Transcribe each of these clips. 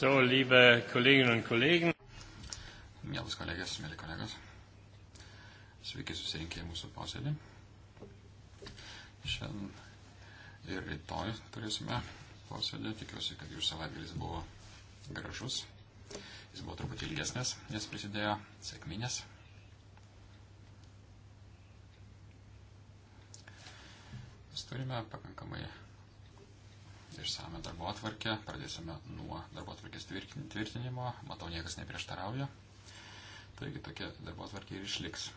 So, liebe Kolleginnen und Kollegen. Mielas kolegės, mėly kolegos. Sveiki susirinkę į mūsų posėdį. Šiandien ir rytoj turėsime posėdį. Tikiuosi, kad jūsų savaitgalis buvo gražus. Jis buvo truputį ilgesnis, nes prisidėjo sėkminės. Mes turime pakankamai išsame darbo atvarkę. Pradėsime nuo darbo atvarkės tvirtinimo. Matau, niekas neprieštarauja. Taigi tokia darbo atvarkė ir išliks.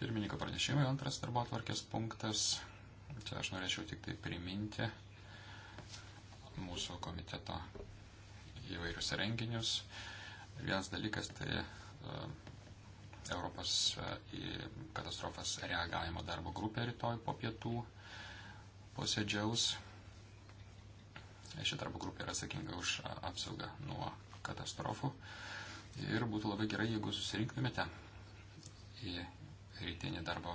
Pirmininko pranešimai, antras darbo atvarkės punktas. Čia aš norėčiau tik tai priminti mūsų komiteto įvairius renginius. Vienas dalykas tai e, Europos e, į katastrofas reagavimo darbo grupė rytoj po pietų posėdžiaus. Ši darbo grupė yra atsakinga už apsaugą nuo katastrofų. Ir būtų labai gerai, jeigu susirinktumėte į rytinį darbo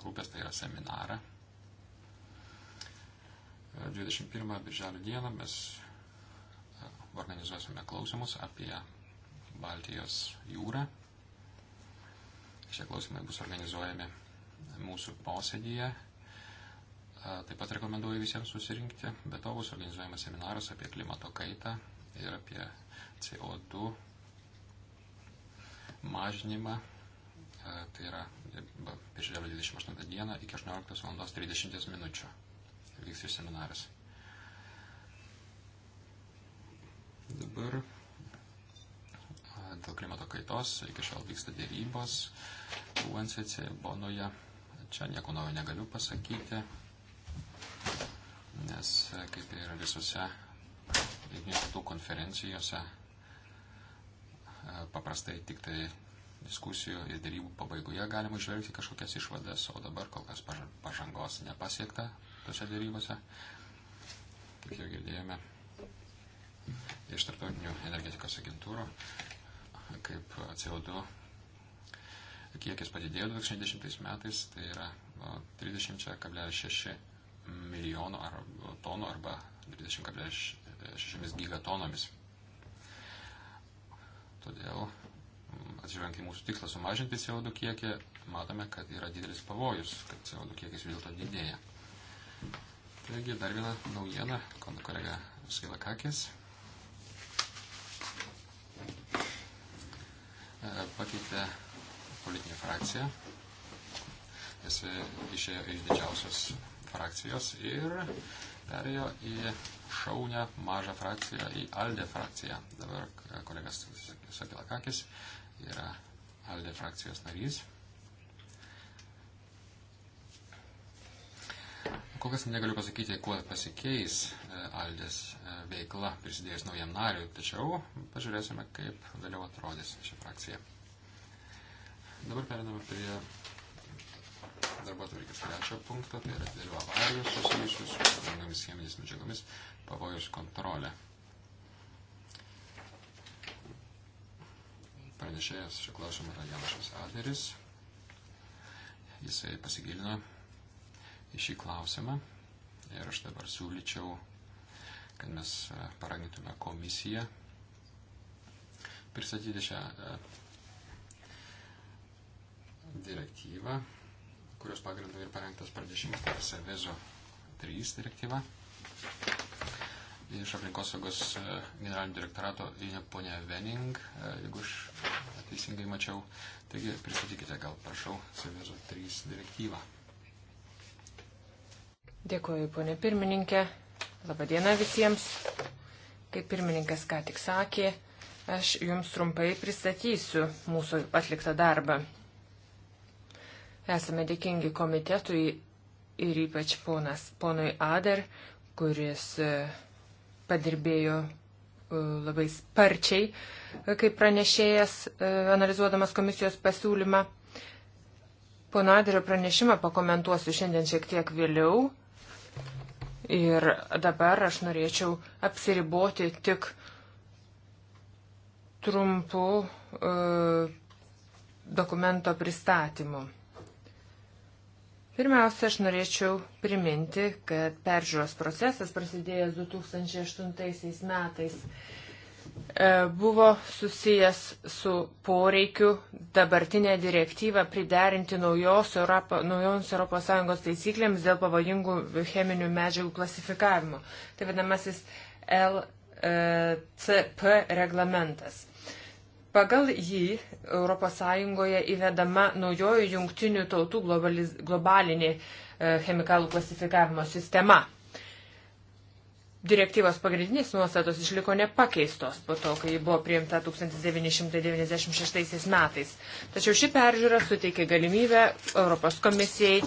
grupės, tai yra seminarą. 21 birželio dieną mes e, organizuosime klausimus apie Baltijos jūrą. Šie klausimai bus organizuojami mūsų posėdyje Taip pat rekomenduoju visiems susirinkti, bet to bus organizuojamas seminaras apie klimato kaitą ir apie CO2 mažinimą. Tai yra birželio 28 dieną iki 18.30 minučių vyks šis seminaras. Dabar dėl klimato kaitos iki šiol vyksta dėrybos UNCC Bonoje. Čia nieko naujo negaliu pasakyti nes e, kaip ir visose jungtinių tautų konferencijose e, paprastai tik tai diskusijų ir dėrybų pabaigoje galima išvelgti kažkokias išvadas, o dabar kol kas pažangos nepasiekta tose dėrybose, kaip jau girdėjome iš tarptautinių energetikos agentūrų, kaip CO2 kiekis padidėjo 2010 metais, tai yra 30,6 milijonų ar tonų arba 20,6 gigatonomis. Todėl, mm, atsižvelgiant į mūsų tikslą sumažinti CO2 kiekį, matome, kad yra didelis pavojus, kad CO2 kiekis vis dėlto didėja. Taigi, dar viena naujiena, kolega Skilakakis e, pakeitė politinę frakciją. Jis išėjo iš didžiausios frakcijos ir perėjo į šaunę mažą frakciją, į Alde frakciją. Dabar kolegas Sakilakakis yra Alde frakcijos narys. Kol kas negaliu pasakyti, kuo pasikeis e, Aldės e, veikla prisidėjus naujam nariui, tačiau pažiūrėsime, kaip vėliau atrodys ši frakcija. Dabar periname prie darbo atvarkės trečią punktą, tai yra dėl avarijų susijusių su pavojingomis cheminės medžiagomis pavojus kontrolė. Pranešėjas šio klausimo yra Janašas Adneris. Jisai pasigilino į šį klausimą ir aš dabar siūlyčiau, kad mes e, paragintume komisiją pristatyti šią e, direktyvą kurios pagrindų ir parengtas pranešimas, tai yra Sevezo 3 direktyva. Iš aplinkosaugos e, generalinio direktorato ponia Vening, e, jeigu aš teisingai mačiau. Taigi pristatykite gal, prašau, Sevezo 3 direktyvą. Dėkuoju, ponė pirmininkė. Labadiena visiems. Kaip pirmininkas ką tik sakė, aš jums trumpai pristatysiu mūsų atliktą darbą. Esame dėkingi komitetui ir ypač ponas, ponui Ader, kuris e, padirbėjo e, labai sparčiai, e, kaip pranešėjas, analizuodamas komisijos pasiūlymą. Pono Aderio pranešimą pakomentuosiu šiandien šiek tiek vėliau. Ir dabar aš norėčiau apsiriboti tik trumpu e, dokumento pristatymu. Pirmiausia, aš norėčiau priminti, kad peržiūros procesas prasidėjęs 2008 metais e, buvo susijęs su poreikiu dabartinę direktyvą priderinti naujos Europo, naujoms ES taisyklėms dėl pavojingų cheminių medžiagų klasifikavimo. Tai vadinamasis LCP e, reglamentas. Pagal jį ES įvedama naujoji jungtinių tautų globalinė e, chemikalų klasifikavimo sistema. Direktyvos pagrindinės nuostatos išliko nepakeistos po to, kai ji buvo priimta 1996 metais. Tačiau ši peržiūra suteikė galimybę Europos komisijai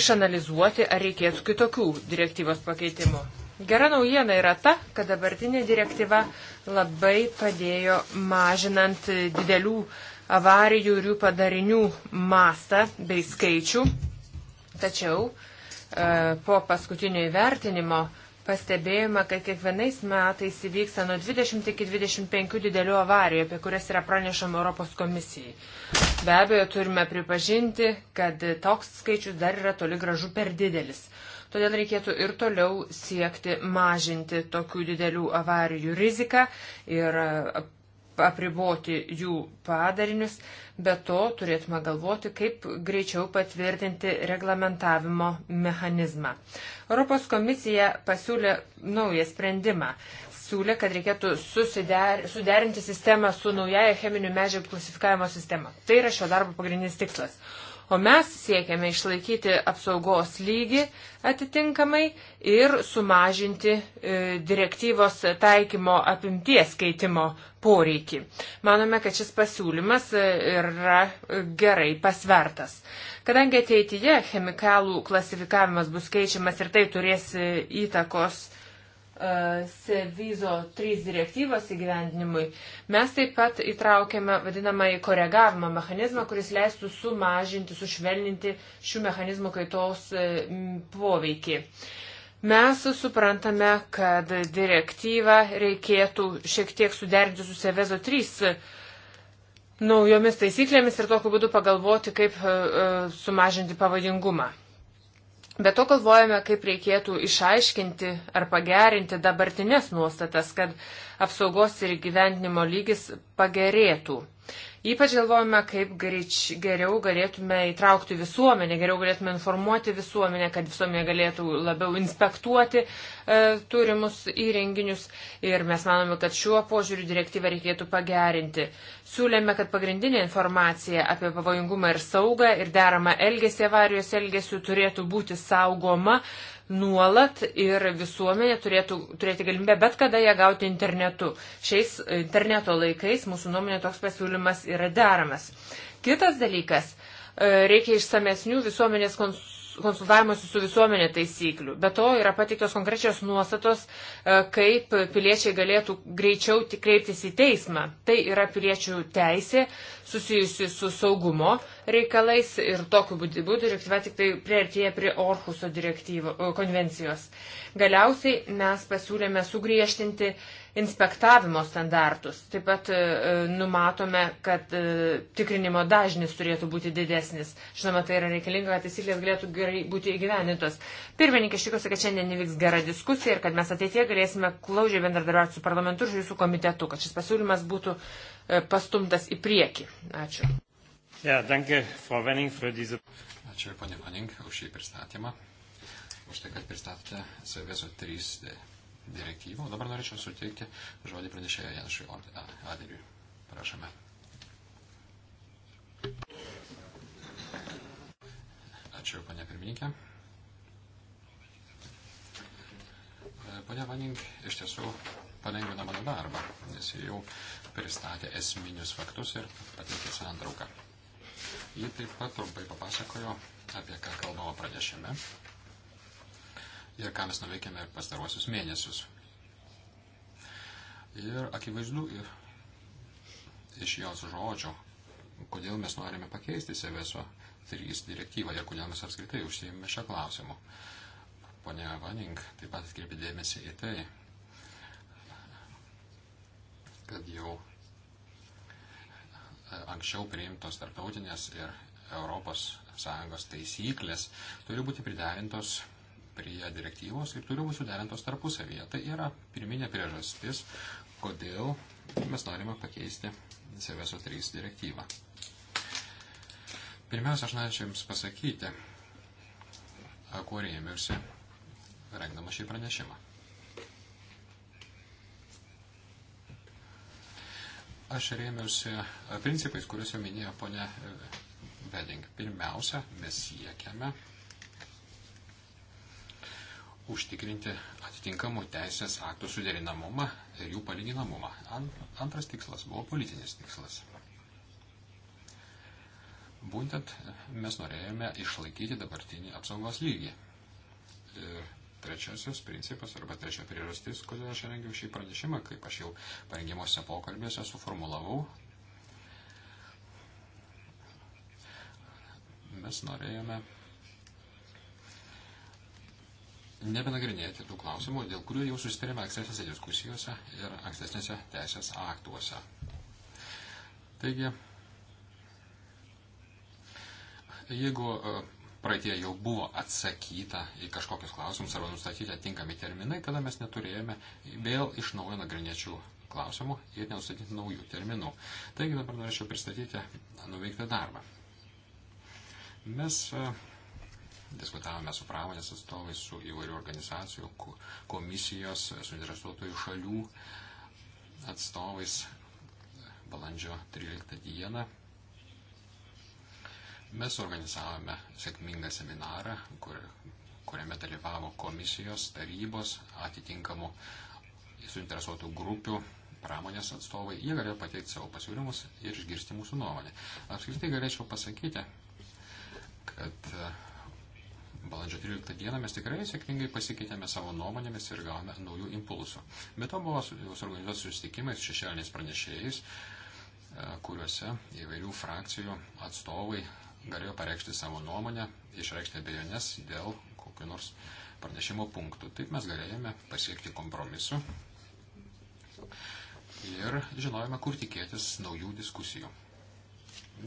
išanalizuoti, ar reikėtų kitokių direktyvos pakeitimų. Gera naujiena yra ta, kad dabartinė direktyva labai padėjo mažinant didelių avarijų ir jų padarinių mastą bei skaičių. Tačiau e, po paskutinio įvertinimo pastebėjome, kad kiekvienais metais įvyksta nuo 20 iki 25 didelių avarijų, apie kurias yra pranešama Europos komisijai. Be abejo, turime pripažinti, kad toks skaičius dar yra toli gražu per didelis. Todėl reikėtų ir toliau siekti mažinti tokių didelių avarijų riziką ir apriboti jų padarinius, bet to turėtume galvoti, kaip greičiau patvirtinti reglamentavimo mechanizmą. Europos komisija pasiūlė naują sprendimą. Siūlė, kad reikėtų susider, suderinti sistemą su naujaja cheminių medžiagų klasifikavimo sistema. Tai yra šio darbo pagrindinis tikslas. O mes siekiame išlaikyti apsaugos lygį atitinkamai ir sumažinti e, direktyvos taikymo apimties keitimo poreikį. Manome, kad šis pasiūlymas e, yra e, gerai pasvertas. Kadangi ateityje chemikalų klasifikavimas bus keičiamas ir tai turės įtakos, E, Sevizo 3 direktyvos įgyvendinimui, mes taip pat įtraukėme vadinamąjį koregavimo mechanizmą, kuris leistų sumažinti, sušvelninti šių mechanizmų kaitos e, poveikį. Mes suprantame, kad direktyvą reikėtų šiek tiek suderinti su Sevezo 3 e, naujomis taisyklėmis ir tokiu būdu pagalvoti, kaip sumažinti pavadingumą. Be to galvojame, kaip reikėtų išaiškinti ar pagerinti dabartinės nuostatas, kad apsaugos ir gyventinimo lygis pagerėtų. Ypač galvojame, kaip greič, geriau galėtume įtraukti visuomenę, geriau galėtume informuoti visuomenę, kad visuomenė galėtų labiau inspektuoti e, turimus įrenginius. Ir mes manome, kad šiuo požiūriu direktyvą reikėtų pagerinti. Siūlėme, kad pagrindinė informacija apie pavojingumą ir saugą ir deramą elgesį avarijos elgesių turėtų būti saugoma nuolat ir visuomenė turėtų turėti galimybę bet kada ją gauti internetu. Šiais interneto laikais mūsų nuomonė toks pasiūlymas yra deramas. Kitas dalykas e, reikia išsamesnių visuomenės kons konsultavimuose su visuomenė taisyklių. Be to yra patiktos konkrečios nuostatos, e, kaip piliečiai galėtų greičiau kreiptis į teismą. Tai yra piliečių teisė susijusi su saugumo reikalais ir tokiu būdu direktyva tik tai prieartėja prie Orhuso e, konvencijos. Galiausiai mes pasiūlėme sugriežtinti inspektavimo standartus. Taip pat e, e, numatome, kad e, tikrinimo dažnis turėtų būti didesnis. Žinoma, tai yra reikalinga, kad taisyklės galėtų gerai būti įgyvenintos. Pirmininkė, aš tikiuosi, kad šiandien įvyks gera diskusija ir kad mes ateitie galėsime glaudžiai bendradarbiauti su parlamentu ir jūsų komitetu, kad šis pasiūlymas būtų pastumtas į priekį. Ačiū. Ja, danke, Frau Wenning, für diese... Ačiū, ponė Wenning, už šį pristatymą. Už tai, kad pristatote Saveso 3 direktyvą. O dabar norėčiau suteikti žodį pranešėjo Janšui Adeliui. Prašome. Ačiū, ponia pirmininkė. Pane Vanink iš tiesų palengvina mano darbą, nes jie jau pristatė esminius faktus ir pateikė santrauką. Ji taip pat trumpai papasakojo, apie ką kalbama pranešime, ir ką mes nuveikėme pastaruosius mėnesius. Ir akivaizdu ir iš jos žodžio, kodėl mes norime pakeisti Seveso 3 direktyvą ir kodėl mes apskritai užsijimame šią klausimą. Pone Vaning taip pat atkreipė dėmesį į tai, kad jau e, anksčiau priimtos tarptautinės ir Europos Sąjungos taisyklės turi būti pridarintos prie direktyvos ir turi būti suderintos tarpusavyje. Tai yra pirminė priežastis, kodėl mes norime pakeisti CVSO 3 direktyvą. Pirmiausia, aš norėčiau Jums pasakyti, kuo rėmiausi, rengdama šį pranešimą. Aš rėmiausi principais, kuriuos jau minėjo ponė e, Veding. Pirmiausia, mes siekiame užtikrinti atitinkamų teisės aktų suderinamumą ir jų palyginamumą. Antras tikslas buvo politinis tikslas. Būtent mes norėjome išlaikyti dabartinį apsaugos lygį. Ir trečiasis principas arba trečia priežastis, kodėl aš rengiau šį pranešimą, kaip aš jau parengimuose pokalbėse suformulavau, mes norėjome nebenagrinėti tų klausimų, dėl kurių jau susitarėme ankstesnėse diskusijose ir ankstesnėse teisės aktuose. Taigi, jeigu e, praeitie jau buvo atsakyta į kažkokius klausimus arba nustatyti atinkami terminai, tada mes neturėjome vėl iš naujo nagrinėčių klausimų ir nenustatyti naujų terminų. Taigi dabar norėčiau pristatyti nuveiktą darbą. Mes uh, Diskutavome su pramonės atstovais, su įvairių organizacijų, komisijos, suinteresuotojų šalių atstovais balandžio 13 dieną. Mes organizavome sėkmingą seminarą, kur, kuriame dalyvavo komisijos, tarybos, atitinkamų suinteresuotų grupių pramonės atstovai, jie galėjo pateikti savo pasiūlymus ir išgirsti mūsų nuomonę. Apskritai galėčiau pasakyti, balandžio 13 dieną mes tikrai sėkmingai pasikeitėme savo nuomonėmis ir gavome naujų impulsų. Be to buvo suorganizuotas susitikimai su šešėliniais pranešėjais, e, kuriuose įvairių frakcijų atstovai galėjo pareikšti savo nuomonę, išreikšti abejonės dėl kokiu nors pranešimo punktų. Taip mes galėjome pasiekti kompromisu ir žinojome, kur tikėtis naujų diskusijų.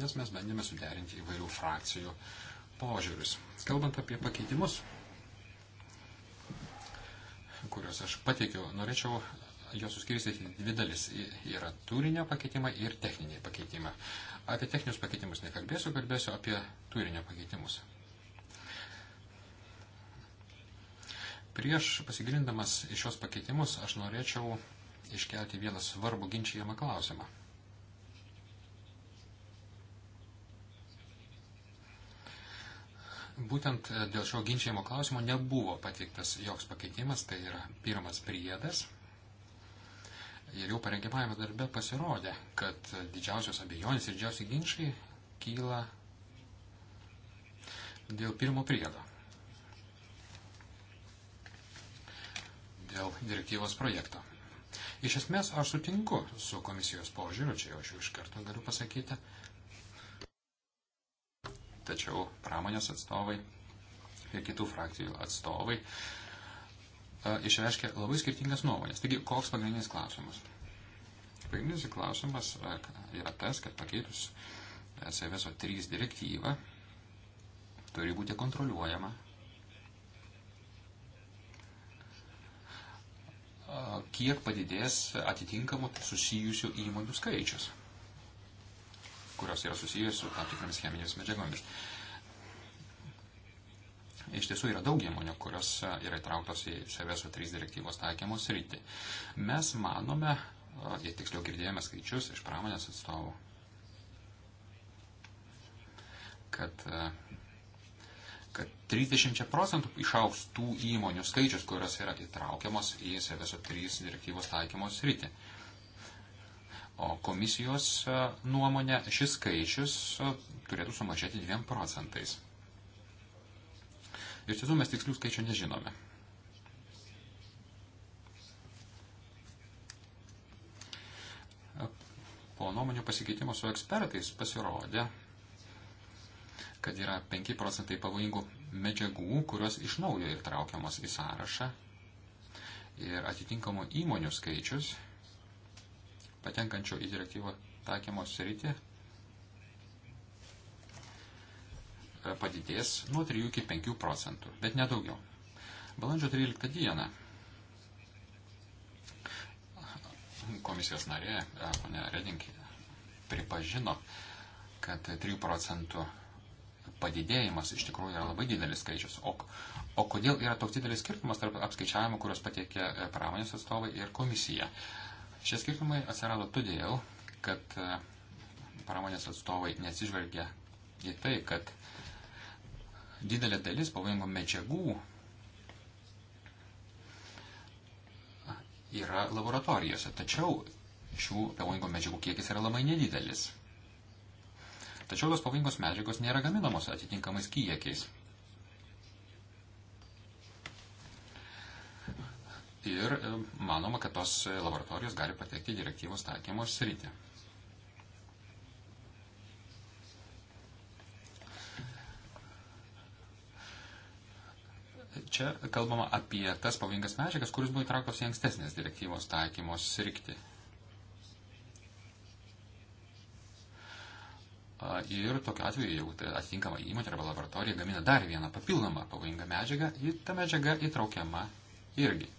Nes mes bandėme suderinti įvairių frakcijų uh, požiūrius. Kalbant apie pakeitimus, kuriuos aš pateikiau, norėčiau juos suskirstyti dvi dalis. Yra turinio pakeitimai ir techniniai pakeitimai. Apie techninius pakeitimus nekalbėsiu, kalbėsiu apie turinio pakeitimus. Prieš pasigilindamas į šios pakeitimus aš norėčiau iškelti vieną svarbų ginčiamą klausimą. būtent e, dėl šio ginčiajimo klausimo nebuvo pateiktas joks pakeitimas, tai yra pirmas priedas. Ir jau parengiamajame darbe pasirodė, kad didžiausios abejonės ir didžiausi ginčiai kyla dėl pirmo priedo. Dėl direktyvos projekto. Iš esmės aš sutinku su komisijos požiūriu, čia jau aš jau iš karto galiu pasakyti, Tačiau pramonės atstovai ir kitų frakcijų atstovai e, išreiškia labai skirtingas nuomonės. Taigi, koks pagrindinis klausimas? Pagrindinis klausimas e, yra tas, kad pakeitus e, SVSO 3 direktyvą turi būti kontroliuojama, kiek padidės atitinkamų susijusių įmonių skaičius kurios yra susijęs su tam tikromis cheminėmis medžiagomis. Iš tiesų yra daug įmonių, kurios e, yra įtrauktos į Ševeso 3 direktyvos taikymos rytį. Mes manome, jei tiksliau girdėjome skaičius iš pramonės atstovų, kad, e, kad 30 procentų išauks tų įmonių skaičius, kurios yra įtraukiamos į Seveso 3 direktyvos taikymos rytį. O komisijos e, nuomonė šis skaičius e, turėtų sumažėti 2 procentais. Iš tiesų mes tikslių skaičių nežinome. E, po nuomonių pasikeitimo su ekspertais pasirodė, kad yra 5 procentai pavojingų medžiagų, kurios iš naujo įtraukiamos į sąrašą. Ir atitinkamų įmonių skaičius patenkančių į direktyvą taikymo sritį e, padidės nuo 3 iki 5 procentų, bet nedaugiau. Balandžio 13 dieną komisijos narė, e, ponė Redink, pripažino, kad 3 procentų padidėjimas iš tikrųjų yra labai didelis skaičius. O, o kodėl yra toks didelis skirtumas tarp apskaičiavimų, kuriuos pateikė e, pramonės atstovai ir komisija? Uh, Šie skirtumai atsirado todėl, kad e, pramonės atstovai nesižvelgia į tai, kad didelė dalis pavojingų medžiagų yra laboratorijose, tačiau šių pavojingų medžiagų kiekis yra labai nedidelis. Tačiau tos pavojingos medžiagos nėra gaminamos atitinkamais kiekiais. ir e, manoma, kad tos e, laboratorijos gali patekti direktyvos taikymos sritį. Čia kalbama apie tas pavojingas medžiagas, kuris buvo įtrauktos į ankstesnės direktyvos taikymos sritį. Ir tokiu atveju, jeigu tai atitinkama įmonė arba laboratorija gamina dar vieną papildomą pavojingą medžiagą, ta medžiaga įtraukiama irgi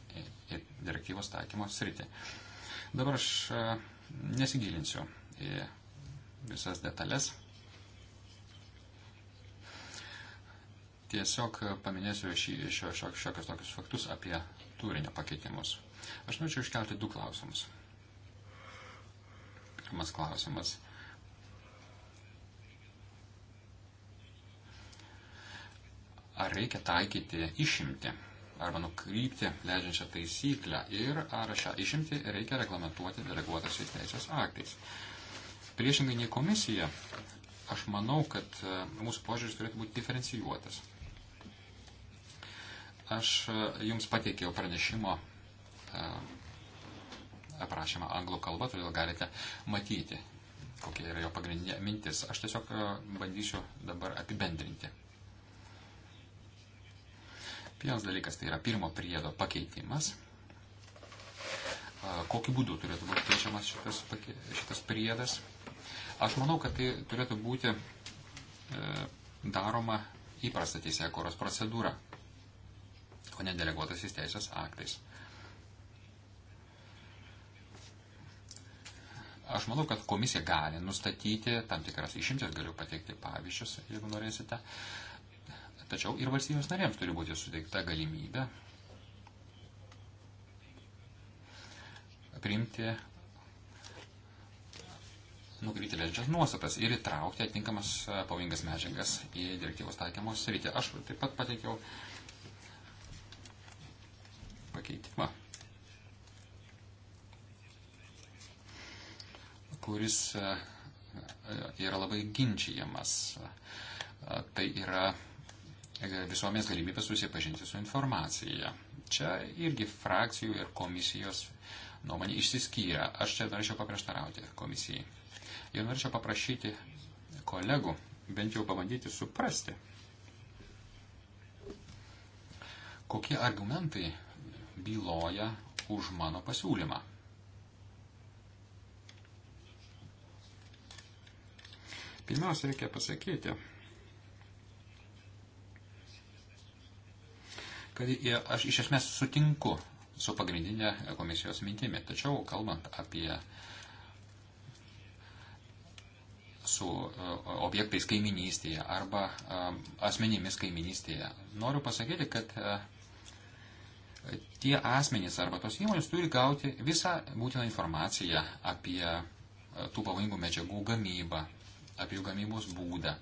direktyvos taikymo sritį. Dabar aš e, nesigilinsiu į visas detalės. Tiesiog paminėsiu šiokius tokius faktus apie turinio pakeitimus. Aš norėčiau iškelti du klausimus. Pirmas klausimas. Ar reikia taikyti išimti arba nukrypti leidžiančią taisyklę ir ar šią išimtį reikia reglamentuoti deleguotasiais teisės aktais. Priešingai nei komisija, aš manau, kad e, mūsų požiūris turėtų būti diferencijuotas. Aš e, jums pateikiau pranešimo e, aprašymą anglų kalbą, todėl galite matyti, kokia yra jo pagrindinė mintis. Aš tiesiog bandysiu dabar apibendrinti Vienas dalykas tai yra pirmo priedo pakeitimas. Kokiu būdu turėtų būti keičiamas šitas, šitas priedas? Aš manau, kad tai turėtų būti e, daroma įprasta teisėkoros procedūra, o ne deleguotasis teisės aktais. Aš manau, kad komisija gali nustatyti tam tikras išimtis, galiu pateikti pavyzdžius, jeigu norėsite. Uh, Tačiau ir valstybėms narėms turi būti suteikta galimybė priimti nukritį leidžias nuostatas ir įtraukti atinkamas e, pavojingas medžiagas į direktyvos taikymos sritį. Aš taip pat pateikiau pakeitimą, kuris e, e, yra labai ginčiamas. Tai yra visuomės galimybę susipažinti su informacija. Čia irgi frakcijų ir komisijos nuomonė išsiskyrė. Aš čia norėčiau paprieštarauti komisijai. Ir norėčiau paprašyti kolegų bent jau pabandyti suprasti, kokie argumentai byloja už mano pasiūlymą. Pirmiausia, reikia pasakyti, kad aš iš esmės sutinku su pagrindinė komisijos mintimi. Tačiau kalbant apie su e, objektais kaiminystėje arba e, asmenimis kaiminystėje, noriu pasakyti, kad e, tie asmenys arba tos įmonės turi gauti visą būtiną informaciją apie tų pavojingų medžiagų gamybą, apie jų gamybos būdą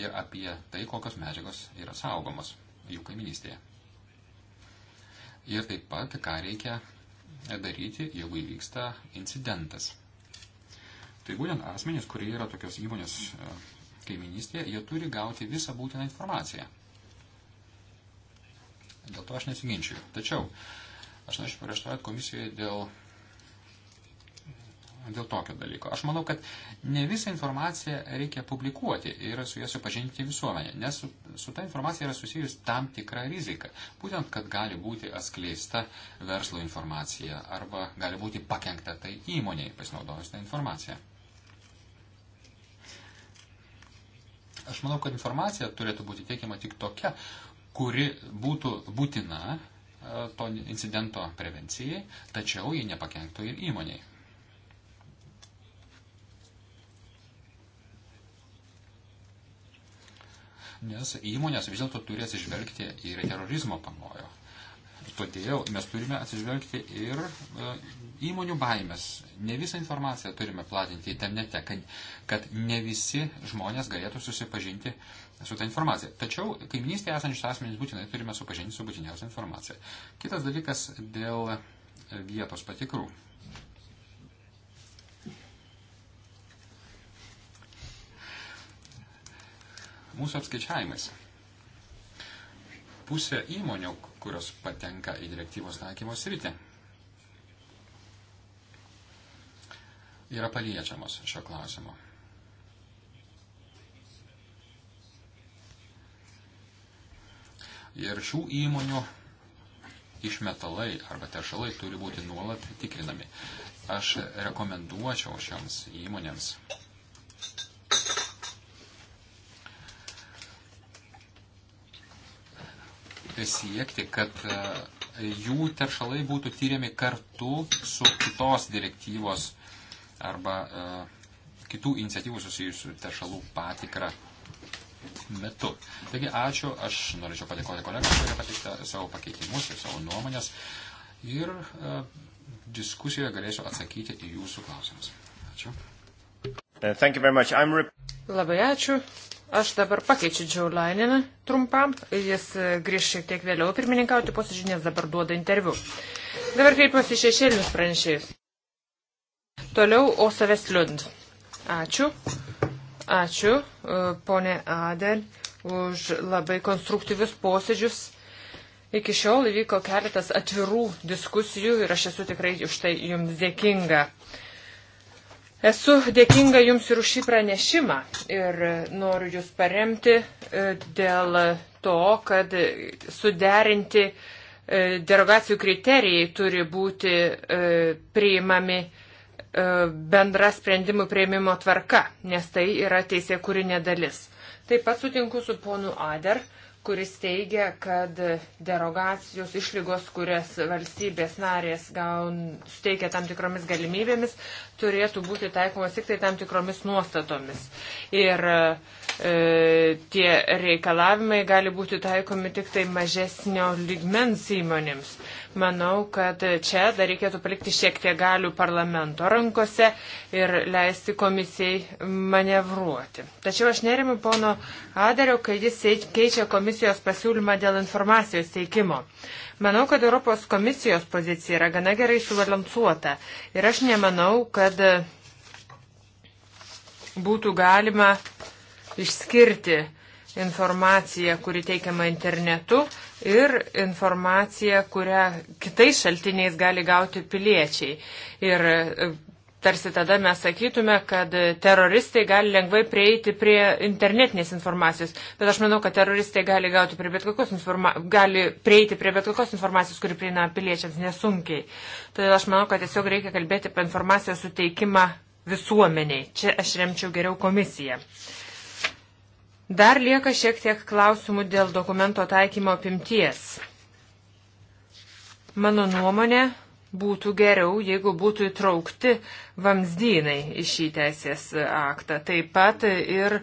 ir apie tai, kokios medžiagos yra saugomos jų kaiminystėje ir taip pat, ką reikia daryti, jeigu įvyksta incidentas. Tai būtent asmenys, kurie yra tokios įmonės e, kaiminystėje, jie turi gauti visą būtiną informaciją. Dėl to aš nesiginčiu. Tačiau aš norėčiau pareištauti komisijoje dėl dėl tokio dalyko. Aš manau, kad ne visą informaciją reikia publikuoti ir su ją supažinti visuomenė, nes su, su ta informacija yra susijus tam tikra rizika. Būtent, kad gali būti atskleista verslo informacija arba gali būti pakengta tai įmoniai pasinaudojus tą informaciją. Aš manau, kad informacija turėtų būti teikiama tik tokia, kuri būtų būtina e, to incidento prevencijai, tačiau ji nepakenktų ir įmoniai. nes įmonės vis dėlto turi atsižvelgti ir terorizmo pavojų. Todėl mes turime atsižvelgti ir e, įmonių baimės. Ne visą informaciją turime platinti internete, kad, kad ne visi žmonės galėtų susipažinti su tą informacija. Tačiau kaiminystėje esančius asmenys būtinai turime supažinti su būtiniausia informacija. Kitas dalykas dėl vietos patikrų. mūsų apskaičiavimais. Pusė įmonių, kurios patenka į direktyvos taikymo sritį, yra paliečiamos šio klausimo. Ir šių įmonių išmetalai arba teršalai turi būti nuolat tikrinami. Aš rekomenduočiau šioms įmonėms siekti, kad e, jų teršalai būtų tyriami kartu su kitos direktyvos arba e, kitų iniciatyvų susijusių teršalų patikra metu. Taigi ačiū, aš norėčiau padėkoti kolegams, kurie pateikė savo pakeitimus ir savo nuomonės. Ir e, diskusijoje galėsiu atsakyti į jūsų klausimus. Ačiū. Uh, Labai ačiū. Aš dabar pakeičiu Džiaulaininą trumpam, jis e, grįž šiek tiek vėliau pirmininkauti posėdžinės dabar duoda interviu. Dabar kreipiuosi šešėlinius pranešėjus. Toliau Osavės Liund. Ačiū. Ačiū, e, ponė Aden, už labai konstruktyvius posėdžius. Iki šiol įvyko keletas atvirų diskusijų ir aš esu tikrai už tai jums dėkinga. Uh, Esu dėkinga Jums ir už šį pranešimą ir noriu Jūs paremti e, dėl to, kad suderinti e, derogacijų kriterijai turi būti e, priimami bendra sprendimų prieimimo tvarka, nes tai yra teisė kūrinė dalis. Taip pat sutinku su ponu Ader, kuris teigia, kad derogacijos išlygos, kurias valstybės narės gaun, suteikia tam tikromis galimybėmis, turėtų būti taikomas tik tai tam tikromis nuostatomis. Ir e, tie reikalavimai gali būti taikomi tik tai mažesnio ligmens įmonėms. Manau, kad čia dar reikėtų palikti šiek tiek galių parlamento rankose ir leisti komisijai manevruoti. Tačiau aš nerimu pono Aderio, kai jis keičia komisijos pasiūlymą dėl informacijos teikimo. Manau, kad Europos komisijos pozicija yra gana gerai subalansuota ir aš nemanau, kad būtų galima išskirti informaciją, kuri teikiama internetu ir informacija, kurią kitais šaltiniais gali gauti piliečiai. Ir e, tarsi tada mes sakytume, kad teroristai gali lengvai prieiti prie internetinės informacijos, bet aš manau, kad teroristai gali, gauti prie bet kokios informa gali prieiti prie bet kokios informacijos, kuri prieina piliečiams nesunkiai. Todėl aš manau, kad tiesiog reikia kalbėti apie informacijos suteikimą visuomeniai. Čia aš remčiau geriau komisiją. Uh, Dar lieka šiek tiek klausimų dėl dokumento taikymo apimties. Mano nuomonė, būtų geriau, jeigu būtų įtraukti vamzdynai į šį teisės aktą. Taip pat ir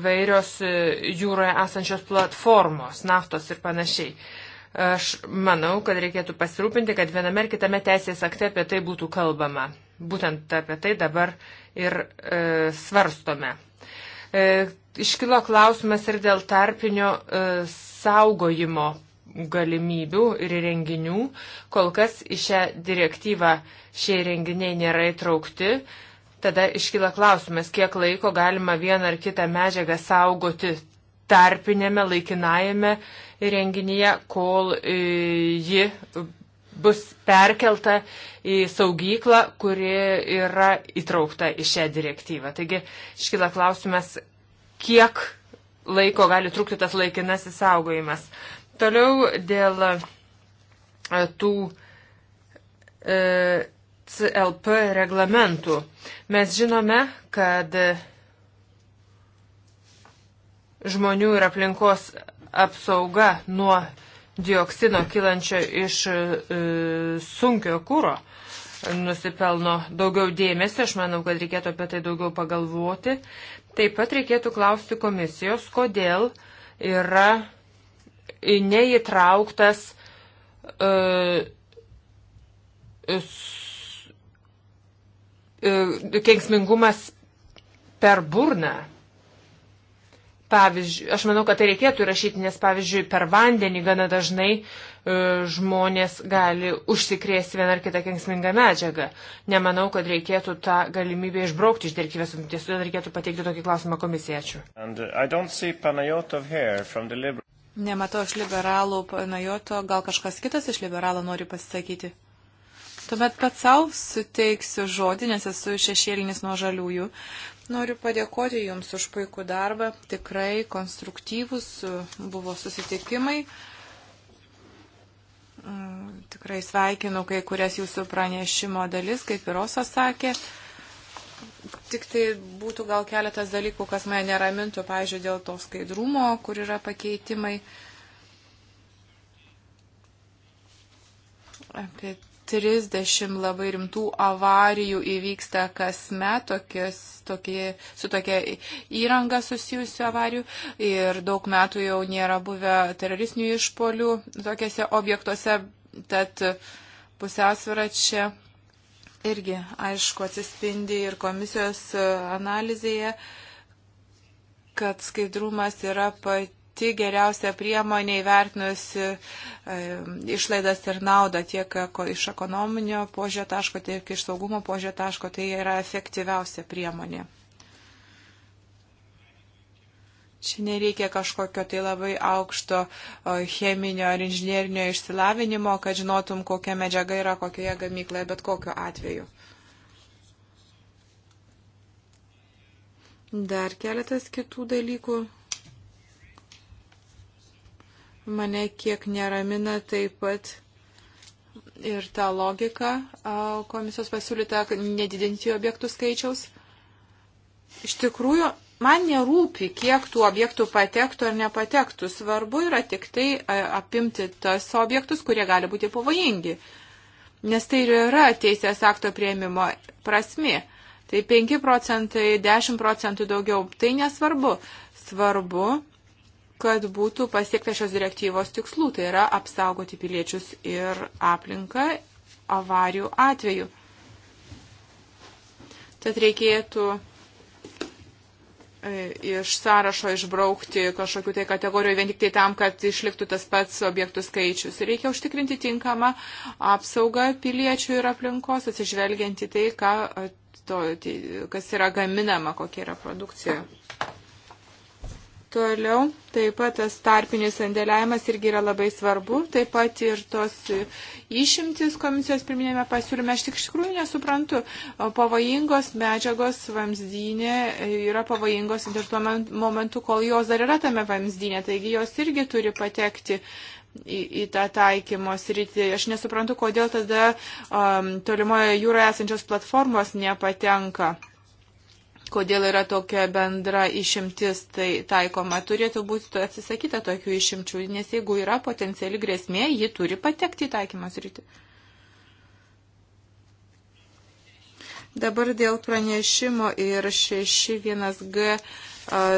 įvairios jūroje esančios platformos, naftos ir panašiai. Aš manau, kad reikėtų pasirūpinti, kad viename ar kitame teisės akte apie tai būtų kalbama. Būtent apie tai dabar ir e, svarstome. E, iškilo klausimas ir dėl tarpinio e, saugojimo galimybių ir renginių. Kol kas į šią direktyvą šie renginiai nėra įtraukti. Tada iškyla klausimas, kiek laiko galima vieną ar kitą medžiagą saugoti tarpinėme laikinajame renginyje, kol e, ji bus perkelta į saugyklą, kuri yra įtraukta į šią direktyvą. Taigi iškyla klausimas, kiek laiko gali trukti tas laikinasis saugojimas. Toliau dėl e, tų e, CLP reglamentų. Mes žinome, kad žmonių ir aplinkos apsauga nuo dioksino kilančio iš e, sunkio kūro nusipelno daugiau dėmesio. Aš manau, kad reikėtų apie tai daugiau pagalvoti. Taip pat reikėtų klausti komisijos, kodėl yra neįtrauktas e, e kenksmingumas per burną Pavyzdžiui, aš manau, kad tai reikėtų įrašyti, nes pavyzdžiui, per vandenį gana dažnai e, žmonės gali užsikrėsti vieną ar kitą kengsmingą medžiagą. Nemanau, kad reikėtų tą galimybę išbraukti iš direktyvės sumties, todėl reikėtų pateikti tokį klausimą komisiečių. Uh, Nematau iš liberalų Panajoto, gal kažkas kitas iš liberalų nori pasisakyti. Tuomet pats savo suteiksiu žodį, nes esu šešėlinis nuo žaliųjų. Noriu padėkoti Jums už puikų darbą. Tikrai konstruktyvus e, buvo susitikimai. Mm, tikrai sveikinu kai kurias Jūsų pranešimo dalis, kaip ir Osa sakė. Tik tai būtų gal keletas dalykų, kas mane neramintų, pavyzdžiui, dėl to skaidrumo, kur yra pakeitimai. Apie 30 labai rimtų avarijų įvyksta kasmet tokios, tokie, su tokia įranga susijusių avarijų ir daug metų jau nėra buvę teroristinių išpolių tokiuose objektuose, tad pusiausvėra čia irgi, aišku, atsispindi ir komisijos analizėje kad skaidrumas yra pat pati geriausia priemonė įvertinusi e, išlaidas ir naudą tiek iš ekonominio požio taško, tiek iš saugumo požio taško, tai yra efektyviausia priemonė. Čia nereikia kažkokio tai labai aukšto cheminio ar inžinierinio išsilavinimo, kad žinotum, kokia medžiaga yra kokioje gamykloje, bet kokiu atveju. Dar keletas kitų dalykų. Mane kiek neramina taip pat ir ta logika komisijos pasiūlyta nedidinti objektų skaičiaus. Iš tikrųjų, man nerūpi, kiek tų objektų patektų ar nepatektų. Svarbu yra tik tai apimti tas objektus, kurie gali būti pavojingi. Nes tai ir yra teisės akto prieimimo prasmi. Tai 5 procentai, 10 procentų daugiau, tai nesvarbu. Svarbu kad būtų pasiekta šios direktyvos tikslų, tai yra apsaugoti piliečius ir aplinką avarijų atveju. Tad reikėtų e, iš sąrašo išbraukti kažkokiu tai kategoriju vien tik tai tam, kad išliktų tas pats objektų skaičius. Reikia užtikrinti tinkamą apsaugą piliečių ir aplinkos, atsižvelgiant į tai, ką, e, to, tai, kas yra gaminama, kokia yra produkcija. Toliau taip pat tas tarpinis sandėliavimas irgi yra labai svarbu, taip pat ir tos išimtis komisijos pirminėme pasiūlyme, aš tik iš tikrųjų nesuprantu, pavojingos medžiagos vamzdynė yra pavojingos ir tuo momentu, kol jos dar yra tame vamzdynė, taigi jos irgi turi patekti. Į, į tą taikymo sritį. Aš nesuprantu, kodėl tada um, tolimoje jūroje esančios platformos nepatenka kodėl yra tokia bendra išimtis tai taikoma, turėtų būti atsisakyta tokių išimčių, nes jeigu yra potenciali grėsmė, ji turi patekti į taikymas rytį. Dabar dėl pranešimo ir 6.1g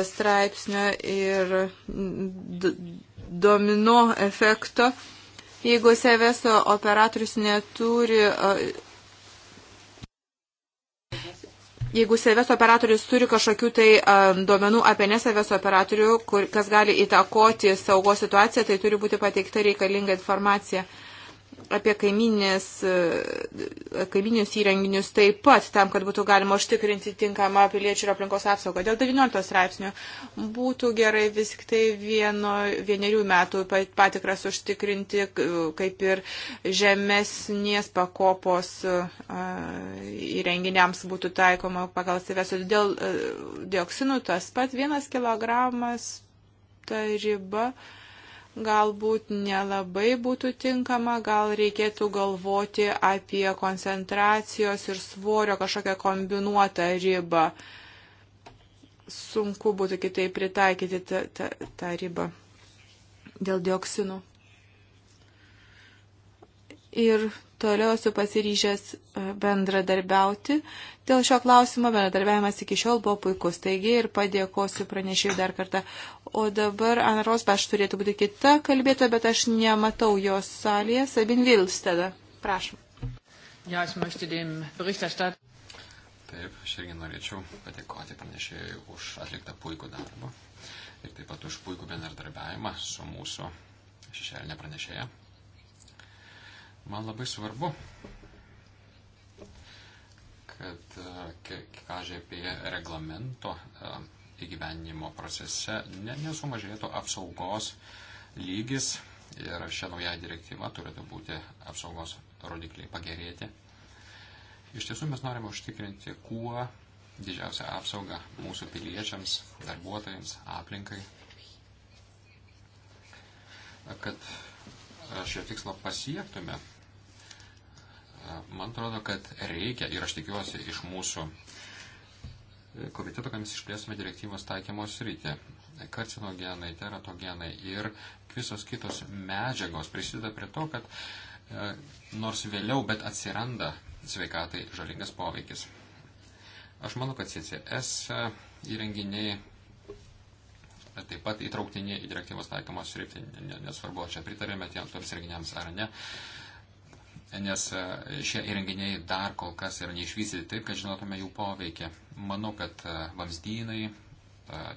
straipsnio ir domino efekto. Jeigu SVS operatorius neturi Jeigu savęs operatorius turi kažkokių tai um, duomenų apie nesavęs operatorių, kur, kas gali įtakoti saugos situaciją, tai turi būti pateikta reikalinga informacija. Uh, apie kaiminės, e, kaiminius įrenginius taip pat, tam, kad būtų galima užtikrinti tinkamą piliečių ir aplinkos apsaugą. Dėl 19 straipsnių būtų gerai vis tik tai vieno, vienerių metų patikras užtikrinti, kaip ir žemesnės pakopos e, įrenginiams būtų taikoma pagal savęs. Dėl e, dioksinų tas pat vienas kilogramas ta riba. Uh, galbūt nelabai būtų tinkama, gal reikėtų galvoti apie koncentracijos ir svorio kažkokią kombinuotą ribą. Sunku būtų kitaip pritaikyti tą, tą, tą ribą dėl dioksinų ir toliau esu pasiryžęs e, bendradarbiauti. Dėl šio klausimo bendradarbiavimas iki šiol buvo puikus, taigi ir padėkosiu pranešėjui dar kartą. O dabar Ana Rosbaš turėtų būti kita kalbėtoja, bet aš nematau jos salėje. Sabin Vils tada. Prašom. Ja, Taip, aš irgi norėčiau padėkoti pranešėjui už atliktą puikų darbą ir taip pat už puikų bendradarbiavimą su mūsų šešėlinė pranešėja Man labai svarbu, kad e, KŽP reglamento e, įgyvenimo procese ne, nesumažėtų apsaugos lygis ir šią naują direktyvą turėtų būti apsaugos rodikliai pagerėti. Iš tiesų mes norime užtikrinti kuo didžiausią apsaugą mūsų piliečiams, darbuotojams, aplinkai, kad šio tikslo pasiektume, Man atrodo, kad reikia ir aš tikiuosi iš mūsų komiteto, kad mes išplėsime direktyvos taikymos rytį. Karcinogenai, teratogenai ir visos kitos medžiagos prisideda prie to, kad e, nors vėliau, bet atsiranda sveikatai žalingas poveikis. Aš manau, kad CCS e, įrenginiai taip pat įtrauktiniai į direktyvos taikymos rytį, nesvarbu, čia pritarėme tiems įrenginiams ar ne. E, nes e, šie įrenginiai dar kol kas yra neišvystyti taip, kad žinotume jų poveikį. Manau, kad e, vamzdynai, e,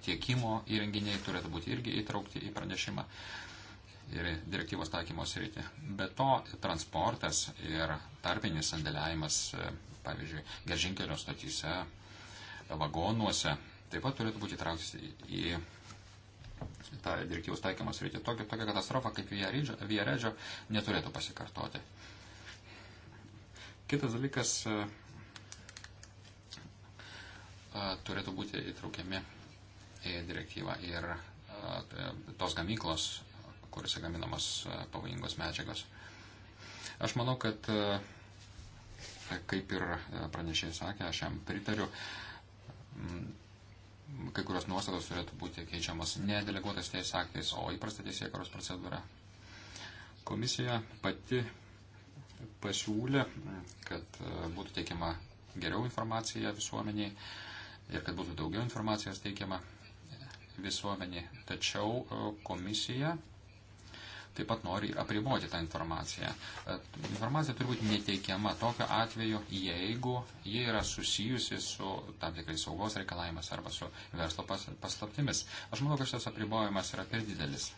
tiekimo įrenginiai turėtų būti irgi įtraukti į pranešimą ir direktyvos taikymos rytį. Be to, transportas ir tarpinis sandėliavimas, pavyzdžiui, geržinkelio statyse, vagonuose, taip pat turėtų būti įtrauktas į tą direktyvos taikymos rytį. Tokia, tokia katastrofa kaip Vieredžio neturėtų pasikartoti. Kitas dalykas e, e, turėtų būti įtraukiami į direktyvą ir e, tos gamyklos, kuriuose gaminamos pavojingos medžiagos. Aš manau, kad kaip ir pranešėjai sakė, aš jam pritariu, kai kurios nuostatos turėtų būti keičiamas ne deleguotais teisės aktais, o įprasta teisėkaros procedūra. Komisija pati pasiūlė, kad e, būtų teikiama geriau informacija visuomeniai ir kad būtų daugiau informacijos teikiama visuomeniai. Tačiau e, komisija taip pat nori apriboti tą informaciją. E, informacija turi būti neteikiama tokiu atveju, jeigu ji yra susijusi su tam tikrais saugos reikalavimas arba su verslo paslaptimis. Aš manau, kad šitas apribojimas yra per didelis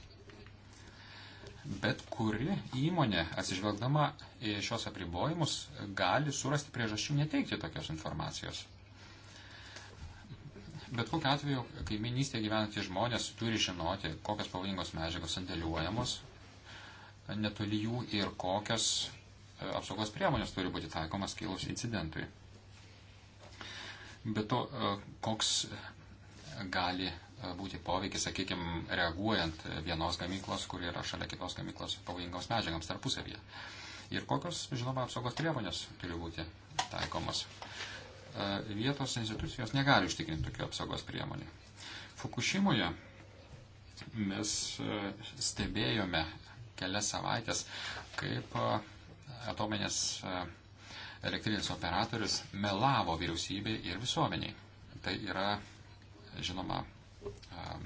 bet kuri įmonė, atsižvelgdama į šios apribojimus, gali surasti priežasčių neteikti tokios informacijos. Bet kokiu atveju kaiminystėje gyvenantys žmonės turi žinoti, kokios pavojingos medžiagos sandėliuojamos netoli jų ir kokios e, apsaugos priemonės turi būti taikomas kilus incidentui. Bet to, e, koks gali E, būti poveikis, sakykime, reaguojant vienos gamyklos, kur yra šalia kitos gamyklos pavojingoms medžiagams tarpusavyje. Ir kokios, žinoma, apsaugos priemonės turi būti taikomos. E, vietos institucijos negali užtikrinti tokių apsaugos priemonių. Fukushimoje mes e, stebėjome kelias savaitės, kaip atomenės elektrinės operatorius melavo vyriausybei ir visuomeniai. Tai yra, žinoma,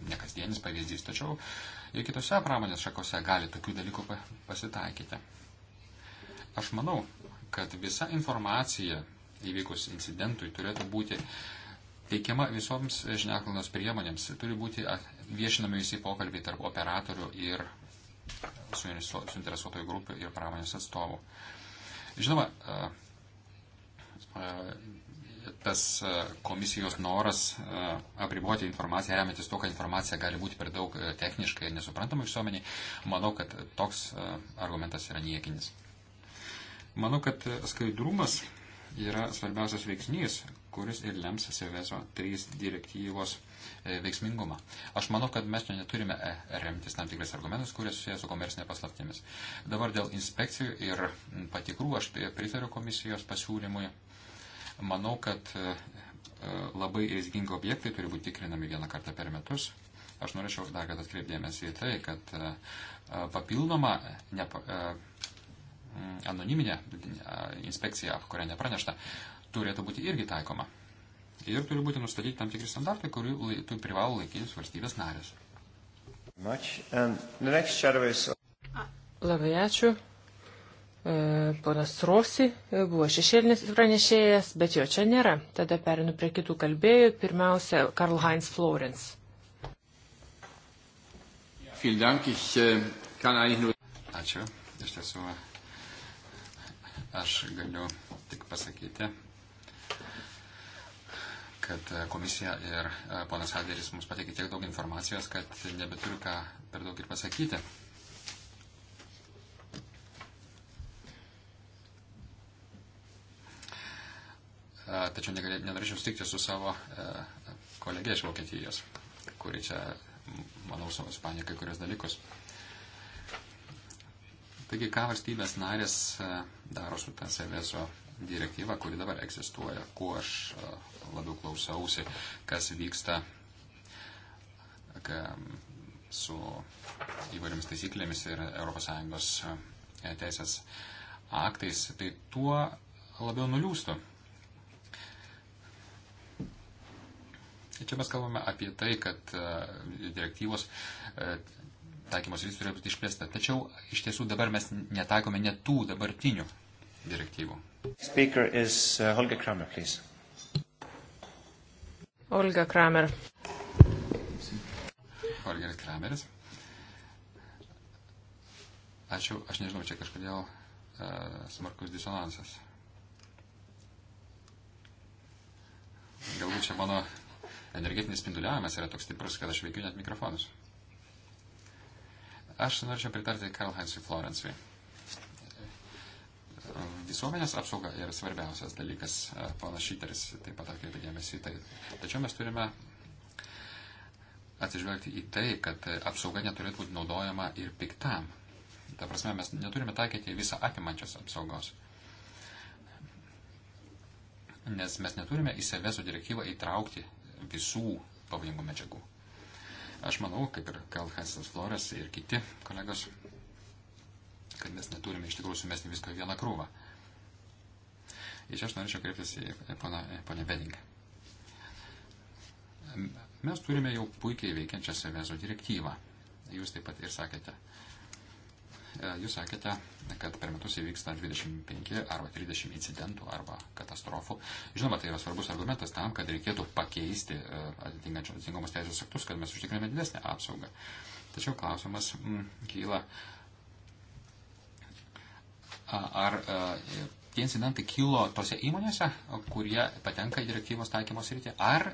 nekasdienis pavyzdys, tačiau ir kitose pramonės šakose gali tokių dalykų pasitaikyti. Aš manau, kad visa informacija įvykus incidentui turėtų būti teikiama visoms žiniasklaidos priemonėms, turi būti viešinami visi pokalbiai tarp operatorių ir suinteresuotojų grupių ir pramonės atstovų. Žinoma, tas e, komisijos noras e, apriboti informaciją, remiantis to, kad informacija gali būti per daug e, techniškai ir nesuprantama visuomeniai, manau, kad toks argumentas yra niekinis. Manau, kad skaidrumas yra svarbiausias veiksnys, kuris ir lems SVSO 3 direktyvos veiksmingumą. Aš manau, kad mes čia neturime remtis tam tikrais argumentais, kurie susiję su komersinė paslaptimis. Dabar dėl inspekcijų ir patikrų aš pritariu komisijos pasiūlymui Manau, kad e, e, labai rizgingi objektai turi būti tikrinami vieną kartą per metus. Aš norėčiau dar kartą atkreipdėmėsi į tai, kad e, papildoma nepa, anoniminė inspekcija, apie kurią nepranešta, turėtų būti irgi taikoma. Ir turi būti nustatyti tam tikri standartai, kurių tu privalo laikytis valstybės narės. Labai ačiū. E, ponas Rosi e, buvo šešėlinis pranešėjas, bet jo čia nėra. Tada perinu prie kitų kalbėjų. Pirmiausia, Karl Heinz Florence. Äh, Ačiū. Iš tiesų, aš galiu tik pasakyti, kad e, komisija ir ponas Haderis mums pateikė tiek daug informacijos, kad nebeturiu ką per daug ir pasakyti. tačiau nenorėčiau sutikti su savo e, kolegė iš Vokietijos, kuri čia, manau, savo spanė kai kurias dalykus. Taigi, ką valstybės narės e, daro su ta Seveso direktyva, kuri dabar egzistuoja, kuo aš e, labiau klausiausi, kas vyksta su įvairiamis taisyklėmis ir ES teisės aktais, tai tuo labiau nuliūstų Čia mes kalbame apie tai, kad e, direktyvos e, taikymos vis turėtų būti išplėsta. Tačiau iš tiesų dabar mes netaikome net tų dabartinių direktyvų. Speaker is uh, Holger Kramer, please. Olga Kramer. Holgeris Krameris. Ačiū, aš nežinau, čia kažkodėl uh, smarkus disonansas. Galbūt čia mano energetinis spinduliavimas yra toks stiprus, kad aš veikiu net mikrofonus. Aš norėčiau pritarti Karl Heinzui Florencijui. Visuomenės apsauga yra svarbiausias dalykas, e, ponas Šyteris taip pat atkreipė dėmesį į tai. Tačiau mes turime atsižvelgti į tai, kad apsauga neturėtų būti naudojama ir piktam. Ta prasme, mes neturime taikyti visą apimančios apsaugos. Nes mes neturime į Seveso direktyvą įtraukti visų pavojingų medžiagų. Aš manau, kaip ir Kalhasas Flores ir kiti kolegos, kad mes neturime iš tikrųjų sumesti visko į vieną krūvą. Ir čia aš norėčiau kreiptis į ponę Vedingą. Mes turime jau puikiai veikiančią Sevezo direktyvą. Jūs taip pat ir sakėte, E, jūs sakėte, kad per metus įvyksta 25 arba 30 incidentų arba katastrofų. Žinoma, tai yra svarbus argumentas tam, kad reikėtų pakeisti e, atitinkamus teisės aktus, kad mes užtikriname didesnę apsaugą. Tačiau klausimas m, mm, kyla, ar e, tie incidentai kilo tose įmonėse, kurie patenka į direktyvos taikymos rytį, ar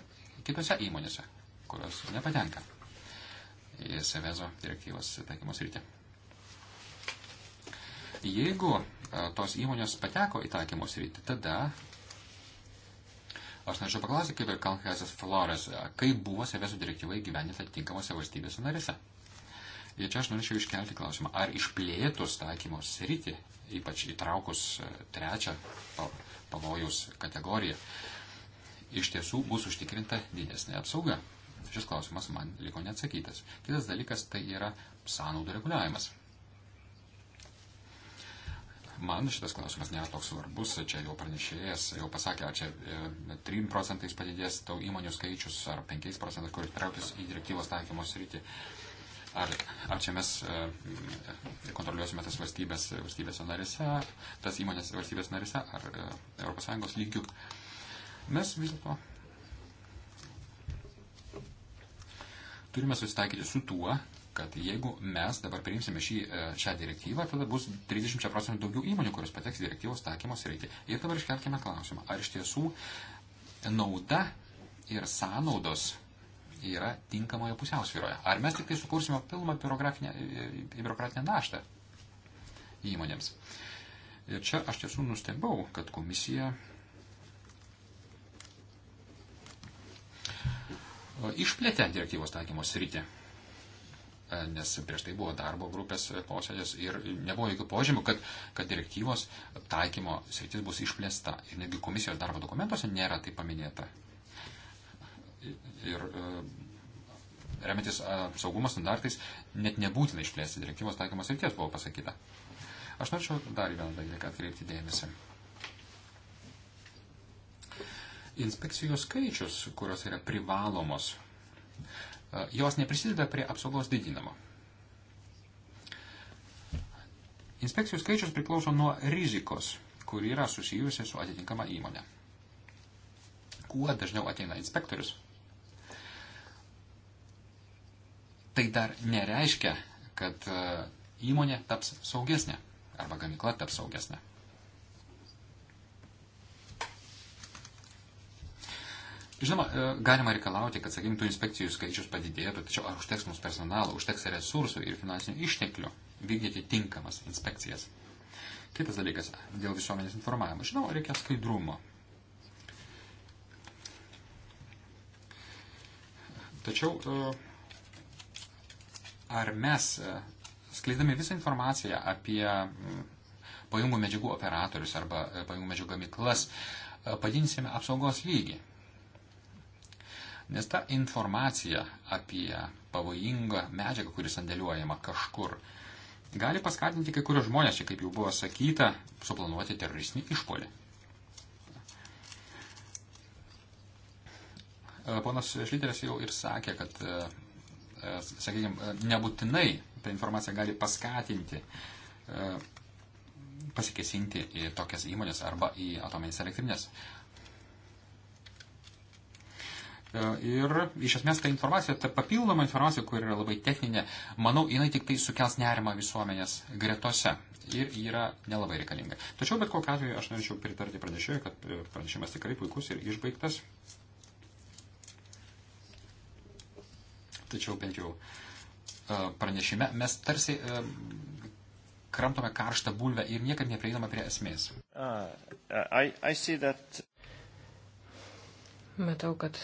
kitose įmonėse, kurios nepatenka į Sevezo direktyvos taikymos rytį. Jeigu e, tos įmonės pateko į taikymo sritį, tada aš norėčiau paklausyti, kaip ir Kalkasas Flores, e, kaip buvo Seveso direktyva įgyvendinta atitinkamose valstybėse narėse. Ir čia aš norėčiau iškelti klausimą, ar išplėtus taikymo sritį, ypač įtraukus e, trečią pavojaus kategoriją, iš tiesų bus užtikrinta didesnė apsauga. Šis klausimas man liko neatsakytas. Kitas dalykas tai yra sąnaudų reguliavimas. Man šitas klausimas nėra toks svarbus, čia jau pranešėjas jau pasakė, ar čia 3 e, procentais padidės tau įmonių skaičius, ar 5 procentais, kuris trauktis į direktyvos taikymos rytį. Ar, ar čia mes e, kontroliuosime tas valstybės, valstybės narise, tas įmonės valstybės narise, ar ES lygių. Mes vis dėlto turime susitaikyti su tuo, kad jeigu mes dabar priimsime šį, e, šią direktyvą, tada bus 30 procentų daugiau įmonių, kurios pateks direktyvos taikymos reikia. Ir dabar iškelkime klausimą, ar iš tiesų nauda ir sąnaudos yra tinkamoje pusiausvyroje. Ar mes tik tai sukursime pilną biurokratinę e, naštą įmonėms. Ir čia aš tiesų nustebau, kad komisija e, išplėtė direktyvos taikymos rytį nes prieš tai buvo darbo grupės posėdės ir nebuvo jokių požymių, kad, kad direktyvos taikymo sritis bus išplėsta. Ir netgi komisijos darbo dokumentuose nėra tai paminėta. Ir e, remiantis e, saugumo standartais, net nebūtina išplėsti direktyvos taikymos srities, buvo pasakyta. Aš norėčiau dar vieną dalyką atkreipti dėmesį. Inspekcijų skaičius, kurios yra privalomos E, jos neprisideda prie apsaugos didinimo. Inspekcijų skaičius priklauso nuo rizikos, kuri yra susijusi su atitinkama įmonė. Kuo dažniau ateina inspektorius, tai dar nereiškia, kad e, įmonė taps saugesnė arba gamykla taps saugesnė. Žinoma, e, galima reikalauti, kad, sakykim, tų inspekcijų skaičius padidėtų, tačiau ar užteks mums personalo, užteks resursų ir finansinių išteklių vykdyti tinkamas inspekcijas. Kitas dalykas - dėl visuomenės informavimo. Žinoma, reikia skaidrumo. Tačiau e, ar mes, e, skleidami visą informaciją apie pajungų medžiagų operatorius arba pajungų medžiagų gamyklas, padidinsime apsaugos lygį? Nes ta informacija apie pavojingą medžiagą, kuri sandėliuojama kažkur, gali paskatinti kai kurios žmonės, čia kaip jau buvo sakyta, suplanuoti teroristinį išpolį. E, ponas Šliteris jau ir sakė, kad, e, e, sakykime, nebūtinai ta informacija gali paskatinti pasikesinti į tokias įmonės arba į atomenės elektrinės. E, ir iš esmės ta informacija, ta papildoma informacija, kur yra labai techninė, manau, jinai tik tai sukels nerimą visuomenės gretose ir yra nelabai reikalinga. Tačiau bet kokiu atveju aš norėčiau pritarti pranešėjui, kad e, pranešimas tikrai puikus ir išbaigtas. Tačiau bent jau e, pranešime mes tarsi kramtome karštą bulvę ir niekam neprieinama prie esmės. Uh, I, I that... Matau, kad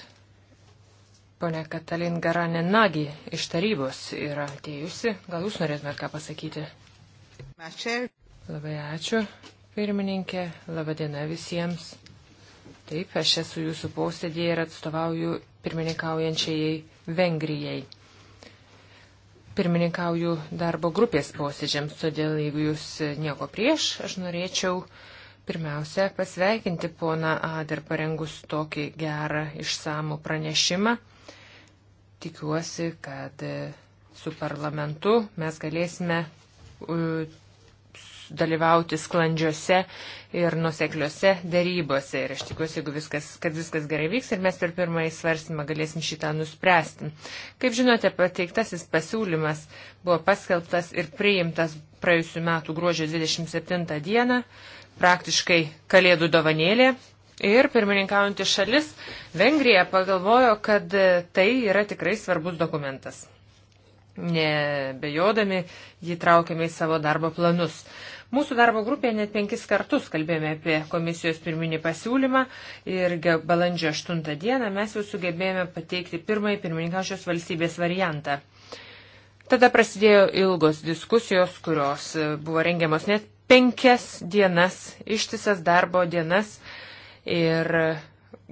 Pone Katalin Garanenagi iš tarybos yra atėjusi. Gal jūs norėtumėt ką pasakyti? Ačiū. Labai ačiū, pirmininkė. Labadiena visiems. Taip, aš esu jūsų posėdėje ir atstovauju pirmininkaujančiai Vengrijai. Pirmininkauju darbo grupės posėdžiams, todėl jeigu jūs nieko prieš, aš norėčiau pirmiausia pasveikinti poną Ader parengus tokį gerą išsamų pranešimą Tikiuosi, kad e, su parlamentu mes galėsime dalyvauti sklandžiose ir nusekliuose dėrybose. Ir aš tikiuosi, jeigu viskas, kad viskas gerai vyks ir mes per pirmąjį svarstymą galėsim šitą nuspręsti. Kaip žinote, pateiktasis pasiūlymas buvo paskelbtas ir priimtas praėjusiu metu gruodžio 27 dieną, praktiškai kalėdų dovanėlė. Ir pirmininkaujantys šalis Vengrija pagalvojo, kad tai yra tikrai svarbus dokumentas. Nebejodami jį traukėme į savo darbo planus. Mūsų darbo grupėje net penkis kartus kalbėjome apie komisijos pirminį pasiūlymą ir balandžio 8 dieną mes jau sugebėjome pateikti pirmąjį pirmininkaušios valstybės variantą. Tada prasidėjo ilgos diskusijos, kurios buvo rengiamos net penkias dienas, ištisas darbo dienas ir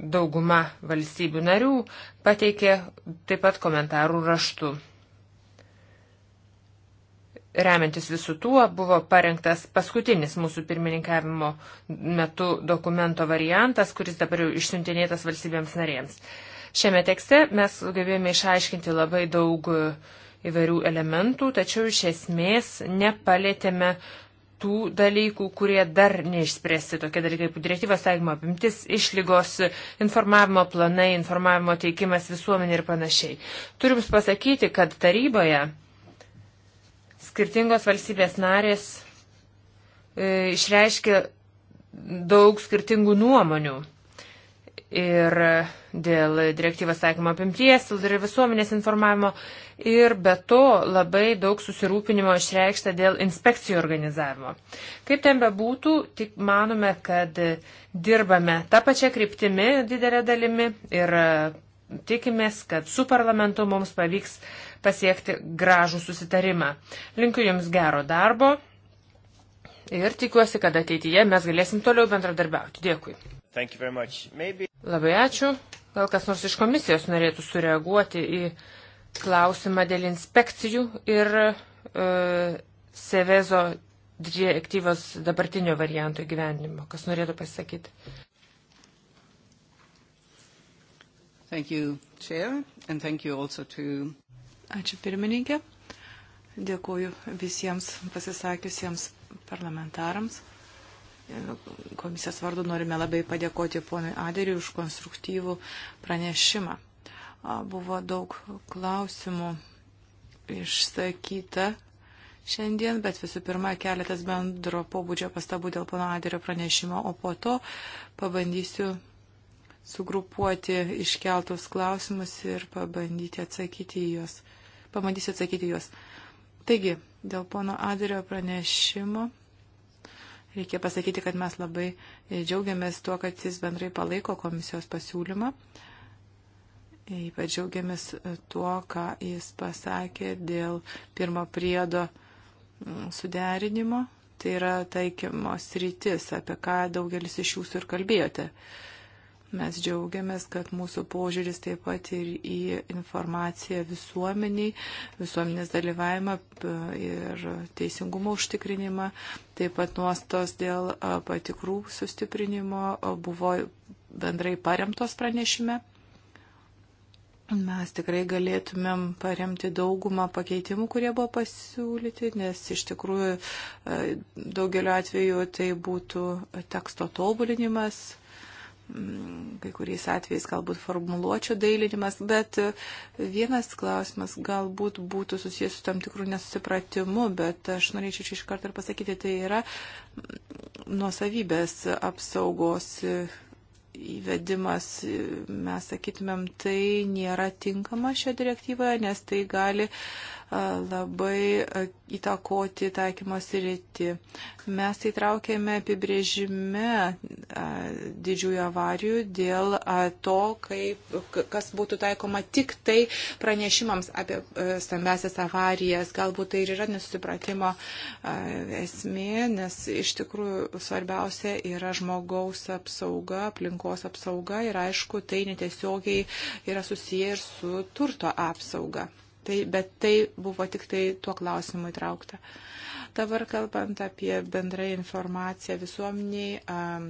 dauguma valstybių narių pateikė taip pat komentarų raštu. Remiantis visų tuo buvo parengtas paskutinis mūsų pirmininkavimo metu dokumento variantas, kuris dabar jau išsiuntinėtas valstybėms narėms. Šiame tekste mes gebėjome išaiškinti labai daug įvairių elementų, tačiau iš esmės nepalėtėme tų dalykų, kurie dar neišspręsti, tokie dalykai kaip direktyvos taikymo apimtis, išlygos, informavimo planai, informavimo teikimas visuomenė ir panašiai. Turim pasakyti, kad taryboje skirtingos valstybės narės e, išreiškia daug skirtingų nuomonių ir dėl direktyvos taikymo apimties, ir visuomenės informavimo. Ir be to labai daug susirūpinimo išreikšta dėl inspekcijų organizavimo. Kaip ten bebūtų, tik manome, kad dirbame tą pačią kryptimį didelę dalimi ir e, tikimės, kad su parlamentu mums pavyks pasiekti gražų susitarimą. Linkiu Jums gero darbo ir tikiuosi, kad ateityje mes galėsim toliau bendradarbiauti. Dėkui. Maybe... Labai ačiū. Gal kas nors iš komisijos norėtų sureaguoti į klausimą dėl inspekcijų ir e, Sevezo direktyvos dabartinio varianto gyvenimo. Kas norėtų pasakyti? Thank you, Chair, and thank you also to... Ačiū pirmininkė. Dėkuoju visiems pasisakiusiems parlamentarams. Komisijos vardu norime labai padėkoti ponui Aderiui už konstruktyvų pranešimą. Buvo daug klausimų išsakyta šiandien, bet visų pirma keletas bendro pobūdžio pastabų dėl pono Aderio pranešimo, o po to pabandysiu sugrupuoti iškeltus klausimus ir pabandyti atsakyti į juos. Pabandysiu atsakyti į juos. Taigi, dėl pono Aderio pranešimo Reikia pasakyti, kad mes labai džiaugiamės tuo, kad jis bendrai palaiko komisijos pasiūlymą. Ypač džiaugiamės e, tuo, ką jis pasakė dėl pirmo priedo suderinimo. Tai yra taikymo sritis, apie ką daugelis iš jūsų ir kalbėjote. Uh, Mes džiaugiamės, kad mūsų požiūris taip pat ir į informaciją visuomeniai, visuomenės dalyvavimą ir teisingumo užtikrinimą, taip pat nuostos dėl patikrų sustiprinimo buvo bendrai paremtos pranešime. Mes tikrai galėtumėm paremti daugumą pakeitimų, kurie buvo pasiūlyti, nes iš tikrųjų daugeliu atveju tai būtų teksto tobulinimas, Mm, kai kuriais atvejais galbūt formuluočio dailinimas, bet e, vienas klausimas galbūt būtų susijęs su tam tikrų nesusipratimu, bet aš norėčiau čia iš karto ir pasakyti, tai yra mm, nuosavybės apsaugos e, įvedimas, e, mes sakytumėm, tai nėra tinkama šioje direktyvoje, nes tai gali uh, labai e, įtakoti taikymos rytį. Mes įtraukėme tai apibrėžime e, didžiųjų avarijų dėl e, to, kaip, kas būtų taikoma tik tai pranešimams apie stambesias avarijas. Galbūt tai ir yra nesusipratimo esmė, nes iš tikrųjų svarbiausia yra žmogaus apsauga, aplinkos apsauga ir aišku, tai netiesiogiai yra susiję ir su turto apsauga. Tai, bet tai buvo tik tai tuo klausimu įtraukta. Dabar kalbant apie bendrą informaciją visuomeniai um,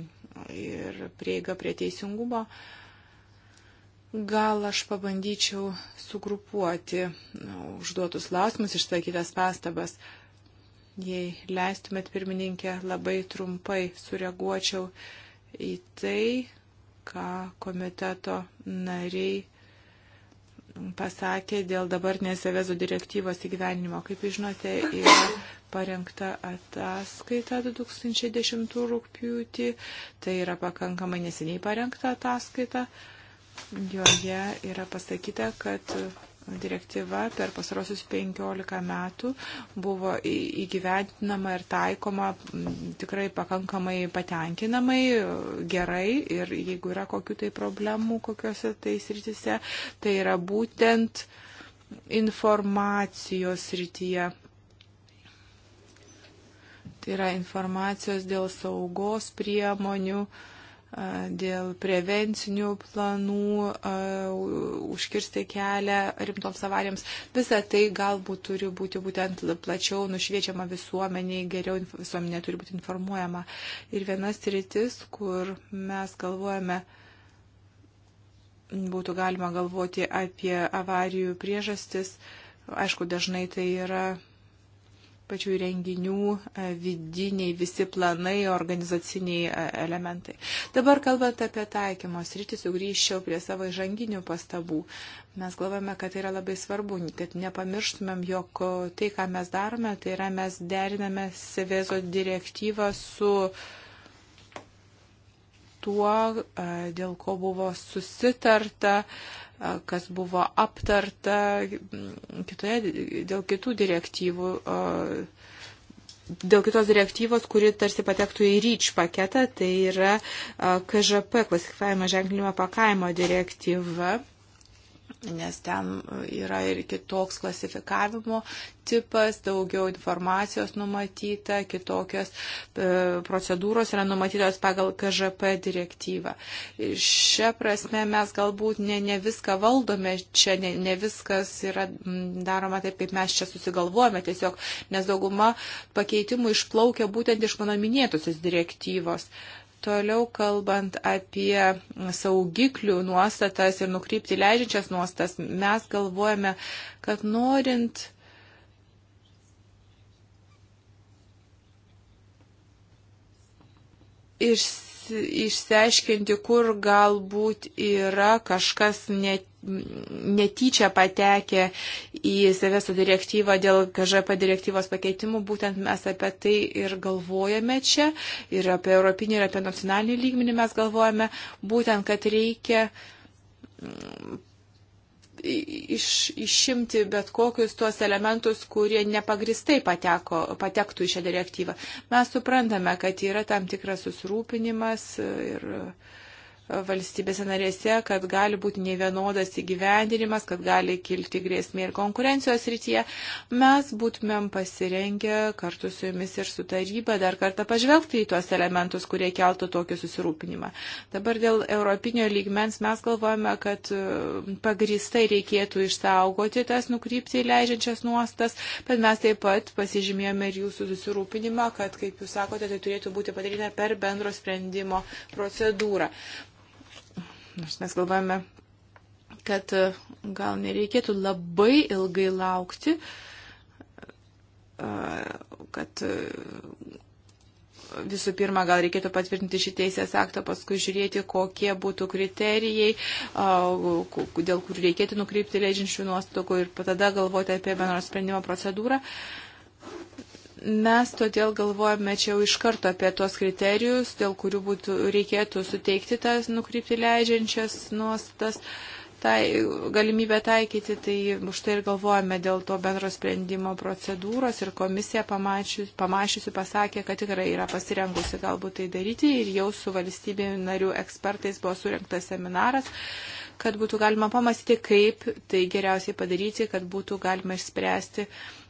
ir prieigą prie teisingumo, gal aš pabandyčiau sugrupuoti nu, užduotus klausimus, išsakytas pastabas. Jei leistumėt pirmininkę, labai trumpai sureaguočiau į tai, ką komiteto nariai pasakė dėl dabartinės Sevezo direktyvos įgyvenimo. Kaip jūs žinote, yra parengta ataskaita 2010 rūpjūtį. Tai yra pakankamai neseniai parengta ataskaita. Joje yra pasakyta, kad direktyva per pasarosius 15 metų buvo įgyventinama ir taikoma tikrai pakankamai patenkinamai, gerai ir jeigu yra kokių tai problemų kokiuose tai sritise, tai yra būtent informacijos srityje. Tai yra informacijos dėl saugos priemonių, uh, dėl prevencinių planų, užkirsti kelią rimtoms avarijoms. Visa tai galbūt turi būti būtent plačiau nušviečiama visuomeniai, geriau visuomenė turi būti informuojama. Ir vienas rytis, kur mes galvojame, būtų galima galvoti apie avarijų priežastis, aišku, dažnai tai yra pačių renginių e, vidiniai visi planai, organizaciniai e, elementai. Dabar kalbant apie taikymo sritį, sugrįžčiau prie savo įžanginių pastabų. Mes galvojame, kad tai yra labai svarbu, kad nepamirštumėm, jog tai, ką mes darome, tai yra mes deriname Sevezo direktyvą su tuo, e, dėl ko buvo susitarta kas buvo aptarta kitoje, dėl kitų direktyvų, dėl kitos direktyvos, kuri tarsi patektų į ryč paketą, tai yra KŽP, klasifikavimo ženklinimo pakavimo direktyva nes ten e, yra ir kitoks klasifikavimo tipas, daugiau informacijos numatyta, kitokios e, procedūros yra numatytos pagal KŽP direktyvą. Šią prasme mes galbūt ne, ne viską valdome, čia ne, ne viskas yra daroma taip, kaip mes čia susigalvojame, tiesiog, nes dauguma pakeitimų išplaukia būtent iš mano minėtusios direktyvos. Uh, Toliau kalbant apie saugiklių nuostatas ir nukrypti leidžiančias nuostatas, mes galvojame, kad norint išsiaiškinti, kur galbūt yra kažkas net netyčia patekę į Seveso direktyvą dėl KŽP direktyvos pakeitimų, būtent mes apie tai ir galvojame čia, ir apie europinį, ir apie nacionalinį lygmenį mes galvojame, būtent, kad reikia mm, iš, išimti bet kokius tuos elementus, kurie nepagristai pateko, patektų į šią direktyvą. Mes suprantame, kad yra tam tikras susirūpinimas ir uh, valstybėse narėse, kad gali būti ne vienodas įgyvendinimas, kad gali kilti grėsmė ir konkurencijos rytyje, mes būtumėm pasirengę kartu su jumis ir su taryba dar kartą pažvelgti į tuos elementus, kurie keltų tokį susirūpinimą. Dabar dėl europinio lygmens mes galvojame, kad pagristai reikėtų išsaugoti tas nukrypti leidžiančias nuostas, bet mes taip pat pasižymėjome ir jūsų susirūpinimą, kad, kaip jūs sakote, tai turėtų būti padaryta per bendro sprendimo procedūrą. Nors mes galvojame, kad e, gal nereikėtų labai ilgai laukti, e, kad e, visų pirma, gal reikėtų patvirtinti šį teisės aktą, paskui žiūrėti, kokie būtų kriterijai, dėl kurių reikėtų nukreipti leidžiančių nuostatų ir tada galvoti apie bendro sprendimo procedūrą. Uh, Mes todėl galvojame čia jau iš karto apie tuos kriterijus, dėl kurių būtų, reikėtų suteikti tas nukrypti leidžiančias nuostas, tai, galimybę taikyti, tai už tai ir galvojame dėl to bendro sprendimo procedūros ir komisija pamačius, pamašiusi pasakė, kad tikrai yra pasirengusi galbūt tai daryti ir jau su valstybė narių ekspertais buvo surinktas seminaras kad būtų galima pamastyti, kaip tai geriausiai padaryti, kad būtų galima išspręsti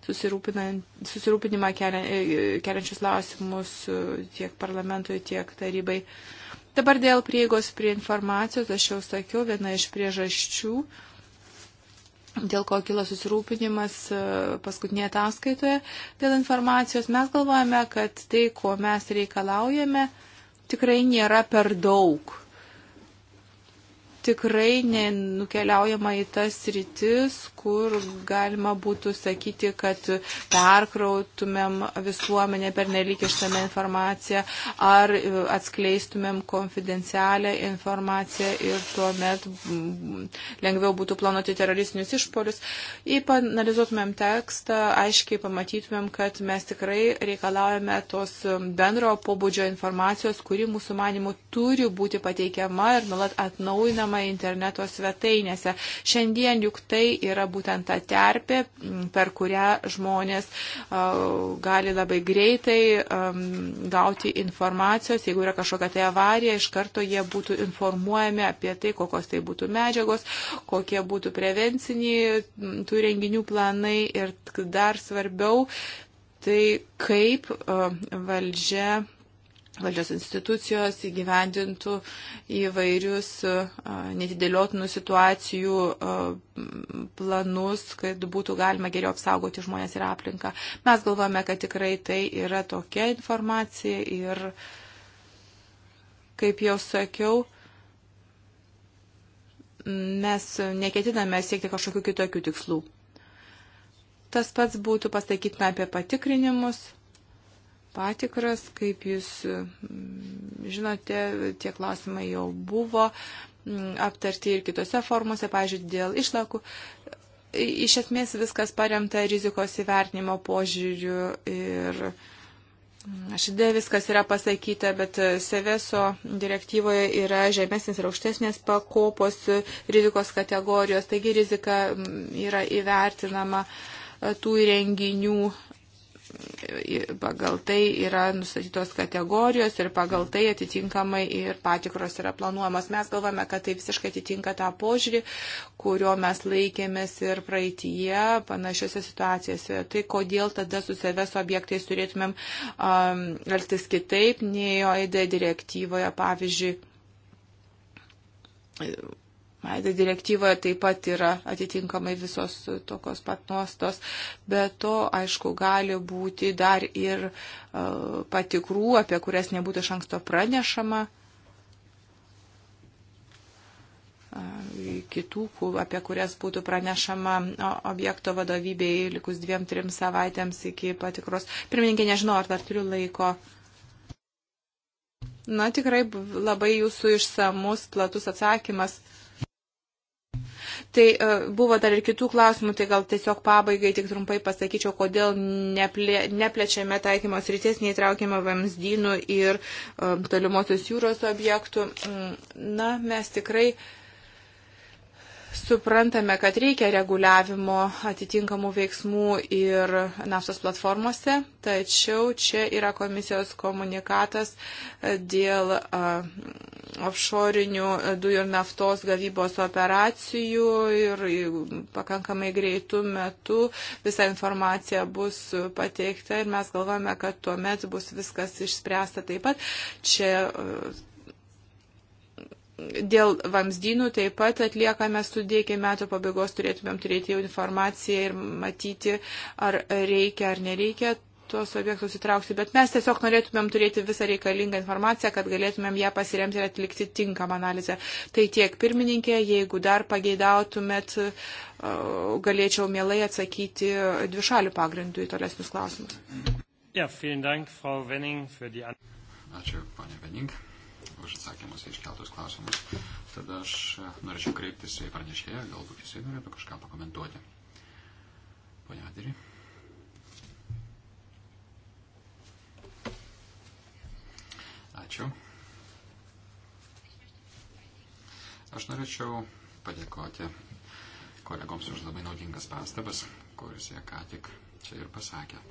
susirūpinimą e, keliančius klausimus e, tiek parlamentui, tiek tarybai. Dabar dėl prieigos prie informacijos, aš jau sakiau, viena iš priežasčių, dėl ko kilo susirūpinimas e, paskutinėje ataskaitoje dėl informacijos, mes galvojame, kad tai, ko mes reikalaujame, tikrai nėra per daug tikrai nenukeliaujama į tas rytis, kur galima būtų sakyti, kad perkrautumėm visuomenę per nelik ištame informaciją ar e, atskleistumėm konfidencialią informaciją ir tuomet lengviau būtų planuoti teroristinius išpolius. Jei panalizuotumėm tekstą, aiškiai pamatytumėm, kad mes tikrai reikalaujame tos e, bendro pobūdžio informacijos, kuri mūsų manimų turi būti pateikiama ir nulat atnaujinama prieinama interneto svetainėse. Šiandien juk tai yra būtent ta terpė, per kurią žmonės gali labai greitai gauti informacijos. Jeigu yra kažkokia tai avarija, iš karto jie būtų informuojami apie tai, kokios tai būtų medžiagos, kokie būtų prevenciniai tų renginių planai ir dar svarbiau, tai kaip valdžia valdžios institucijos įgyvendintų įvairius netidėliotinų situacijų planus, kad būtų galima geriau apsaugoti žmonės ir aplinką. Mes galvojame, kad tikrai tai yra tokia informacija ir, kaip jau sakiau, mes neketiname siekti kažkokių kitokių tikslų. Tas pats būtų pasakytina apie patikrinimus patikras, kaip jūs mm, žinote, tie klausimai jau buvo mm, aptarti ir kitose formose, pažiūrėjau, dėl išlakų. Iš esmės viskas paremta rizikos įvertinimo požiūriu ir mm, šitą viskas yra pasakyta, bet Seveso direktyvoje yra žemesnės ir aukštesnės pakopos rizikos kategorijos, taigi rizika yra įvertinama e, tų įrenginių pagal tai yra nustatytos kategorijos ir pagal tai atitinkamai ir patikros yra planuojamos. Mes galvame, kad tai visiškai atitinka tą požiūrį, kurio mes laikėmės ir praeitie panašiose situacijose. Tai kodėl tada su savęs objektais turėtumėm um, elgtis kitaip nei OED direktyvoje, pavyzdžiui Maida direktyvoje taip pat yra atitinkamai visos tokios pat nuostos, bet to, aišku, gali būti dar ir uh, patikrų, apie kurias nebūtų iš anksto pranešama, e, kitų, apie kurias būtų pranešama objekto vadovybei likus dviem, trim savaitėms iki patikros. Pirmininkė, nežinau, ar dar turiu laiko. Na, tikrai labai jūsų išsamus, platus atsakymas. Tai e, buvo dar ir kitų klausimų, tai gal tiesiog pabaigai tik trumpai pasakyčiau, kodėl neplė, neplečiame taikymos ryties, neįtraukiame vamzdynų ir e, tolimosios jūros objektų. Mm, na, mes tikrai uh, Suprantame, kad reikia reguliavimo atitinkamų veiksmų ir naftos platformose, tačiau čia yra komisijos komunikatas dėl offshore'inių dujų ir naftos gavybos operacijų ir pakankamai greitų metų visa informacija bus pateikta ir mes galvojame, kad tuomet bus viskas išspręsta taip pat. Čia Dėl vamzdynų taip pat atliekame studiją, iki metų pabaigos turėtumėm turėti jau informaciją ir matyti, ar reikia ar nereikia tuos objektus įtraukti, bet mes tiesiog norėtumėm turėti visą reikalingą informaciją, kad galėtumėm ją pasiremti ir atlikti tinkamą analizę. Tai tiek pirmininkė, jeigu dar pageidautumėt, e, galėčiau mielai atsakyti dvišalių pagrindų į tolesnius klausimus. Ja, Dank, Frau Wenning, die... Ačiū, ponia Vening už atsakymus iškeltus klausimus. Tada aš e, norėčiau kreiptis į pranešėją, galbūt jisai norėtų kažką pakomentuoti. Pone Adirį. Ačiū. Aš norėčiau padėkoti kolegoms už labai naudingas pastabas, kuris jie ką tik čia ir pasakė.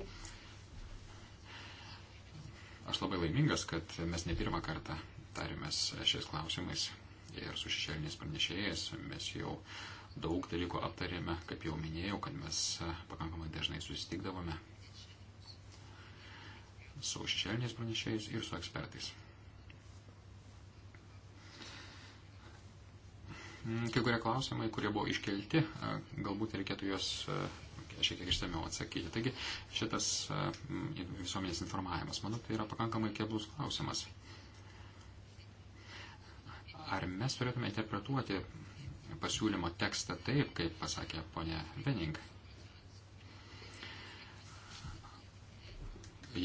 Aš labai laimingas, kad mes ne pirmą kartą tarėmės šiais klausimais ir su šešėliniais pranešėjais. Mes jau daug dalykų aptarėme, kaip jau minėjau, kad mes pakankamai dažnai susitikdavome su šešėliniais pranešėjais ir su ekspertais. Kai kurie klausimai, kurie buvo iškelti, galbūt reikėtų juos e, šiek tiek išsameu atsakyti. Taigi šitas e, visuomenės informavimas, manau, tai yra pakankamai keblus klausimas. Ar mes turėtume interpretuoti pasiūlymo tekstą taip, kaip pasakė ponė Vening?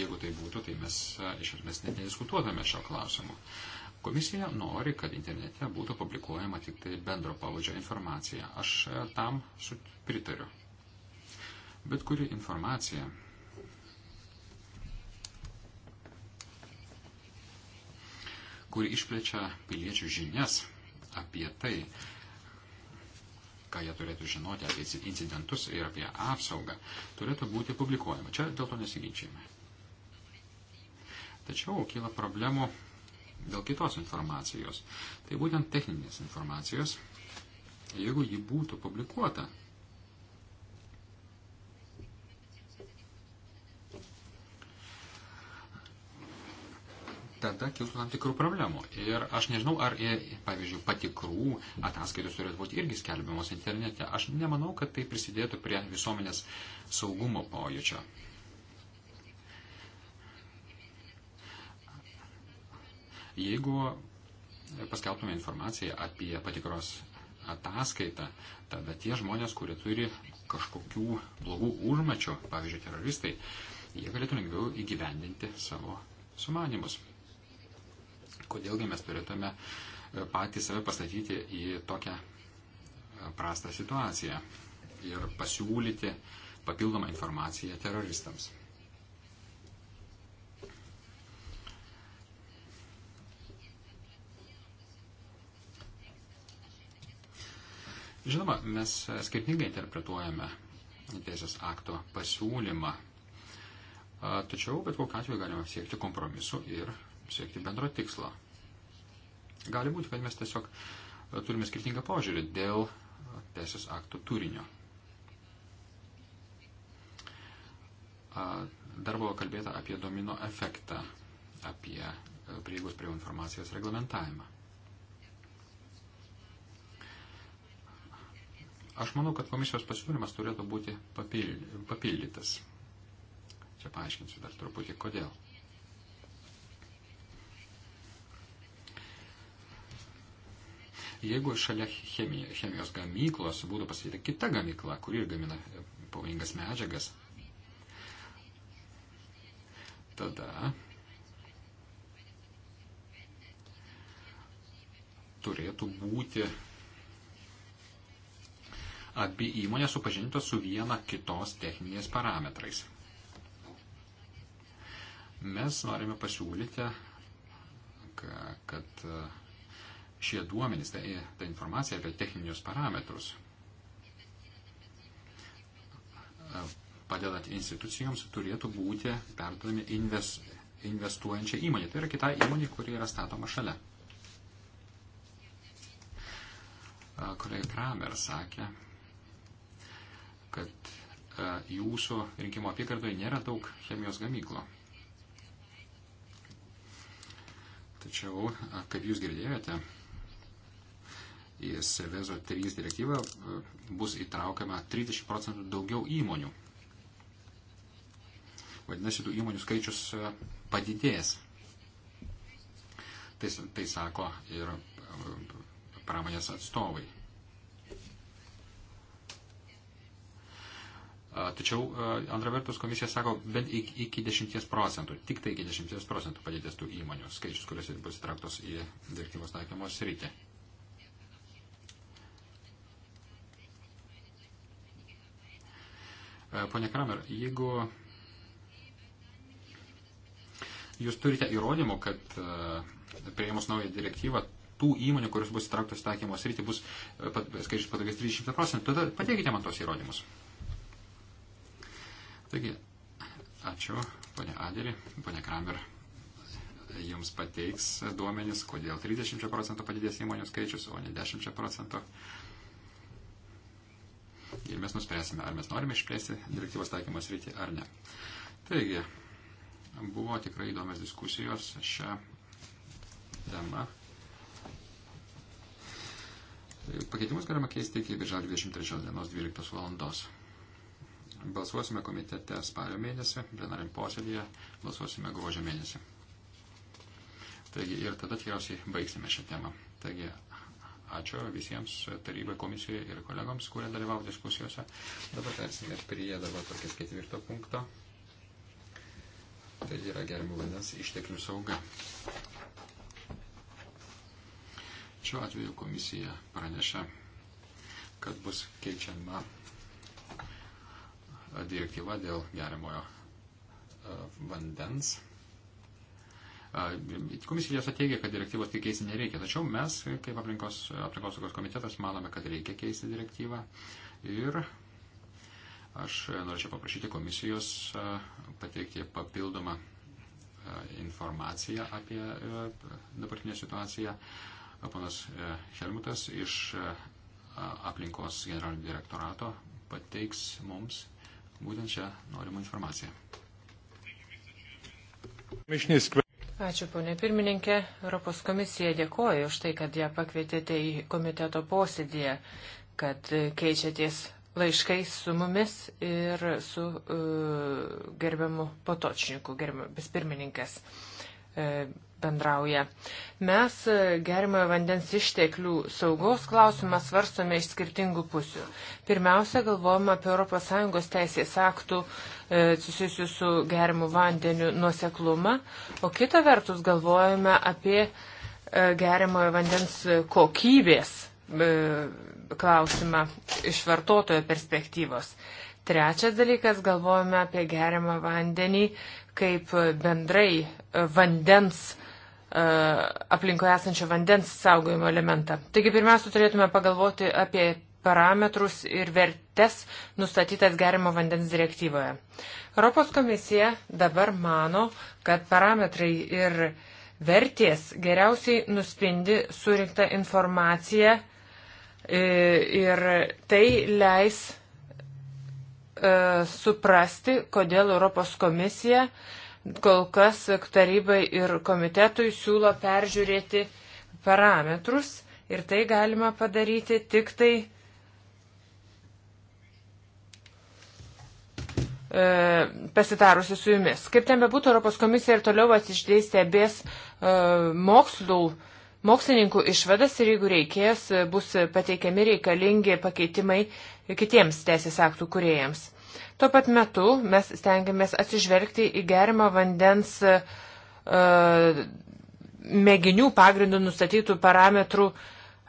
Jeigu tai būtų, tai mes iš esmės net nediskutuotume šio klausimu. Komisija nori, kad internete būtų publikuojama tik tai bendro pavadžio informacija. Aš tam pritariu. Bet kuri informacija kuri išplečia piliečių žinias apie tai, ką jie turėtų žinoti apie incidentus ir apie apsaugą, turėtų būti publikuojama. Čia dėl to nesiginčiame. Tačiau kyla problemų dėl kitos informacijos. Tai būtent techninės informacijos, jeigu ji būtų publikuota, tada kiltų tam tikrų problemų. Ir aš nežinau, ar, e, pavyzdžiui, patikrų ataskaitos turėtų būti irgi skelbiamos internete. Aš nemanau, kad tai prisidėtų prie visuomenės saugumo pojūčio. Jeigu paskelbtume informaciją apie patikros ataskaitą, tada tie žmonės, kurie turi kažkokių blogų užmačių, pavyzdžiui, teroristai, jie galėtų lengviau įgyvendinti savo sumanimus. Kodėlgi mes turėtume e, patys save pastatyti į tokią e, prastą situaciją ir pasiūlyti papildomą informaciją teroristams. Žinoma, mes skirtingai interpretuojame teisės akto pasiūlymą, tačiau bet kokiu atveju galime siekti kompromisu ir siekti bendro tikslo. Gali būti, kad mes tiesiog e, turime skirtingą požiūrį dėl teisės aktų turinio. Dar buvo kalbėta apie domino efektą, apie e, prieigos prie informacijos reglamentavimą. Aš manau, kad komisijos pasiūlymas turėtų būti papildytas. Čia paaiškinsiu dar truputį, kodėl. Jeigu šalia chemijos gamyklos būtų pasakyta kita gamykla, kuri ir gamina e, pavojingas medžiagas, tada turėtų būti abi įmonės supažintos su viena kitos techninės parametrais. Mes norime pasiūlyti, kad e, šie duomenys, ta, ta informacija apie techninius parametrus, e, padedant institucijoms, turėtų būti perduodami invest, investuojančią įmonę. Tai yra kita įmonė, kuri yra statoma šalia. E, kolega Kramer sakė, kad e, jūsų rinkimo apygardoje nėra daug chemijos gamyklų. Tačiau, kaip jūs girdėjote, į Sevezo 3 direktyvą e, bus įtraukiama 30 procentų daugiau įmonių. Vadinasi, tų įmonių skaičius e, padidės. Tai, tai sako ir e, pramonės atstovai. Tačiau antra vertus komisija sako, bent iki 10 procentų, tik tai iki 10 procentų padidės tų įmonių skaičius, kurios bus įtraktos į direktyvos taikymos rytį. E, Pone Kramer, jeigu jūs turite įrodymų, kad e, prieimus naują direktyvą, tų įmonių, kurios bus įtrauktos į taikymo sritį, bus e, skaičius padagės 30 procentų, tada pateikite man tos įrodymus. Taigi, ačiū, ponė Adelį, ponė Kramer jums pateiks duomenis, kodėl 30 procentų padidės įmonių skaičius, o ne 10 procentų ir mes nuspręsime, ar mes norime išplėsti direktyvos taikymas rytį ar ne. Taigi, buvo tikrai įdomios diskusijos šią temą. Pakeitimus galima keisti iki birželio 23 dienos 12 valandos. Balsuosime komitete spalio mėnesį, plenarim posėdėje, balsuosime gruodžio mėnesį. Taigi ir tada tikriausiai baigsime šią temą. Taigi Ačiū visiems tarybai, komisijoje ir kolegoms, kurie dalyvavo diskusijose. Dabar persime prie dabar tokias ketvirto punkto. Tai yra gerimų vandens išteklių sauga. Šiuo atveju komisija praneša, kad bus keičiama direktyva dėl geriamojo vandens Komisija teigia, kad direktyvos tai keisti nereikia, tačiau mes, kaip aplinkos, aplinkosaugos komitetas, manome, kad reikia keisti direktyvą. Ir aš norėčiau paprašyti komisijos pateikti papildomą informaciją apie dabartinę situaciją. Ponas e, Helmutas iš aplinkos generalinio direktorato pateiks mums būtent šią norimą informaciją. Ačiū, ponė pirmininkė. Europos komisija dėkoja už tai, kad ją pakvietėte į komiteto posėdėje, kad keičiaties laiškais su mumis ir su uh, gerbiamu Potočniku, gerbiamas pirmininkas. Uh, bendrauja. Mes e, gerimojo vandens išteklių saugos klausimą svarstome iš skirtingų pusių. Pirmiausia, galvojame apie ES teisės aktų e, susijusių su gerimu vandeniu nuoseklumą, o kita vertus galvojame apie e, gerimojo vandens kokybės e, klausimą iš vartotojo perspektyvos. Trečias dalykas, galvojame apie geriamą vandenį kaip bendrai vandens e, aplinkoje esančio vandens saugojimo elementą. Taigi pirmiausia, turėtume pagalvoti apie parametrus ir vertes nustatytas gerimo vandens direktyvoje. Europos komisija dabar mano, kad parametrai ir vertės geriausiai nuspindi surinktą informaciją e, ir tai leis E, suprasti, kodėl Europos komisija kol kas tarybai ir komitetui siūlo peržiūrėti parametrus ir tai galima padaryti tik tai e, pasitarusi su jumis. Kaip ten bebūtų, Europos komisija ir toliau atsiždėstė abės e, mokslų e, mokslininkų išvadas ir jeigu reikės, bus pateikiami reikalingi pakeitimai kitiems teisės aktų kuriejams. Tuo pat metu mes stengiamės atsižvelgti į gerimą vandens uh, mėginių pagrindų nustatytų parametrų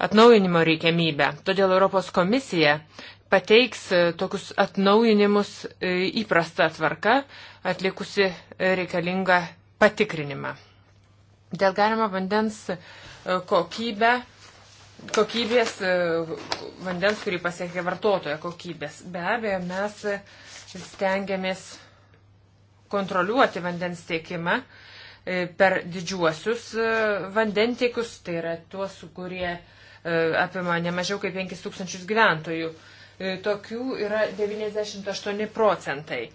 atnaujinimo reikiamybę. Todėl Europos komisija pateiks e, tokius atnaujinimus e, įprasta tvarka, atlikusi reikalingą patikrinimą. Dėl galima vandens uh, kokybę, kokybės, e, vandens, kurį pasiekia vartotojo kokybės. Be abejo, mes stengiamės kontroliuoti vandens tiekimą e, per didžiuosius e, vandentiekius, tai yra tuos, kurie apima nemažiau kaip 5000 gyventojų. Tokių yra 98 procentai.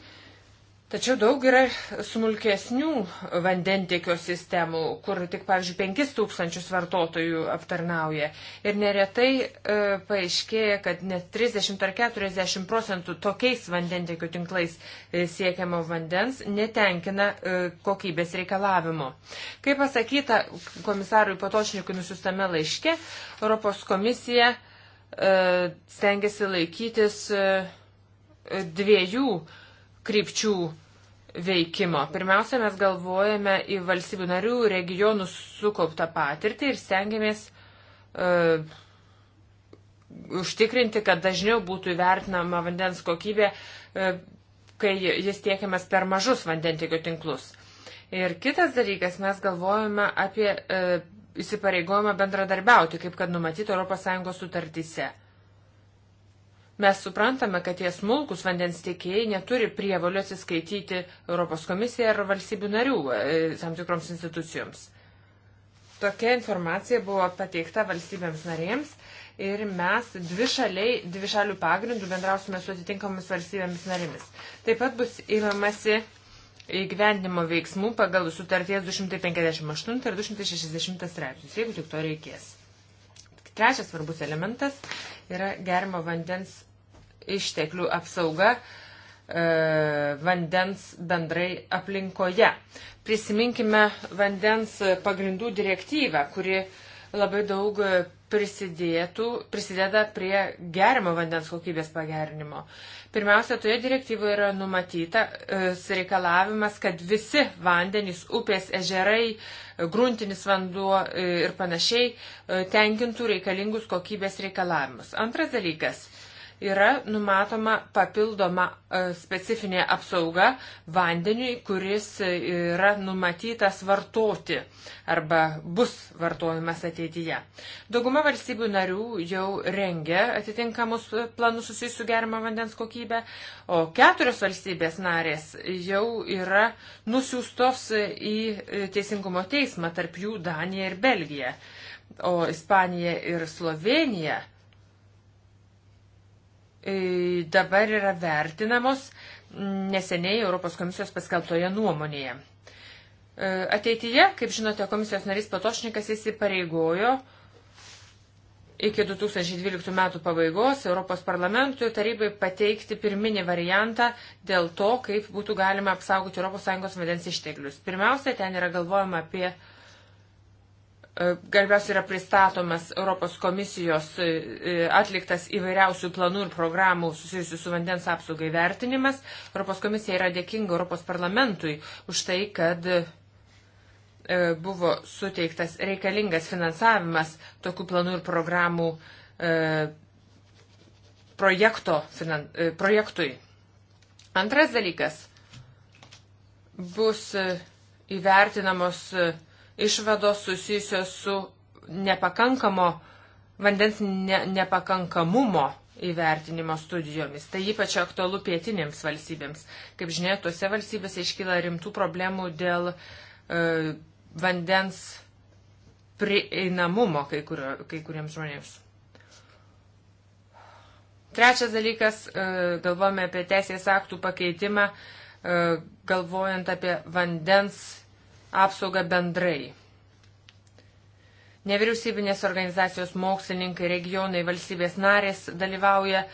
Tačiau daug yra smulkesnių vandentiekio sistemų, kur tik, pavyzdžiui, 5000 vartotojų aptarnauja. Ir neretai e, paaiškėja, kad net 30 ar 40 procentų tokiais vandentiekio tinklais e, siekiamo vandens netenkina e, kokybės reikalavimo. Kaip pasakyta komisarui Patočnikui nusistame laiške, Europos komisija e, stengiasi laikytis. E, dviejų krypčių veikimo. Pirmiausia, mes galvojame į valstybių narių regionų sukauptą patirtį ir stengiamės uh, užtikrinti, kad dažniau būtų įvertinama vandens kokybė, uh, kai jis tiekiamas per mažus vandentikio tinklus. Ir kitas dalykas, mes galvojame apie uh, įsipareigojimą bendradarbiauti, kaip kad numatyta ES sutartyse. Mes suprantame, kad tie smulkus vandens tiekėjai neturi prievalių atsiskaityti Europos komisiją ar valstybių narių e, tam tikroms institucijoms. Tokia informacija buvo pateikta valstybėms narėms ir mes dvi šaliai, dvi šalių pagrindų bendrausime su atitinkamomis valstybėmis narėmis. Taip pat bus įmamasi įgyvendimo veiksmų pagal sutarties 258 ir 260 straipsnius, jeigu tik to reikės. Trečias svarbus elementas yra gerimo vandens išteklių apsauga e, vandens bendrai aplinkoje. Prisiminkime vandens pagrindų direktyvą, kuri labai daug prisidėtų, prisideda prie gerimo vandens kokybės pagerinimo. Pirmiausia, toje direktyvoje yra numatyta e, reikalavimas, kad visi vandenys, upės, ežerai, gruntinis vanduo e, ir panašiai tenkintų reikalingus kokybės reikalavimus. Antras dalykas yra numatoma papildoma e, specifinė apsauga vandeniui, kuris yra numatytas vartoti arba bus vartojamas ateityje. Dauguma valstybių narių jau rengia atitinkamus planus susijusius su gerima vandens kokybė, o keturios valstybės narės jau yra nusiūstos į Teisingumo teismą, tarp jų Danija ir Belgija. O Ispanija ir Slovenija E, dabar yra vertinamos neseniai Europos komisijos paskelbtoje nuomonėje. E, ateityje, kaip žinote, komisijos narys Patošnikas įsipareigojo iki 2012 metų pabaigos Europos parlamentui tarybai pateikti pirminį variantą dėl to, kaip būtų galima apsaugoti ES vandens išteklius. Pirmiausia, ten yra galvojama apie uh, E, garbiausiai yra pristatomas Europos komisijos e, e, atliktas įvairiausių planų ir programų susijusių su vandens apsaugai vertinimas. Europos komisija yra dėkinga Europos parlamentui už tai, kad buvo suteiktas reikalingas finansavimas tokių planų ir programų projekto, finan, projektui. Antras dalykas bus įvertinamos uh, išvados susijusios su nepakankamo, vandens ne, nepakankamumo įvertinimo studijomis. Tai ypač aktualu pietinėms valstybėms. Kaip žinia, tuose valstybėse iškyla rimtų problemų dėl e, vandens prieinamumo kai, kurio, kai kuriems žmonėms. Trečias dalykas, e, galvojame apie teisės aktų pakeitimą, e, galvojant apie vandens apsaugą bendrai. Nevyriausybinės organizacijos mokslininkai, regionai, valstybės narės dalyvauja e,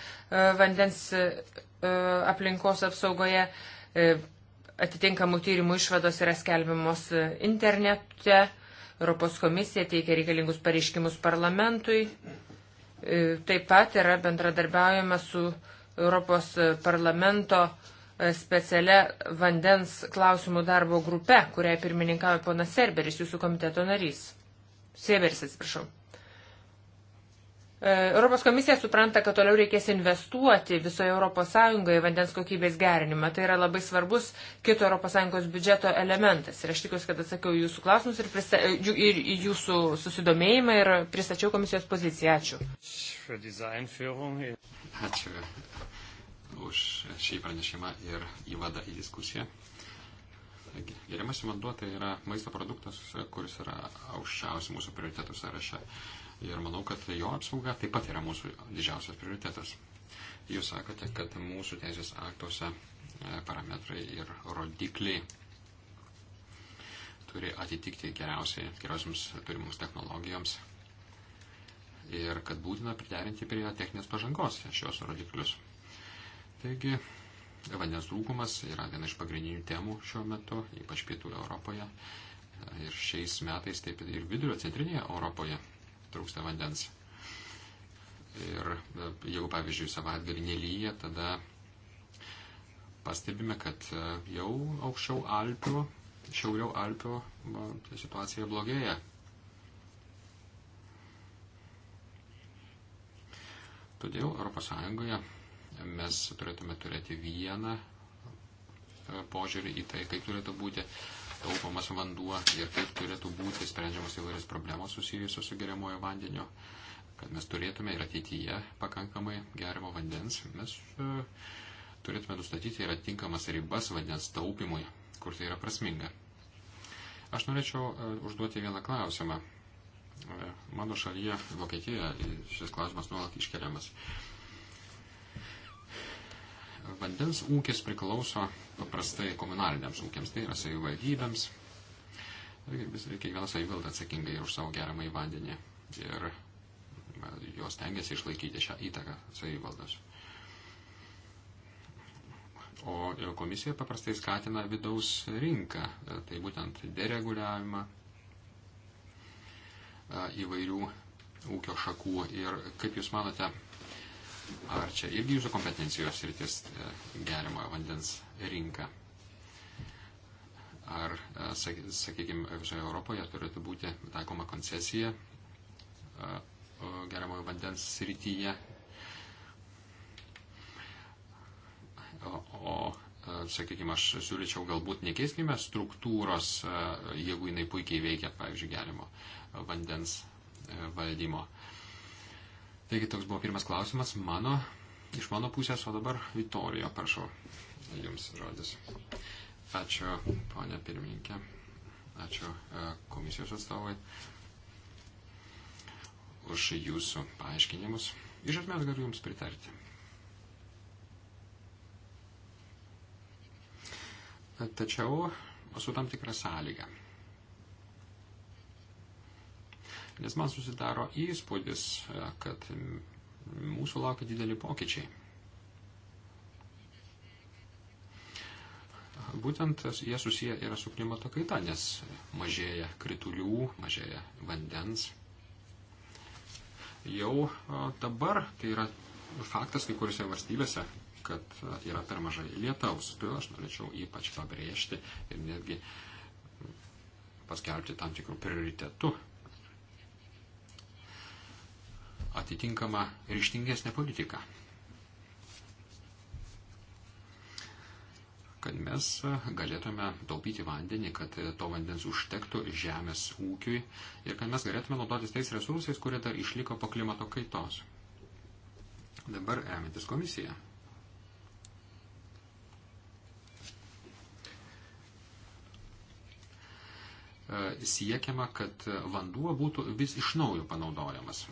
vandens e, aplinkos apsaugoje. E, atitinkamų tyrimų išvados yra skelbiamos internete. Europos komisija teikia reikalingus pareiškimus parlamentui. Taip pat yra bendradarbiaujama su Europos parlamento uh, specialia vandens klausimų darbo grupe, kuriai pirmininkavo ponas Serberis, jūsų komiteto narys. Sėberis, atsiprašau. E, Europos komisija supranta, kad toliau reikės investuoti visoje ES į vandens kokybės gerinimą. Tai yra labai svarbus kito ES biudžeto elementas. Ir aš tikiuosi, kad atsakiau jūsų klausimus ir, prista, e, ir jūsų susidomėjimą ir pristačiau komisijos poziciją. Ačiū. Ačiū už šį pranešimą ir įvadą į diskusiją. Geriamas vanduo tai yra maisto produktas, kuris yra aukščiausias mūsų prioritetų sąraše. Ir manau, kad jo apsauga taip pat yra mūsų didžiausias prioritetas. Jūs sakote, kad mūsų teisės aktuose e, parametrai ir rodikliai turi atitikti geriausiai, geriausiams turimams technologijoms ir kad būtina priderinti prie techninės pažangos šios rodiklius. Taigi, vandens trūkumas yra viena iš pagrindinių temų šiuo metu, ypač pietų Europoje. Ir šiais metais taip ir vidurio centrinėje Europoje trūksta vandens. Ir jeigu, pavyzdžiui, savaitgalį nelyja, tada pastebime, kad e, jau aukščiau Alpių, šiauriau Alpių situacija blogėja. Todėl ES mes turėtume turėti vieną e, požiūrį į tai, kaip turėtų būti taupomas vanduo ir kaip turėtų būti sprendžiamas įvairios problemos susijusios su geriamojo vandeniu, kad mes turėtume ir ateityje pakankamai gerimo vandens. Mes e, turėtume nustatyti ir atitinkamas ribas vandens taupimui, kur tai yra prasminga. Aš norėčiau e, užduoti vieną klausimą. Mano šalyje, Vokietijoje, šis klausimas nuolat iškeliamas vandens ūkis priklauso paprastai komunaliniams ūkiams, tai yra savivaldybėms. Kiekviena savivaldybė atsakinga ir už savo geriamą į vandenį. Ir jos tengiasi išlaikyti šią įtaką savivaldos. O komisija paprastai skatina vidaus rinką, tai būtent dereguliavimą įvairių ūkio šakų. Ir kaip Jūs manote, Ar čia irgi jūsų kompetencijos rytis e, geriamojo vandens rinka? Ar, e, sakykime, visoje Europoje turėtų būti taikoma koncesija e, geriamojo vandens srityje. O, o sakykime, aš siūlyčiau galbūt nekeiskime struktūros, jeigu jinai puikiai veikia, pavyzdžiui, gerimo vandens valdymo. Taigi toks buvo pirmas klausimas mano, iš mano pusės, o dabar Vitorijo, prašau, jums žodis. Ačiū, ponė pirmininkė, ačiū e, komisijos atstovai už jūsų paaiškinimus. Iš esmės galiu jums pritarti. Tačiau su tam tikra sąlyga. Nes man susidaro įspūdis, e, kad mūsų laukia dideli pokyčiai. Būtent jie susiję yra su klimato kaita, nes mažėja kritulių, mažėja vandens. Jau e, dabar tai yra faktas kai kuriuose valstybėse, kad e, yra per mažai lietaus. Todėl aš norėčiau ypač pabrėžti ir netgi paskelbti tam tikrų prioritetų atitinkamą ryštingesnę politiką. Kad mes galėtume taupyti vandenį, kad to vandens užtektų žemės ūkiui ir kad mes galėtume naudotis tais resursais, kurie dar išliko po klimato kaitos. Dabar remiantis komisija. E, siekiama, kad vanduo būtų vis iš naujo panaudojamas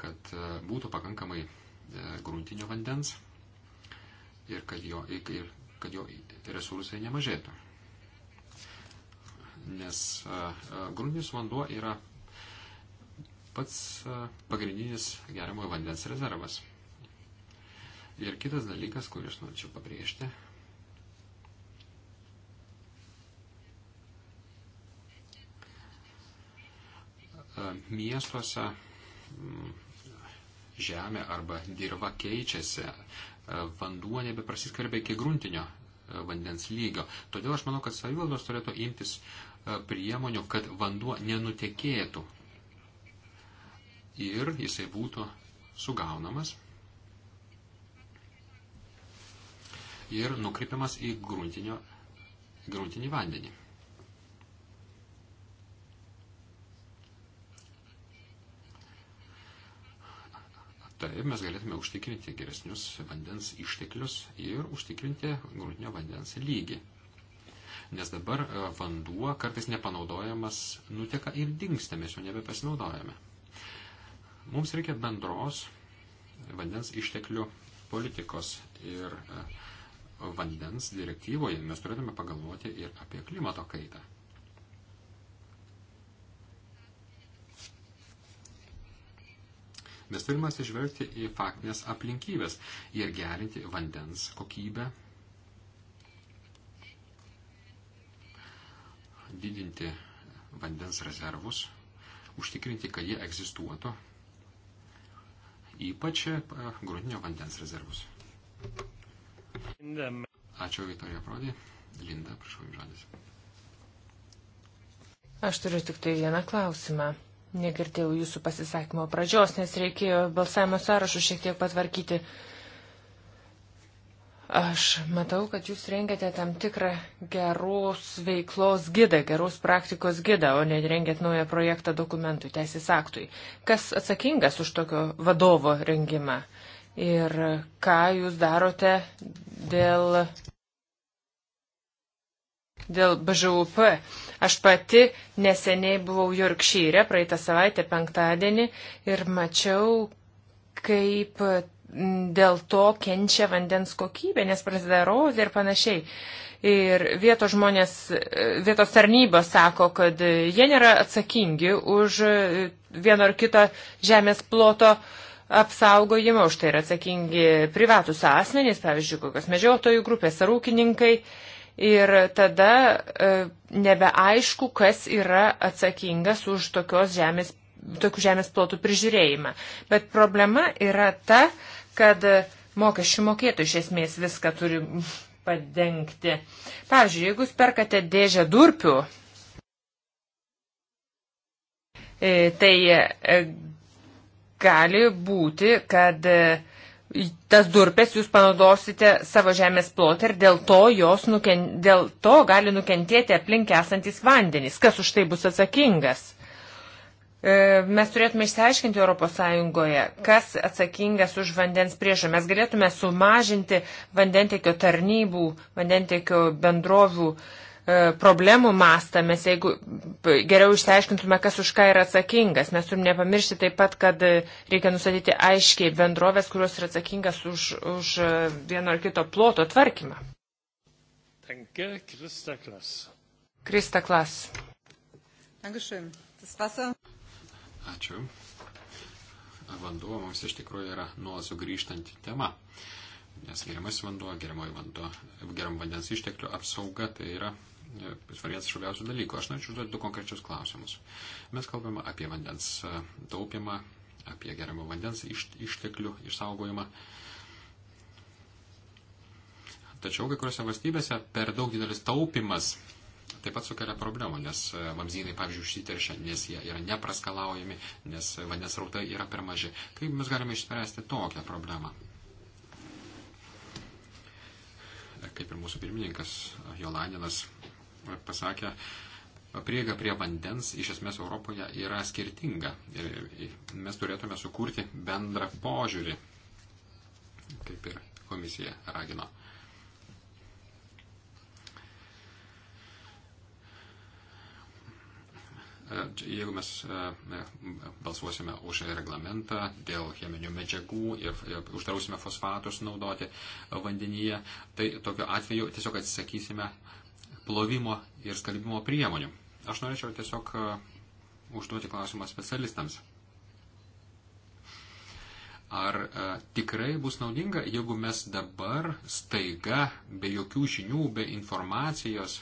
kad e, būtų pakankamai e, gruntinio vandens ir kad jo, ir, kad jo resursai nemažėtų. Nes e, gruntinis vanduo yra pats pagrindinis geriamojo vandens rezervas. Ir kitas dalykas, kurį aš norėčiau pabrėžti, miestuose žemė arba dirba keičiasi, vanduo nebeprasiskarbia iki gruntinio e, vandens lygio. Todėl aš manau, kad savivaldos turėtų imtis e, priemonių, kad vanduo nenutekėtų ir jisai būtų sugaunamas ir nukreipiamas į gruntinį vandenį. Taip mes galėtume užtikrinti geresnius vandens išteklius ir užtikrinti gruntinio vandens lygį. Nes dabar e, vanduo kartais nepanaudojamas nuteka ir dinksta, mes jo nebepasinaudojame. Mums reikia bendros vandens išteklių politikos ir e, vandens direktyvoje mes turėtume pagalvoti ir apie klimato kaitą. Mes turime atsižvelgti į faktinės aplinkybės ir gerinti vandens kokybę, didinti vandens rezervus, užtikrinti, kad jie egzistuotų, ypač e, gruntinio vandens rezervus. Ačiū Vitorija Prodė. Linda, prašau, žodis. Aš turiu tik tai vieną klausimą. Negirdėjau jūsų pasisakymo pradžios, nes reikėjo balsavimo sąrašų šiek tiek patvarkyti. Aš matau, kad jūs rengiate tam tikrą geros veiklos gidą, geros praktikos gidą, o ne rengiat naują projektą dokumentų teisės aktui. Kas atsakingas už tokio vadovo rengimą? Ir ką jūs darote dėl dėl BŽUP. Aš pati neseniai buvau Jorkšyre, praeitą savaitę penktadienį, ir mačiau, kaip dėl to kenčia vandens kokybė, nes prasideda erozija ir panašiai. Ir vietos žmonės, e, vietos tarnybos sako, kad jie nėra atsakingi už e, vieno ar kito žemės ploto apsaugojimą, už tai yra atsakingi privatus asmenys, pavyzdžiui, kokios medžiotojų grupės ar ūkininkai. Uh, ir tada e, nebeaišku, kas yra atsakingas už tokios žemės, tokių žemės plotų prižiūrėjimą. Bet problema yra ta, kad mokesčių mokėtų iš esmės viską turi padengti. Pavyzdžiui, jeigu jūs perkate dėžę durpių, e, tai e, gali būti, kad e, tas durpes jūs panaudosite savo žemės plotą ir dėl to, nuken, dėl to gali nukentėti aplink esantis vandenys. Kas už tai bus atsakingas? E, mes turėtume išsiaiškinti ES, kas atsakingas už vandens priežą. Mes galėtume sumažinti vandentiekio tarnybų, vandentiekio bendrovių uh, E, problemų mastą, mes jeigu geriau išsiaiškintume, kas už ką yra atsakingas, mes turim nepamiršti taip pat, kad e, reikia nustatyti aiškiai bendrovės, kurios yra atsakingas už, už e, vieno ar kito ploto tvarkymą. Danke, Krista Klas. Krista Klas. Dankeschön. Das Wasser. Ačiū. Vanduo mums iš tikrųjų yra nuolat sugrįžtanti tema nes geriamas vanduo, geriamoji vanduo, geriam vandens išteklių apsauga tai yra svarbiausias e, svarbiausių dalykų. Aš norėčiau užduoti du konkrečius klausimus. Mes kalbame apie vandens e, taupimą, apie geriamą vandens iš, išteklių išsaugojimą. Tačiau kai kuriuose valstybėse per daug didelis taupimas taip pat sukelia problemų, nes e, vamzynai, pavyzdžiui, užsiteršia, nes jie yra nepraskalaujami, nes vandens rautai yra per maži. Kaip mes galime išspręsti tokią problemą? Kaip ir mūsų pirmininkas Jolaninas pasakė, prieiga prie vandens iš esmės Europoje yra skirtinga. Ir mes turėtume sukurti bendrą požiūrį, kaip ir komisija ragino. Jeigu mes e, e, balsuosime už reglamentą dėl cheminių medžiagų ir uždrausime fosfatus naudoti vandenyje, tai tokiu atveju tiesiog atsisakysime uh, plovimo ir skalbimo priemonių. Aš norėčiau tiesiog e, užduoti klausimą specialistams. Ar a, e, tikrai bus naudinga, jeigu mes dabar staiga, be jokių žinių, be informacijos,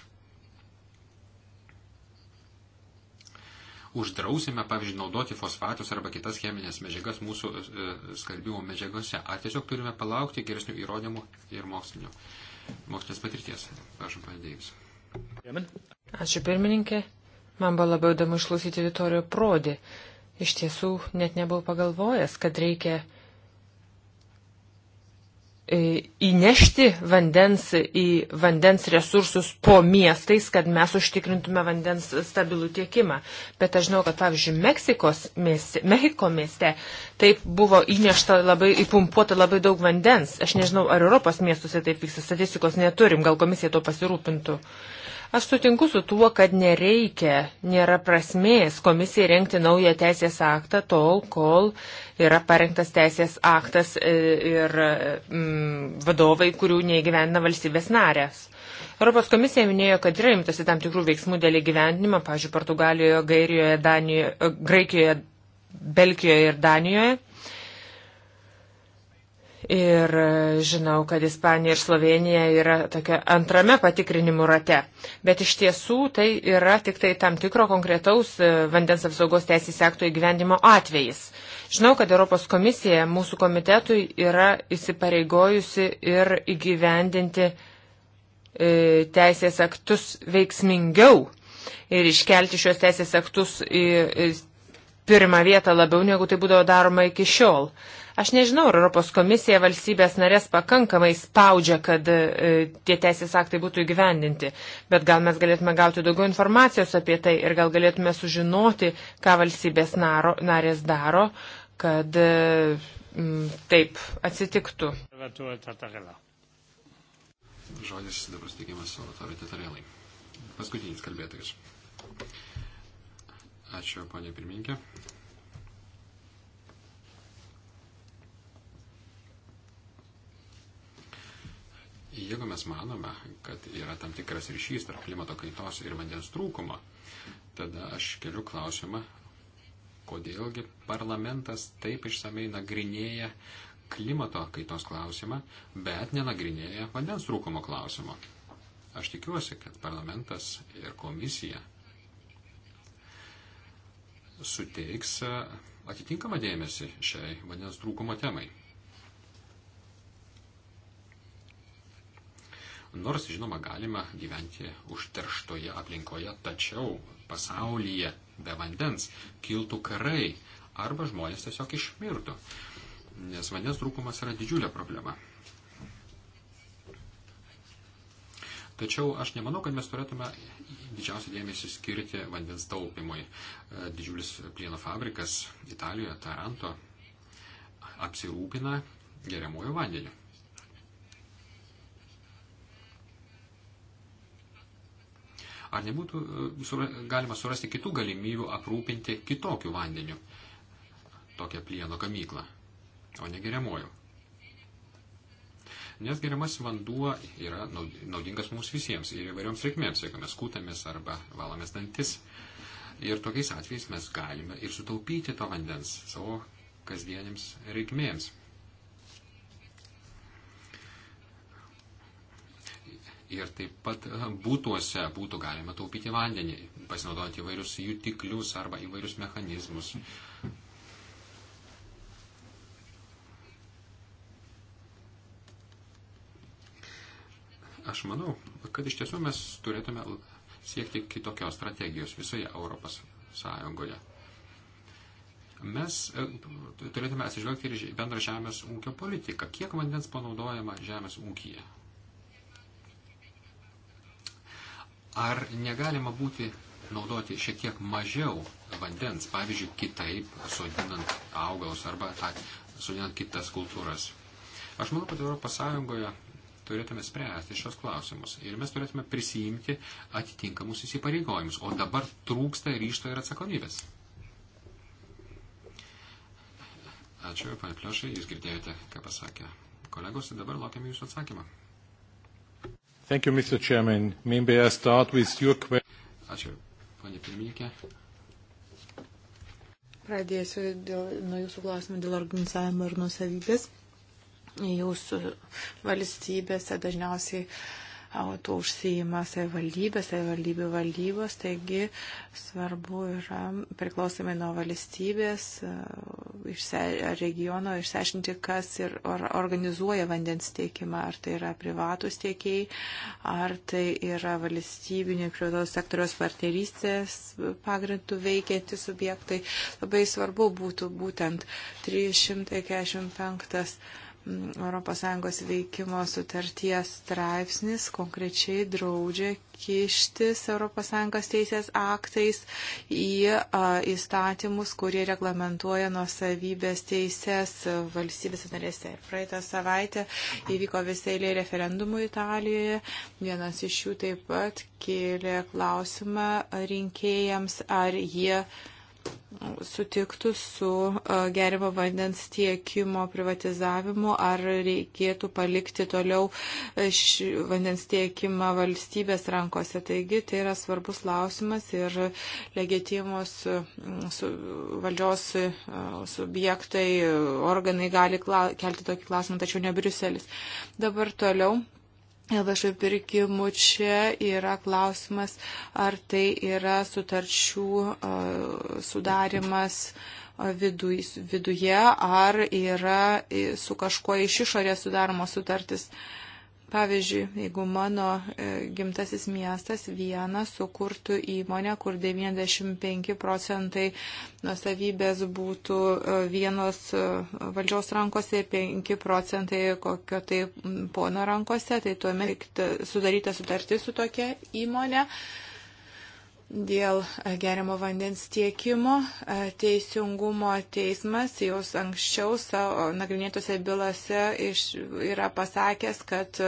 uždrausime, pavyzdžiui, naudoti fosfatus arba kitas cheminės medžiagas mūsų e, skalbimo medžiagose, ar tiesiog turime palaukti geresnių įrodymų ir mokslinio, mokslinės patirties. Prašom, panedėjus. Ačiū pirmininkė. Man buvo labai įdomu išklausyti Vitorijo Prodį. Iš tiesų, net nebuvau pagalvojęs, kad reikia e, įnešti vandens į vandens resursus po miestais, kad mes užtikrintume vandens stabilų tiekimą. Bet aš žinau, kad pavyzdžiui, Meksikos mieste, Mehiko mieste taip buvo įnešta labai, įpumpuota labai daug vandens. Aš nežinau, ar Europos miestuose taip vyksta, statistikos neturim, gal komisija to pasirūpintų. Uh, Aš sutinku su tuo, kad nereikia, nėra prasmės komisijai renkti naują teisės aktą tol, kol yra parengtas teisės aktas e, ir e, mm, vadovai, kurių neįgyvendina valstybės narės. Europos komisija minėjo, kad yra imtasi tam tikrų veiksmų dėl įgyvendinimo, pavyzdžiui, Portugalijoje, Gairijoje, Danijoje, Graikijoje, Belgijoje ir Danijoje. Ir žinau, kad Ispanija ir Slovenija yra tokia antrame patikrinimų rate. Bet iš tiesų tai yra tik tai tam tikro konkretaus e, vandens apsaugos teisės akto įgyvendimo atvejis. Žinau, kad Europos komisija mūsų komitetui yra įsipareigojusi ir įgyvendinti e, teisės aktus veiksmingiau ir iškelti šios teisės aktus į, į pirmą vietą labiau, negu tai būdavo daroma iki šiol. E, Aš nežinau, ar Europos komisija valstybės narės pakankamai spaudžia, kad e, tie teisės aktai būtų įgyvendinti, bet gal mes galėtume gauti daugiau informacijos apie tai ir gal galėtume sužinoti, ką valstybės naro, narės daro, kad e, m, taip atsitiktų. Žodis dabar suteikiamas Salvatore Tatarelai. Paskutinis kalbėtojas. Ačiū, ponė pirmininkė. Jeigu mes manome, kad yra tam tikras ryšys tarp klimato kaitos ir vandens trūkumo, tada aš keliu klausimą, kodėlgi parlamentas taip išsamei nagrinėja klimato kaitos klausimą, bet nenagrinėja vandens trūkumo klausimo. Aš tikiuosi, kad parlamentas ir komisija suteiks atitinkamą dėmesį šiai vandens trūkumo temai. Nors, žinoma, galima gyventi užterštoje aplinkoje, tačiau pasaulyje be vandens kiltų karai arba žmonės tiesiog išmirtų, nes vandens trūkumas yra didžiulė problema. Tačiau aš nemanau, kad mes turėtume didžiausią dėmesį skirti vandens taupimui. E, didžiulis plieno fabrikas Italijoje, Taranto, apsirūpina geriamuoju vandeniu. Ar nebūtų e, sura, galima surasti kitų galimybių aprūpinti kitokių vandenių tokią plieno gamyklą, o ne geriamuoju? Nes geriamas vanduo yra naudingas mums visiems ir įvairioms reikmėms, jeigu mes kūtamės arba valomės dantis. Ir tokiais atvejais mes galime ir sutaupyti to vandens savo kasdienėms reikmėms. ir taip pat e, būtuose būtų galima taupyti vandenį, pasinaudojant įvairius jutiklius arba įvairius mechanizmus. Aš manau, kad iš tiesų mes turėtume siekti kitokios strategijos visoje Europos Sąjungoje. Mes e, turėtume atsižvelgti ir bendrą žemės ūkio politiką. Kiek vandens panaudojama žemės ūkija? Ar negalima būti naudoti šiek tiek mažiau vandens, pavyzdžiui, kitaip sodinant augalus arba sodinant kitas kultūras? Aš manau, kad Europos Sąjungoje turėtume spręsti šios klausimus ir mes turėtume prisijimti atitinkamus įsipareigojimus, o dabar trūksta ryšto ir atsakomybės. Ačiū, pane Pliošai, jūs girdėjote, ką pasakė kolegos ir dabar laukiam jūsų atsakymą. Thank you, Mr. Chairman. Maybe I start with your question. Ačiū, ponė pirmininkė. Pradėsiu dėl, nuo jūsų klausimų dėl organizavimo ir nusavybės. Jūsų valstybėse dažniausiai uh, tuo užsijima savivaldybė, savivaldybių valdybos, taigi svarbu yra priklausomai nuo valstybės e, išse, regiono išsiaiškinti, kas ir or, organizuoja vandens tiekimą, ar tai yra privatus tiekėjai, ar tai yra valstybinio ir privataus sektoriaus partnerystės pagrindų veikianti subjektai. Labai svarbu būtų būtent 345 ES veikimo sutarties straipsnis konkrečiai draudžia kištis ES teisės aktais į a, įstatymus, kurie reglamentuoja nuosavybės teisės valstybės narėse. Ir praeitą savaitę įvyko visai eilė referendumų Italijoje. Vienas iš jų taip pat kėlė klausimą rinkėjams, ar jie sutiktų su gerimo vandens tiekimo privatizavimu, ar reikėtų palikti toliau vandens tiekimą valstybės rankose. Taigi tai yra svarbus klausimas ir legitimus valdžios subjektai, organai gali kelti tokį klausimą, tačiau ne Briuselis. Dabar toliau viešųjų pirkimų čia yra klausimas, ar tai yra sutarčių sudarimas viduje, ar yra su kažkuo iš išorės sudaromos sutartis. Uh, Pavyzdžiui, jeigu mano e, gimtasis miestas vienas sukurtų įmonę, kur 95 procentai nusavybės būtų e, vienos e, valdžios rankose ir 5 procentai kokio tai pono rankose, tai tuomet sudaryta sutartis su tokia įmonė. Uh, dėl e, geriamo vandens tiekimo e, teisingumo teismas jau anksčiau savo nagrinėtose bylose iš, yra pasakęs, kad,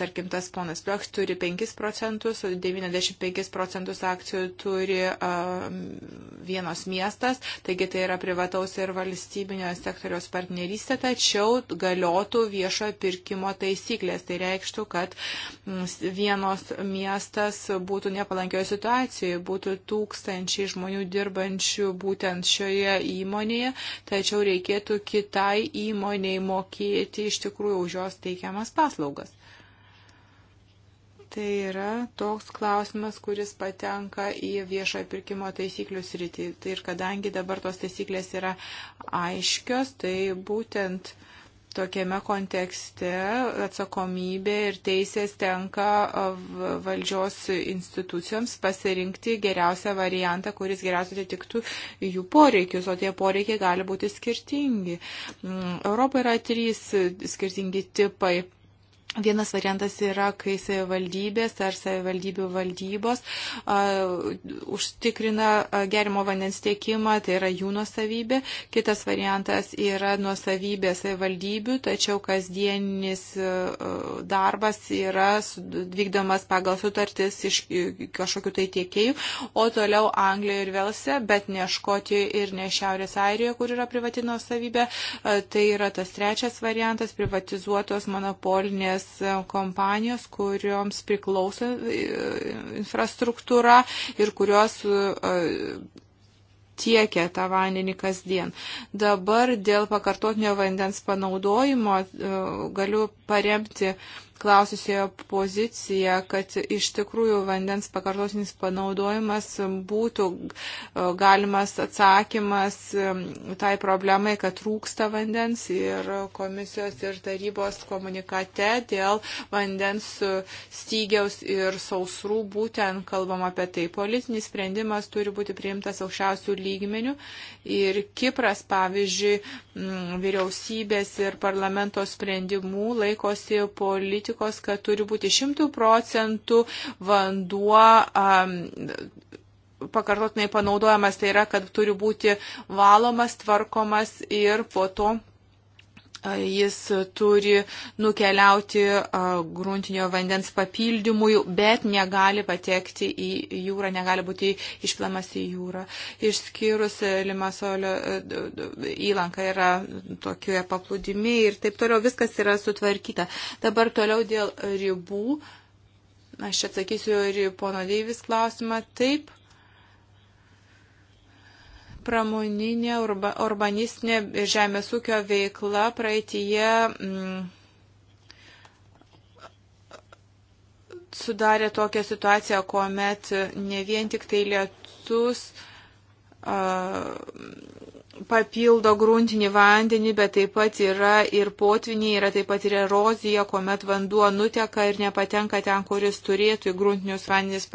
tarkim, tas ponas Pliokš turi 5 procentus, 95 procentus akcijų turi a, vienos miestas, taigi tai yra privataus ir valstybinio sektoriaus partnerystė, tačiau galiotų viešojo pirkimo taisyklės. Tai reikštų, kad vienos miestas būtų nepalankioje situacijoje Švecijoje būtų tūkstančiai žmonių dirbančių būtent šioje įmonėje, tačiau reikėtų kitai įmoniai mokėti iš tikrųjų už jos teikiamas paslaugas. Tai yra toks klausimas, kuris patenka į viešojo pirkimo taisyklių sritį. Tai ir kadangi dabar tos taisyklės yra aiškios, tai būtent uh, tokiame kontekste atsakomybė ir teisės tenka valdžios institucijoms pasirinkti geriausią variantą, kuris geriausiai atitiktų jų poreikius, o tie poreikiai gali būti skirtingi. Mm, Europoje yra trys skirtingi tipai Vienas variantas yra, kai savivaldybės ar savivaldybių valdybos a, užtikrina gerimo vandens tiekimą, tai yra jų nuosavybė. Kitas variantas yra nuosavybė savivaldybių, tačiau kasdienis a, darbas yra vykdomas pagal sutartis iš kažkokių tai tiekėjų, o toliau Anglijoje ir Velse, bet ne Škotijoje ir ne Šiaurės Airijoje, kur yra privati nuosavybė. A, tai yra tas trečias variantas - privatizuotos monopolinės didelės kompanijos, kurioms priklauso e, infrastruktūra ir kurios e, tiekia tą vandenį kasdien. Dabar dėl pakartotinio vandens panaudojimo e, galiu paremti klausiusi jo poziciją, kad iš tikrųjų vandens pakartotinis panaudojimas būtų e, galimas atsakymas e, tai problemai, kad trūksta vandens ir komisijos ir tarybos komunikate dėl vandens stygiaus ir sausrų būtent kalbam apie tai. Politinis sprendimas turi būti priimtas aukščiausių lygmenių ir Kipras, pavyzdžiui, vyriausybės ir parlamento sprendimų laikosi politikų politikos, kad turi būti šimtų procentų vanduo. Um, pakartotinai panaudojamas, tai yra, kad turi būti valomas, tvarkomas ir po to jis turi nukeliauti gruntinio vandens papildymui, bet negali patekti į jūrą, negali būti išplamas į jūrą. Išskyrus e, Limasolio e, įlanka yra tokioje paplūdimiai ir taip toliau viskas yra sutvarkyta. Dabar toliau dėl ribų. Aš atsakysiu ir pono Deivis klausimą. Taip pramoninė, urba, urbanistinė žemės ūkio veikla praeitie mm, sudarė tokią situaciją, kuomet ne vien tik tai lietus, uh, papildo gruntinį vandenį, bet taip pat yra ir potviniai, yra taip pat ir erozija, kuomet vanduo nuteka ir nepatenka ten, kuris turėtų į gruntinius vandenis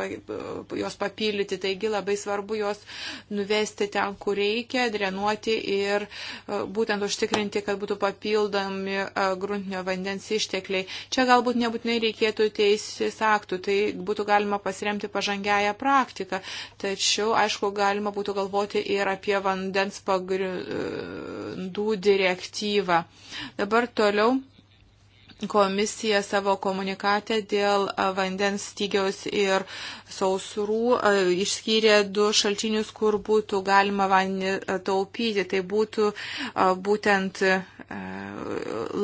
juos papildyti. Taigi labai svarbu juos nuvesti ten, kur reikia, drenuoti ir e, būtent užtikrinti, kad būtų papildomi e, gruntinio vandens ištekliai. Čia galbūt nebūtinai reikėtų teisės aktų, tai būtų galima pasiremti pažangiają praktiką. Tačiau, aišku, galima būtų galvoti ir apie vandens pagrindų pagrindų e, direktyvą. Dabar toliau Komisija savo komunikate dėl vandens stygiaus ir sausrų išskyrė du šaltinius, kur būtų galima vandenį taupyti. Tai būtų būtent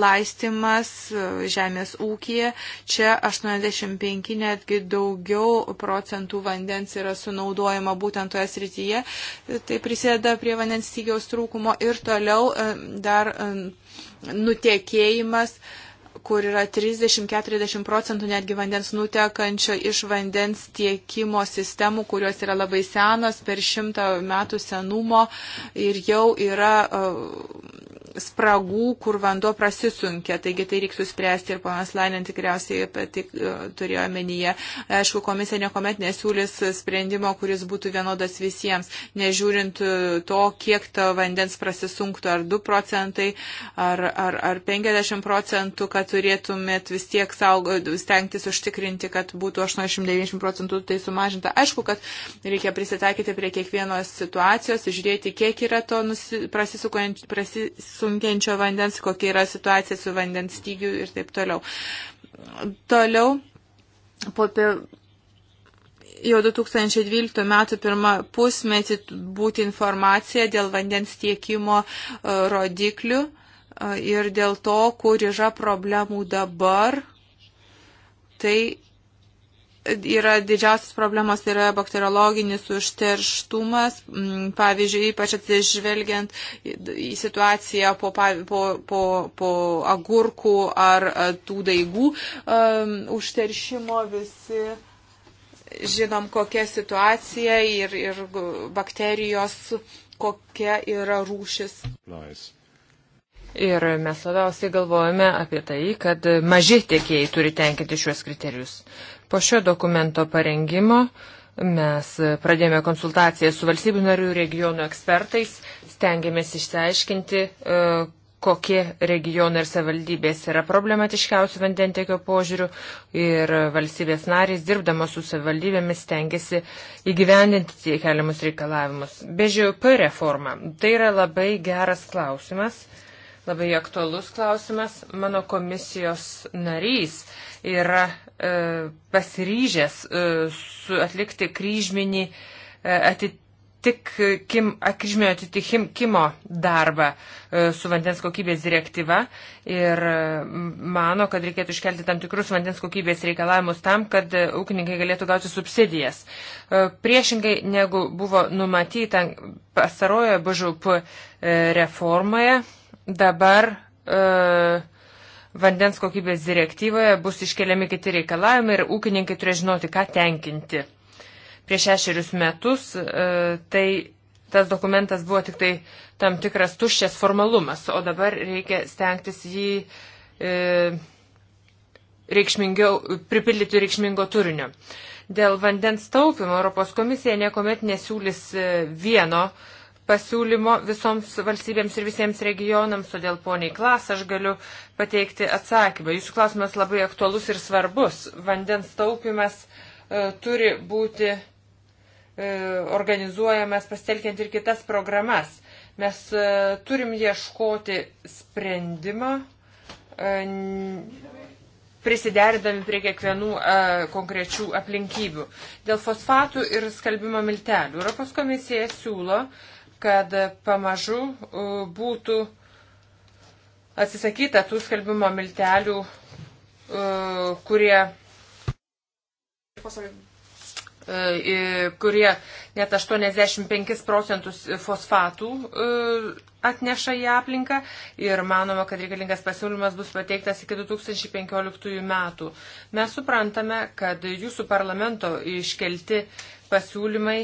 laistimas žemės ūkija. Čia 85 netgi daugiau procentų vandens yra sunaudojama būtent toje srityje. Tai prisėda prie vandens stygiaus trūkumo ir toliau dar nutiekėjimas. Uh, kur yra 30-40 procentų netgi vandens nutekančio iš vandens tiekimo sistemų, kurios yra labai senos, per šimtą metų senumo ir jau yra uh, spragų, kur vanduo prasisunkia. Taigi tai reiks suspręsti ir ponas Lainin tikriausiai tik, e, turėjo menyje. Aišku, komisija niekuomet nesiūlys sprendimo, kuris būtų vienodas visiems, nežiūrint e, to, kiek to vandens prasisunktų, ar 2 procentai, ar, ar, ar 50 procentų, kad turėtumėt vis tiek saugo, stengtis užtikrinti, kad būtų 80-90 procentų tai sumažinta. Aišku, kad reikia prisitaikyti prie kiekvienos situacijos, žiūrėti, kiek yra to prasisukančio sunkiančio vandens, kokia yra situacija su vandens stygiu ir taip toliau. Toliau po jau 2012 metų pirmą pusmetį būti informacija dėl vandens tiekimo e, rodiklių e, ir dėl to, kur yra problemų dabar. Tai yra didžiausias problemos yra bakteriologinis užterštumas, pavyzdžiui, ypač atsižvelgiant į situaciją po, po, po, po agurkų ar tų daigų um, užteršimo visi. Žinom, kokia situacija ir, ir bakterijos, kokia yra rūšis. Nice. Ir mes labiausiai galvojame apie tai, kad maži tiekėjai turi tenkinti šiuos kriterijus. Uh, Po šio dokumento parengimo mes pradėjome konsultaciją su valstybių narių regionų ekspertais, stengiamės išsiaiškinti, e, kokie regionai ir savivaldybės yra problematiškiausi vandentiekio požiūrių ir valstybės narys, dirbdamas su savivaldybėmis, stengiasi įgyvendinti keliamus reikalavimus. BŽUP reforma. Tai yra labai geras klausimas, labai aktualus klausimas. Mano komisijos narys yra e, pasiryžęs e, atlikti kryžminį e, atitikimą tik kim, kryžminio atitikimo darbą su vandens kokybės direktyva ir mano, kad reikėtų iškelti tam tikrus vandens kokybės reikalavimus tam, kad ūkininkai galėtų gauti subsidijas. Priešingai negu buvo numatyta pastarojoje BŽUP reformoje, dabar uh, vandens kokybės direktyvoje bus iškeliami kiti reikalavimai ir ūkininkai turės žinoti, ką tenkinti. Prieš šešerius metus e, tai tas dokumentas buvo tik tai tam tikras tuščias formalumas, o dabar reikia stengtis jį e, reikšmingiau, pripildyti reikšmingo turinio. Dėl vandens taupimo Europos komisija niekuomet nesiūlys e, vieno uh, pasiūlymo visoms valstybėms ir visiems regionams, todėl poniai klas aš galiu pateikti atsakymą. Jūsų klausimas labai aktualus ir svarbus. Vandens taupimas e, turi būti e, organizuojamas pasitelkiant ir kitas programas. Mes e, turim ieškoti sprendimą. E, prisiderdami prie kiekvienų a, e, konkrečių aplinkybių. Dėl fosfatų ir skalbimo miltelių Europos komisija siūlo uh, kad pamažu būtų atsisakyta tų skalbimo miltelių, kurie, e, kurie net 85 procentus fosfatų atneša į aplinką ir manoma, kad reikalingas pasiūlymas bus pateiktas iki 2015 metų. Mes suprantame, kad jūsų parlamento iškelti pasiūlymai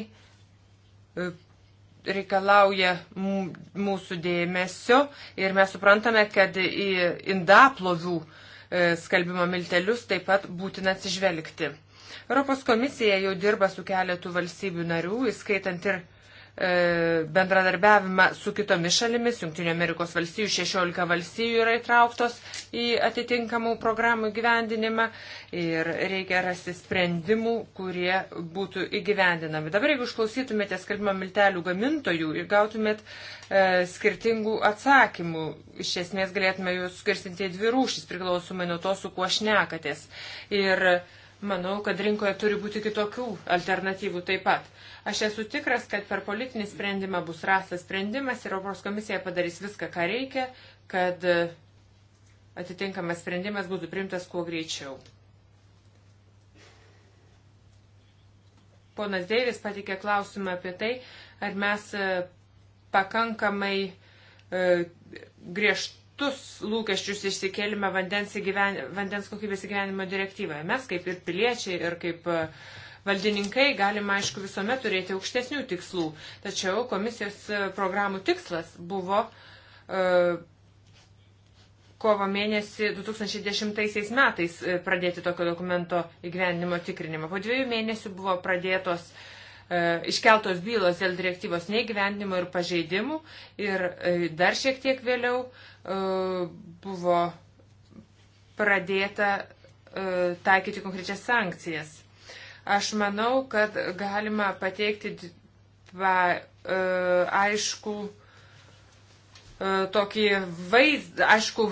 reikalauja mūsų dėmesio ir mes suprantame, kad į indaplovių e, skalbimo miltelius taip pat būtina atsižvelgti. Europos komisija jau dirba su keletu valstybių narių, įskaitant ir E, bendradarbiavimą su kitomis šalimis. Junktinio Amerikos valstijų 16 valstijų yra įtrauktos į atitinkamų programų gyvendinimą ir reikia rasti sprendimų, kurie būtų įgyvendinami. Dabar jeigu išklausytumėte skalbimo miltelių gamintojų ir gautumėt e, skirtingų atsakymų, iš esmės galėtume juos skirstinti į dvi rūšis priklausomai nuo to, su kuo šnekatės. Ir Manau, kad rinkoje turi būti kitokių alternatyvų taip pat. Aš esu tikras, kad per politinį sprendimą bus rastas sprendimas ir Europos komisija padarys viską, ką reikia, kad e, atitinkamas sprendimas būtų priimtas kuo greičiau. Ponas Deivis patikė klausimą apie tai, ar mes e, pakankamai e, griežtai aukštus lūkesčius išsikelime vandens, įgyven, vandens kokybės įgyvenimo direktyvoje. Mes kaip ir piliečiai, ir kaip e, valdininkai galime, aišku, visuomet turėti aukštesnių tikslų. Tačiau komisijos e, programų tikslas buvo uh, kovo mėnesį 2010 metais pradėti tokio dokumento įgyvendinimo tikrinimą. Po dviejų mėnesių buvo pradėtos uh, E, iškeltos bylos dėl direktyvos neįgyvendimo ir pažeidimų. Ir e, dar šiek tiek vėliau e, buvo pradėta taikyti konkrečias sankcijas. Aš manau, kad galima pateikti va, aišku tokį vaizdą, aišku,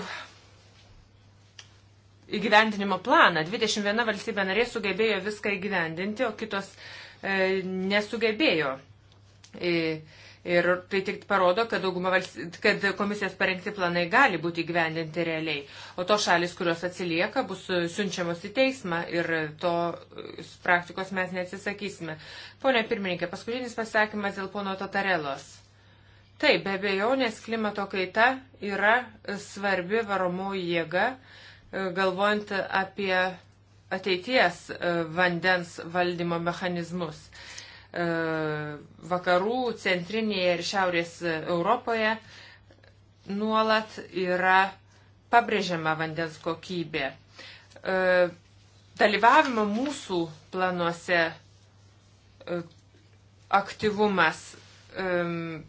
įgyvendinimo planą. 21 valstybė narė sugebėjo viską įgyvendinti, o kitos uh, E, nesugebėjo. E, ir tai tik parodo, kad, valst... kad komisijos parengti planai gali būti gyvendinti realiai. O to šalis, kurios atsilieka, bus siunčiamos į teismą ir to praktikos mes neatsisakysime. Pone pirmininkė, paskutinis pasakymas dėl pono Tatarelos. Taip, be abejonės klimato kaita yra svarbi varomoji jėga, e, galvojant apie ateities e, vandens valdymo mechanizmus. E, vakarų, centrinėje ir šiaurės Europoje nuolat yra pabrėžiama vandens kokybė. E, dalyvavimo mūsų planuose aktyvumas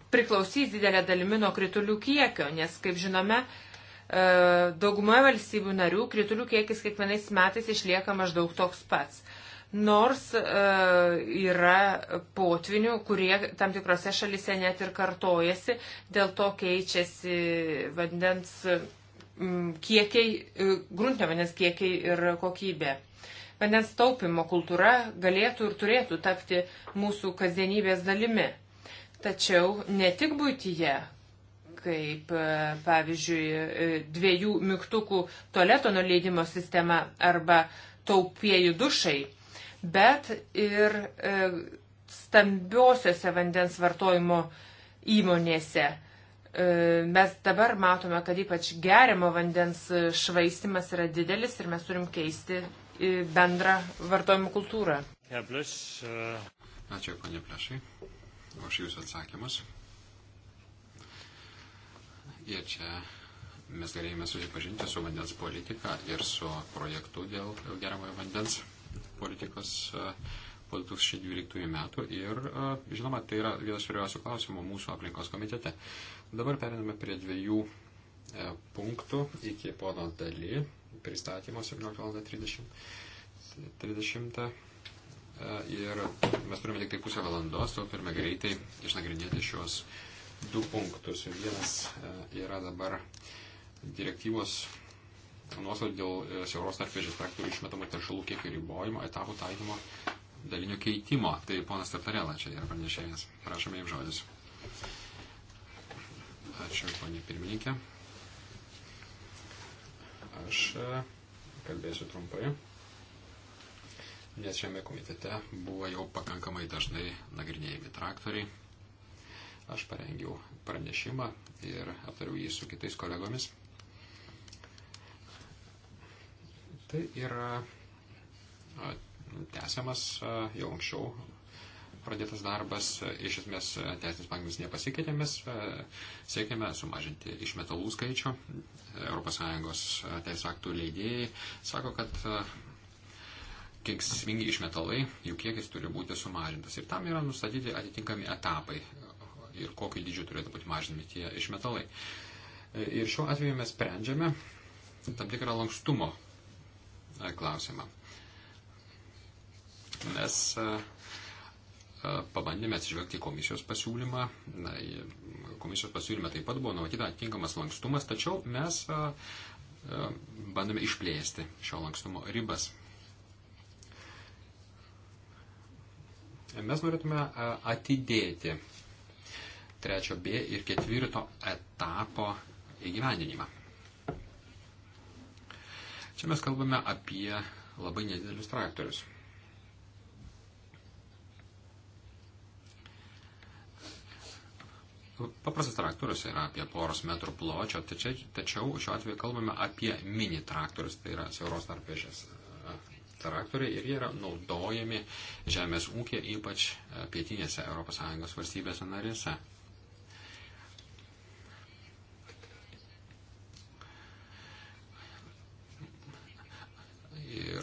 priklausys didelė dalimi nuo kritulių kiekio, nes, kaip žinome, E, Daugumoje valstybių narių kritulių kiekis kiekvienais metais išlieka maždaug toks pats. Nors e, yra potvinių, kurie tam tikrose šalise net ir kartojasi, dėl to keičiasi vandens kiekiai, e, gruntinio vandens kiekiai ir kokybė. Vandens taupimo kultūra galėtų ir turėtų tapti mūsų kasdienybės dalimi. Tačiau ne tik būtyje, kaip e, pavyzdžiui e, dviejų mygtukų tualeto nuleidimo sistema arba taupėjų dušai, bet ir e, stambiosiose vandens vartojimo įmonėse. Mes dabar matome, kad ypač geriamo vandens švaistimas yra didelis ir mes turim keisti bendrą vartojimo kultūrą. Äh, Ačiū, ponė Plešai, už jūsų atsakymus. Ir čia mes galėjome susipažinti su vandens politika ir su projektu dėl geriamojo vandens politikos e, po 2012 metų. Ir, e, žinoma, tai yra vienas svarbiausių klausimų mūsų aplinkos komitete. Dabar periname prie dviejų e, punktų iki pono daly pristatymo 17.30. Ir mes turime tik tai pusę valandos, todėl turime greitai išnagrinėti šios uh, du punktus. Vienas e, yra dabar direktyvos nuostolių dėl e, siauros tarpvežės traktorių išmetamų teršalų kiekio ribojimo, etapų taikymo, dalinių keitimo. Tai ponas Tartarela čia yra pranešėjas. Prašome jums žodis. Ačiū, ponė pirmininkė. Aš e, kalbėsiu trumpai, nes šiame komitete buvo jau pakankamai dažnai nagrinėjami traktoriai Aš parengiau pranešimą ir aptariau jį su kitais kolegomis. Tai yra tęsiamas jau anksčiau pradėtas darbas. Iš esmės teisinis pagrindas nepasikeitė, mes siekėme sumažinti išmetalų skaičių. ES teisės aktų leidėjai sako, kad kenksmingi išmetalai, jų kiekis turi būti sumažintas. Ir tam yra nustatyti atitinkami etapai, ir kokio dydžio turėtų būti mažinami tie išmetalai. Ir šiuo atveju mes sprendžiame tam tikrą lankstumo e, klausimą. Mes e, e, pabandėme atsižvelgti komisijos pasiūlymą. Na, komisijos pasiūlyme taip pat buvo numatyta atitinkamas lankstumas, tačiau mes bandome išplėsti šio lankstumo ribas. Mes norėtume atidėti trečio B ir ketvirto etapo įgyvendinimą. Čia mes kalbame apie labai nedidelius traktorius. Paprastas traktorius yra apie poros metrų pločio, tačiau, tačiau šiuo atveju kalbame apie mini traktorius, tai yra siauros tarpėžės traktoriai ir jie yra naudojami žemės ūkė, ypač pietinėse ES valstybėse narėse.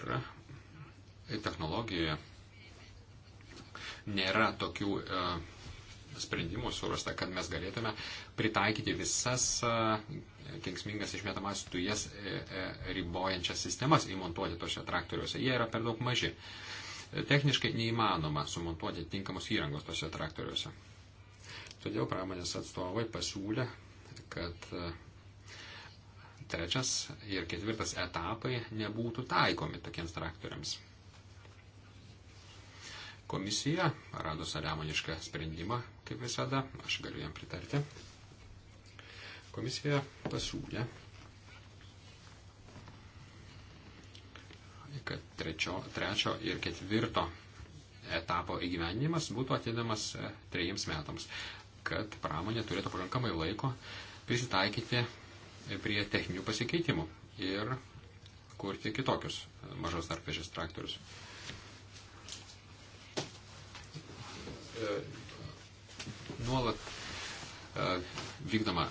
ir technologijoje nėra tokių e, sprendimų surasta, kad mes galėtume pritaikyti visas e, kenksmingas išmetamas dujas e, e ribojančias sistemas įmontuoti tose traktoriuose. Jie yra per daug maži. Techniškai neįmanoma sumontuoti tinkamos įrangos tose traktoriuose. Todėl pramonės atstovai pasiūlė, kad e, trečias ir ketvirtas etapai nebūtų taikomi tokiems traktoriams. Komisija rado saliamonišką sprendimą, kaip visada, aš galiu jam pritarti. Komisija pasiūlė, kad trečio, trečio ir ketvirto etapo įgyvenimas būtų atidamas e, trejiems metams, kad pramonė turėtų pakankamai laiko prisitaikyti prie techninių pasikeitimų ir kurti kitokius mažos tarpvežės traktorius. E, nuolat e, vykdoma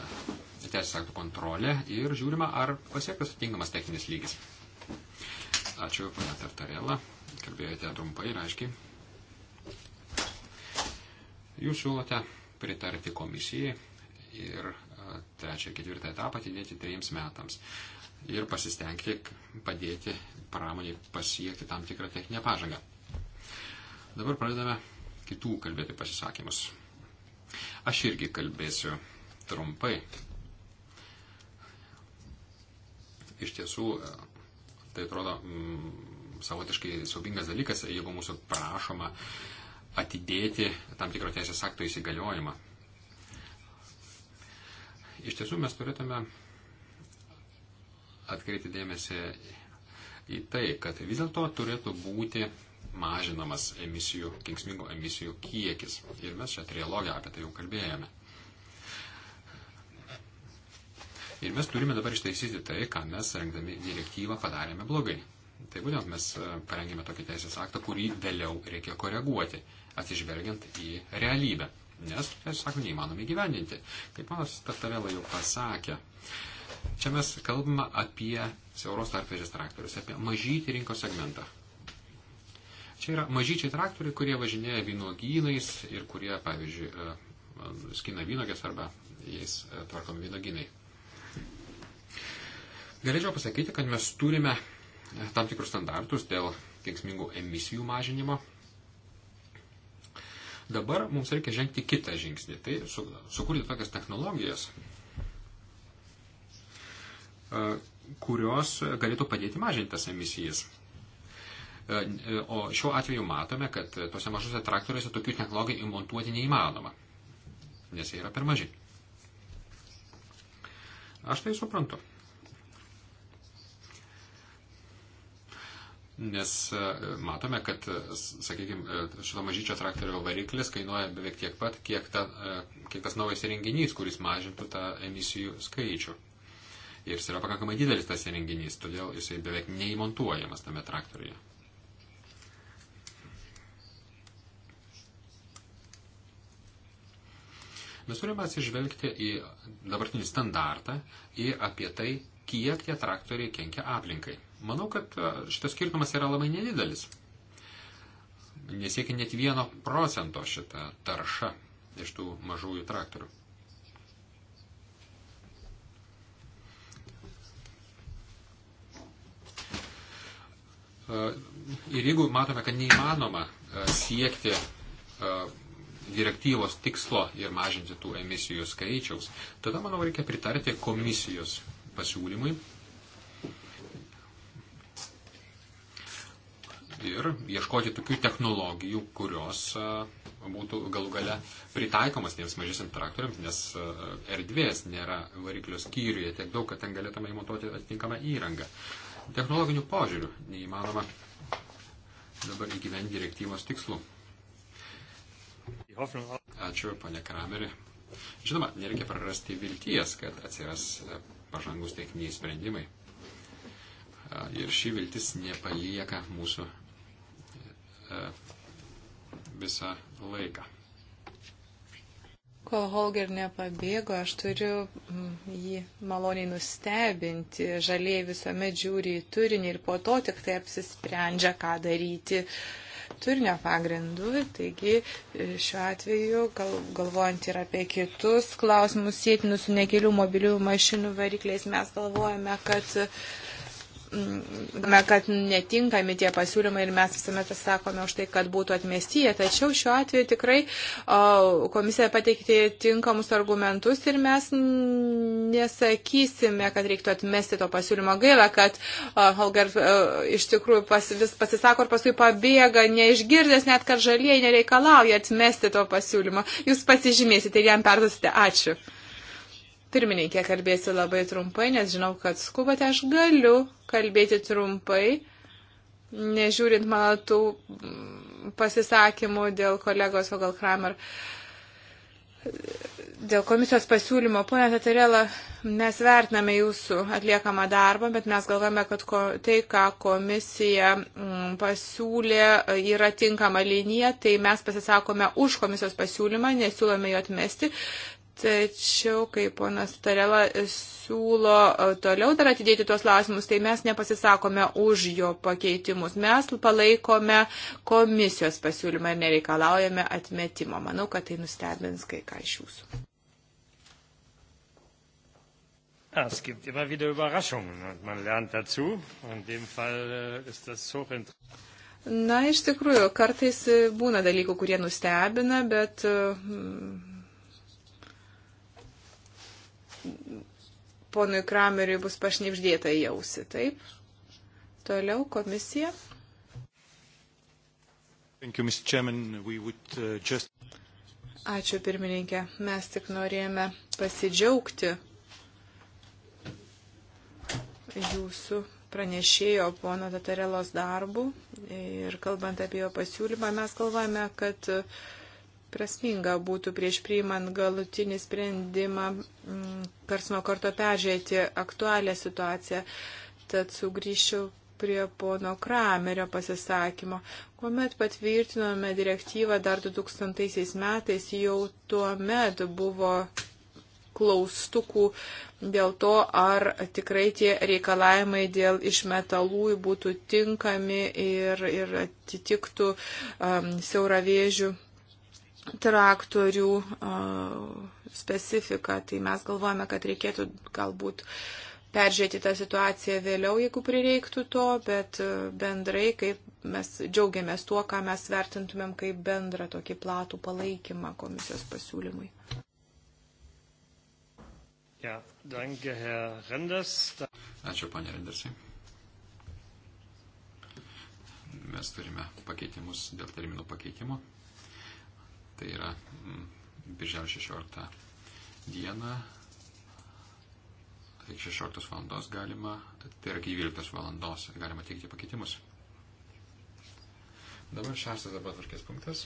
teisės aktų kontrolė ir žiūrima, ar pasiektas atitinkamas techninis lygis. Ačiū, pana Tartarela. Kalbėjote trumpai ir aiškiai. Jūs siūlote pritarti komisijai ir trečią ir ketvirtą etapą atidėti trejiems metams ir pasistengti padėti pramoniai pasiekti tam tikrą techninę pažangą. Dabar pradedame kitų kalbėti pasisakymus. Aš irgi kalbėsiu trumpai. Iš tiesų, tai atrodo mm, savotiškai saubingas dalykas, jeigu mūsų prašoma atidėti tam tikro teisės akto įsigaliojimą. Iš tiesų mes turėtume atkreipti dėmesį į tai, kad vis dėlto turėtų būti mažinamas emisijų, kenksmingų emisijų kiekis. Ir mes šią trialogiją apie tai jau kalbėjome. Ir mes turime dabar ištaisyti tai, ką mes rengdami direktyvą padarėme blogai. Tai būtent mes e, parengėme tokį teisės aktą, kurį vėliau reikia koreguoti, atsižvelgiant į realybę nes, tai sako, neįmanoma įgyvendinti. Kaip manas Tartarela jau pasakė, čia mes kalbame apie siauros tarpvežės traktorius, apie mažytį rinkos segmentą. Čia yra mažyčiai traktoriai, kurie važinėja vynogynais ir kurie, pavyzdžiui, e, skina vynogės arba jais e, tvarkomi vynoginai. Galėčiau pasakyti, kad mes turime e, tam tikrus standartus dėl kenksmingų emisijų mažinimo Dabar mums reikia žengti kitą žingsnį, tai su, sukurti tokias technologijas, e, kurios galėtų padėti mažinti tas emisijas. E, e, o šiuo atveju matome, kad tose mažose traktoriuose tokių technologijų įmontuoti neįmanoma, nes jie yra per maži. Aš tai suprantu. Nes e, matome, kad, e, sakykime, šito mažyčio traktorio variklis kainuoja beveik tiek pat, kiek, ta, e, kiek tas naujas įrenginys, kuris mažintų tą emisijų skaičių. Ir jis yra pakankamai didelis tas įrenginys, todėl jisai beveik neįmontuojamas tame traktoriuje. Mes turime atsižvelgti į dabartinį standartą ir apie tai, kiek tie traktoriai kenkia aplinkai. Manau, kad e, šitas skirtumas yra labai nedidelis. Nesiekia net vieno procento šita tarša iš tų mažųjų traktorių. E, ir jeigu matome, kad neįmanoma e, siekti direktyvos tikslo ir mažinti tų emisijų skaičiaus, tada, manau, reikia pritarti komisijos pasiūlymui ir ieškoti tokių technologijų, kurios e, būtų galų gale pritaikomas tiems mažesiems traktoriams, nes e, erdvės nėra variklio skyriuje tiek daug, kad ten galėtume įmontuoti atitinkamą įrangą. Technologinių požiūrių neįmanoma dabar įgyventi direktyvos tikslų. Ačiū, ponė Krameri. Žinoma, nereikia prarasti vilties, kad atsiras pažangus techniniai sprendimai e, ir ši viltis nepalieka mūsų E, visą laiką. Kol Holger nepabėgo, aš turiu mm, jį maloniai nustebinti. Žaliai visuomet žiūri į turinį ir po to tik tai apsisprendžia, ką daryti turinio pagrindu. Taigi e, šiuo atveju, gal, galvojant ir apie kitus klausimus sėtinus su nekelių mobiliųjų mašinų varikliais, mes galvojame, kad uh, kad netinkami tie pasiūlymai ir mes visuomet pasakome už tai, kad būtų atmestyje. Tačiau šiuo atveju tikrai komisija pateikti tinkamus argumentus ir mes nesakysime, kad reiktų atmesti to pasiūlymo. Gaila, kad Holger iš tikrųjų pas, vis pasisako ir paskui pabėga, neišgirdęs net, kad žalieji nereikalauja atmesti to pasiūlymo. Jūs pasižymėsite ir jam perduosite. Ačiū. Pirmininkė, kalbėsiu labai trumpai, nes žinau, kad skubate, aš galiu kalbėti trumpai, nežiūrint mano tų mm, pasisakymų dėl kolegos Vogal Kramer. Dėl komisijos pasiūlymo, ponia Tatarela, mes vertiname jūsų atliekamą darbą, bet mes galvame, kad ko, tai, ką komisija m, mm, pasiūlė, yra tinkama linija, tai mes pasisakome už komisijos pasiūlymą, nesiūlome jo atmesti, Tačiau, kai ponas Tarela siūlo e, toliau dar atidėti tuos klausimus, tai mes nepasisakome už jo pakeitimus. Mes palaikome komisijos pasiūlymą ir nereikalaujame atmetimo. Manau, kad tai nustebins kai ką iš jūsų. Es gibt immer wieder Überraschungen und man lernt dazu. In dem Fall äh, ist das hochinteressant. Na, iš tikrųjų, kartais e, būna dalykų, kurie nustebina, bet. Mm, ponui Krameriui bus pašnipždėta jausi, taip? Toliau komisija. Thank you, Mr. Chairman. We would uh, just... Ačiū pirmininkė. Mes tik norėjome pasidžiaugti jūsų pranešėjo pono Tatarelos darbų ir kalbant apie jo pasiūlymą, mes kalbame, kad uh, prasminga būtų prieš priimant galutinį sprendimą mm, kars nuo karto peržiūrėti aktualią situaciją. Tad sugrįšiu prie pono Kramerio pasisakymo. Kuomet patvirtinome direktyvą dar 2000 metais, jau tuo metu buvo klaustukų dėl to, ar tikrai tie reikalavimai dėl išmetalų būtų tinkami ir, ir atitiktų um, siauravėžių traktorių specifiką, tai mes galvojame, kad reikėtų galbūt peržiūrėti tą situaciją vėliau, jeigu prireiktų to, bet bendrai, kaip mes džiaugiamės tuo, ką mes vertintumėm kaip bendrą tokį platų palaikymą komisijos pasiūlymui. Ja, danke, Herr Renders. Ačiū, panė Rendersai. Mes turime pakeitimus dėl terminų pakeitimo. Tai yra mm, birželio 16 dieną. 16 tai valandos galima, tai yra iki 12 valandos galima teikti pakeitimus. Dabar šeštas dabar tvarkės punktas.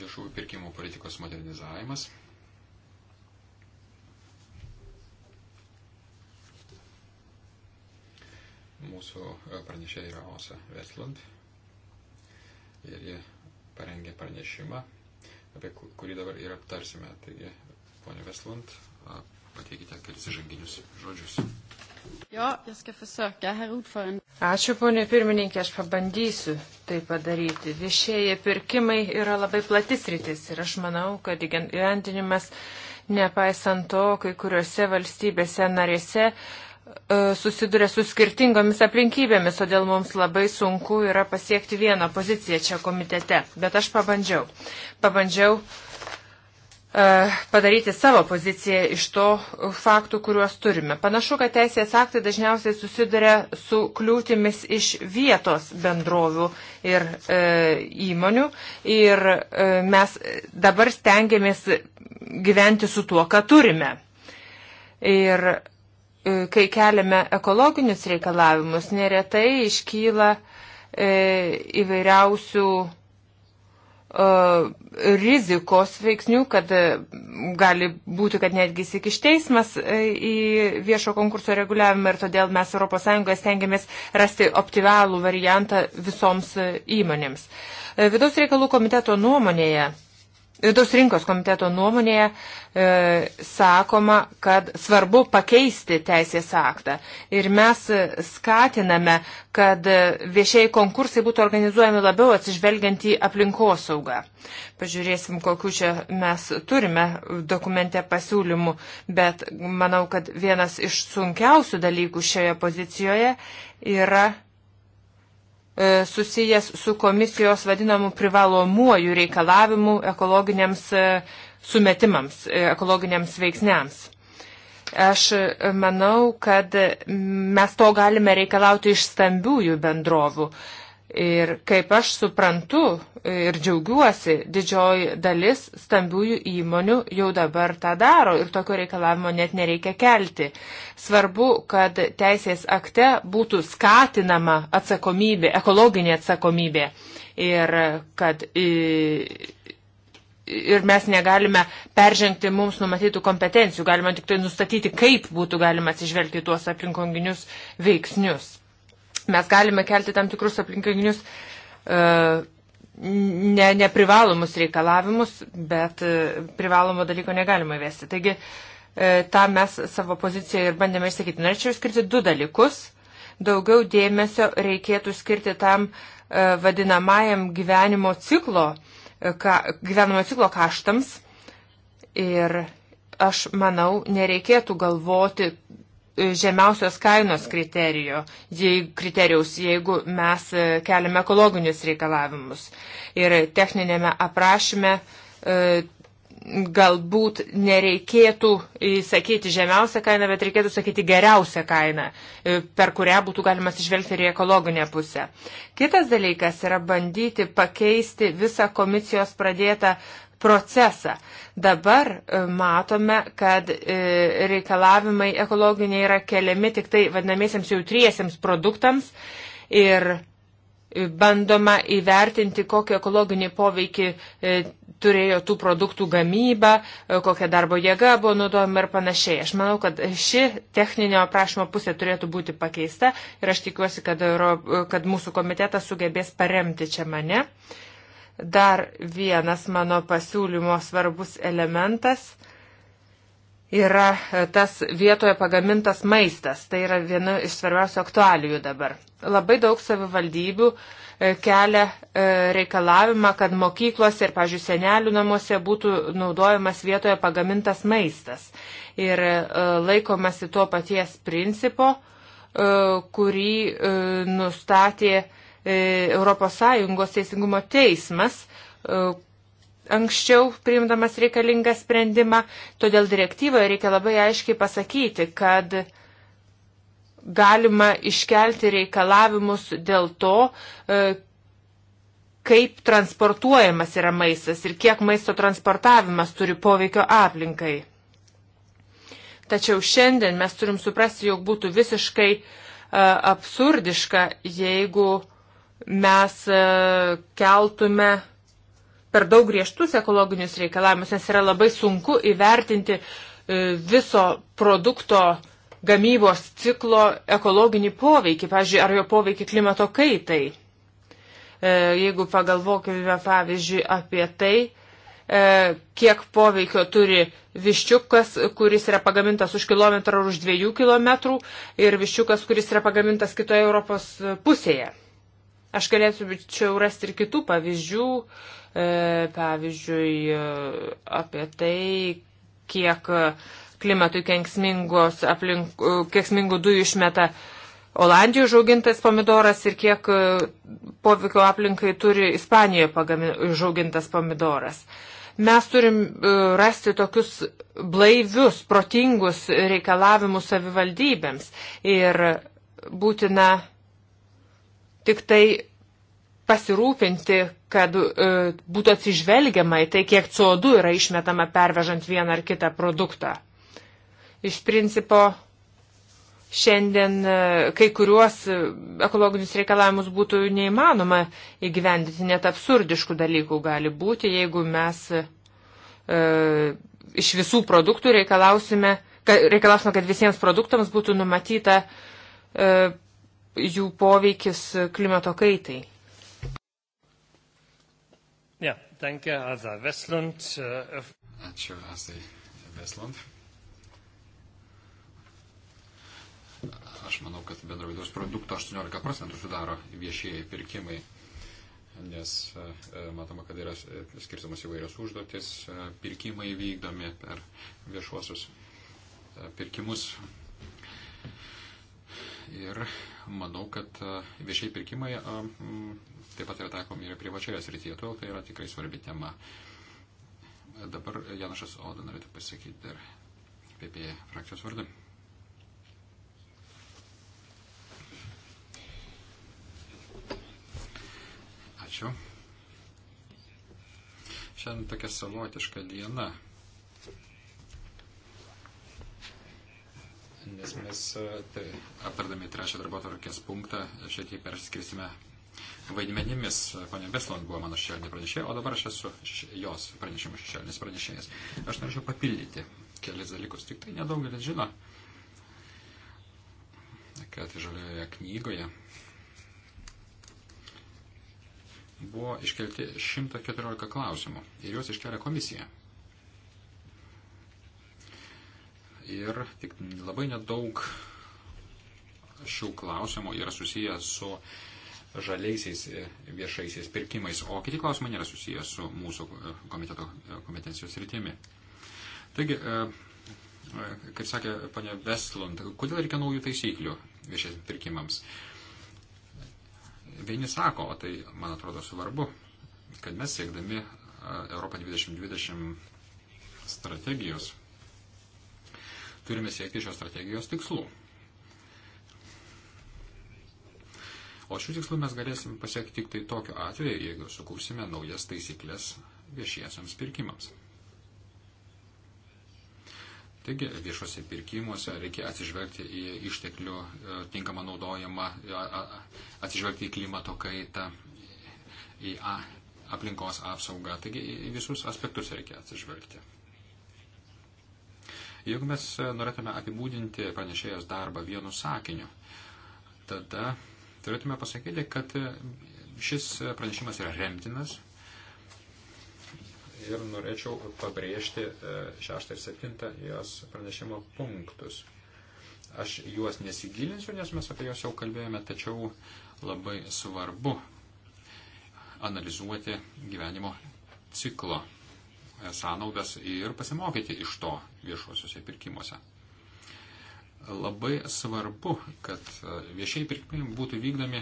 Viešųjų pirkimų politikos modernizavimas. Mūsų pranešė yra Osa Westland ir ji parengė pranešimą, apie kurį dabar ir aptarsime. Taigi, ponė Veslund, pateikite kelis žanginius žodžius. Jo, aš försöka, herr ordförande. Ačiū, ponė pirmininkė, aš pabandysiu tai padaryti. Viešieji pirkimai yra labai platis rytis ir aš manau, kad įgyvendinimas, nepaisant to, kai kuriuose valstybėse narėse E, susiduria su skirtingomis aplinkybėmis, todėl mums labai sunku yra pasiekti vieną poziciją čia komitete. Bet aš pabandžiau. Pabandžiau e, padaryti savo poziciją iš to faktų, kuriuos turime. Panašu, kad teisės aktai dažniausiai susiduria su kliūtimis iš vietos bendrovių ir e, įmonių ir e, mes dabar stengiamės gyventi su tuo, ką turime. Ir E, kai keliame ekologinius reikalavimus, neretai iškyla e, įvairiausių e, rizikos veiksnių, kad gali būti, kad netgi įsikiš teismas į viešo konkurso reguliavimą ir todėl mes ES stengiamės rasti optimalų variantą visoms įmonėms. Vidaus reikalų komiteto nuomonėje Vidaus rinkos komiteto nuomonėje e, sakoma, kad svarbu pakeisti teisės aktą. Ir mes skatiname, kad viešieji konkursai būtų organizuojami labiau atsižvelgiant į aplinkosaugą. Pažiūrėsim, kokiu čia mes turime dokumente pasiūlymų, bet manau, kad vienas iš sunkiausių dalykų šioje pozicijoje yra E, susijęs su komisijos vadinamu privalomuoju reikalavimu ekologiniams e, sumetimams, e, ekologiniams veiksniams. Aš manau, kad mes to galime reikalauti iš stambiųjų bendrovų. Ir kaip aš suprantu ir džiaugiuosi, didžioji dalis stambiųjų įmonių jau dabar tą daro ir tokio reikalavimo net nereikia kelti. Svarbu, kad teisės akte būtų skatinama atsakomybė, ekologinė atsakomybė ir kad ir mes negalime peržengti mums numatytų kompetencijų, galima tik tai nustatyti, kaip būtų galima atsižvelgti tuos aplinkonginius veiksnius mes galime kelti tam tikrus aplinkinius e, ne, neprivalomus reikalavimus, bet e, privalomo dalyko negalima įvesti. Taigi, e, tą mes savo poziciją ir bandėme išsakyti. Norėčiau išskirti du dalykus. Daugiau dėmesio reikėtų skirti tam vadinamajam gyvenimo ciklo, ka, gyvenimo ciklo kaštams. Ir aš manau, nereikėtų galvoti žemiausios kainos kriterijo, jei, kriterijaus, jeigu mes e, keliame ekologinius reikalavimus. Ir techninėme aprašyme e, galbūt nereikėtų įsakyti žemiausią kainą, bet reikėtų sakyti geriausią kainą, e, per kurią būtų galima atsižvelgti ir į ekologinę pusę. Kitas dalykas yra bandyti pakeisti visą komisijos pradėtą procesą. Dabar e, matome, kad e, reikalavimai ekologiniai yra keliami tik tai vadinamiesiams jautriesiems produktams ir e, bandoma įvertinti, kokį ekologinį poveikį turėjo tų produktų gamyba, kokia darbo jėga buvo naudojama ir panašiai. Aš manau, kad ši techninio aprašymo pusė turėtų būti pakeista ir aš tikiuosi, kad, kad mūsų komitetas sugebės paremti čia mane. Uh, Dar vienas mano pasiūlymo svarbus elementas yra e, tas vietoje pagamintas maistas. Tai yra viena iš svarbiausių aktualijų dabar. Labai daug savivaldybių e, kelia e, reikalavimą, kad mokyklose ir, pažiūrėjau, senelių namuose būtų naudojamas vietoje pagamintas maistas. Ir laikomasi to paties principo, kurį nustatė ES teisingumo teismas e, anksčiau priimdamas reikalingą sprendimą, todėl direktyvoje reikia labai aiškiai pasakyti, kad galima iškelti reikalavimus dėl to, e, kaip transportuojamas yra maistas ir kiek maisto transportavimas turi poveikio aplinkai. Tačiau šiandien mes turim suprasti, jog būtų visiškai e, absurdiška, jeigu uh, mes e, keltume per daug griežtus ekologinius reikalavimus, nes yra labai sunku įvertinti e, viso produkto gamybos ciklo ekologinį poveikį, pavyzdžiui, ar jo poveikį klimato kaitai. E, jeigu pagalvokime, pavyzdžiui, apie tai, kiek poveikio turi viščiukas, kuris yra pagamintas už kilometrą ar už dviejų kilometrų ir viščiukas, kuris yra pagamintas kitoje Europos pusėje. Aš galėčiau rasti ir kitų pavyzdžių, e, pavyzdžiui, e, apie tai, kiek klimatui kenksmingos aplink, e, kenksmingų dujų išmeta Olandijoje žaugintas pomidoras ir kiek poveikio aplinkai turi Ispanijoje žaugintas pomidoras. Mes turim rasti tokius blaivius, protingus reikalavimus savivaldybėms ir būtina tik tai pasirūpinti, kad e, būtų atsižvelgiama į tai, kiek CO2 yra išmetama pervežant vieną ar kitą produktą. Iš principo, šiandien e, kai kuriuos e, ekologinius reikalavimus būtų neįmanoma įgyvendyti, net absurdiškų dalykų gali būti, jeigu mes e, iš visų produktų reikalausime, kad, reikalausime, kad visiems produktams būtų numatyta e, jų poveikis klimato kaitai. Ja, danke, Asa Westlund. Äh, Ačiū, Asai Westlund. Aš manau, kad bendro vidaus produkto 18 procentų sudaro viešieji pirkimai, nes e, matoma, kad yra e, skirtumas įvairios užduotis, e, pirkimai vykdomi per viešuosius pirkimus ir manau, kad e, viešiai pirkimai e, taip pat yra taikomi ir privačioje srityje, todėl tai yra tikrai svarbi tema. Dabar Janašas Oda norėtų pasakyti dar PP frakcijos vardą. Ačiū. Šiandien tokia savotiška diena. nes mes e, tai, aptardami trečią darbo tvarkės punktą šiek tiek persiskirsime vaidmenimis. Pane Beslon buvo mano šešėlinė pranešėja, o dabar aš esu jos pranešimų šešėlinis pranešėjas. Aš norėčiau papildyti kelis dalykus, tik tai nedaugelis žino, kad žaliojoje knygoje buvo iškelti 114 klausimų ir juos iškelia komisija. ir tik labai nedaug šių klausimų yra susiję su žaliaisiais e, viešaisiais pirkimais, o kiti klausimai nėra susiję su mūsų e, komiteto e, kompetencijos rytimi. Taigi, kaip sakė ponia Vestlund, kodėl reikia naujų taisyklių viešiesiams pirkimams? Vieni sako, o tai man atrodo svarbu, kad mes siekdami Europą 2020 strategijos turime siekti šios strategijos tikslų. O šių tikslų mes galėsim pasiekti tik tai tokiu atveju, jeigu sukursime naujas taisyklės viešiesiams pirkimams. Taigi viešuose pirkimuose reikia atsižvelgti į išteklių e, tinkamą naudojimą, atsižvelgti į klimato kaitą, į aplinkos apsaugą. Taigi į visus aspektus reikia atsižvelgti. Jeigu mes e, norėtume apibūdinti pranešėjos darbą vienu sakiniu, tada turėtume pasakyti, kad e, šis pranešimas yra remtinas. Ir norėčiau pabrėžti e, šeštą ir septintą jos pranešimo punktus. Aš juos nesigilinsiu, nes mes apie juos jau kalbėjome, tačiau labai svarbu analizuoti gyvenimo ciklo sąnaudas ir pasimokyti iš to, viešuosiuose pirkimuose. Labai svarbu, kad viešieji pirkimai būtų vykdomi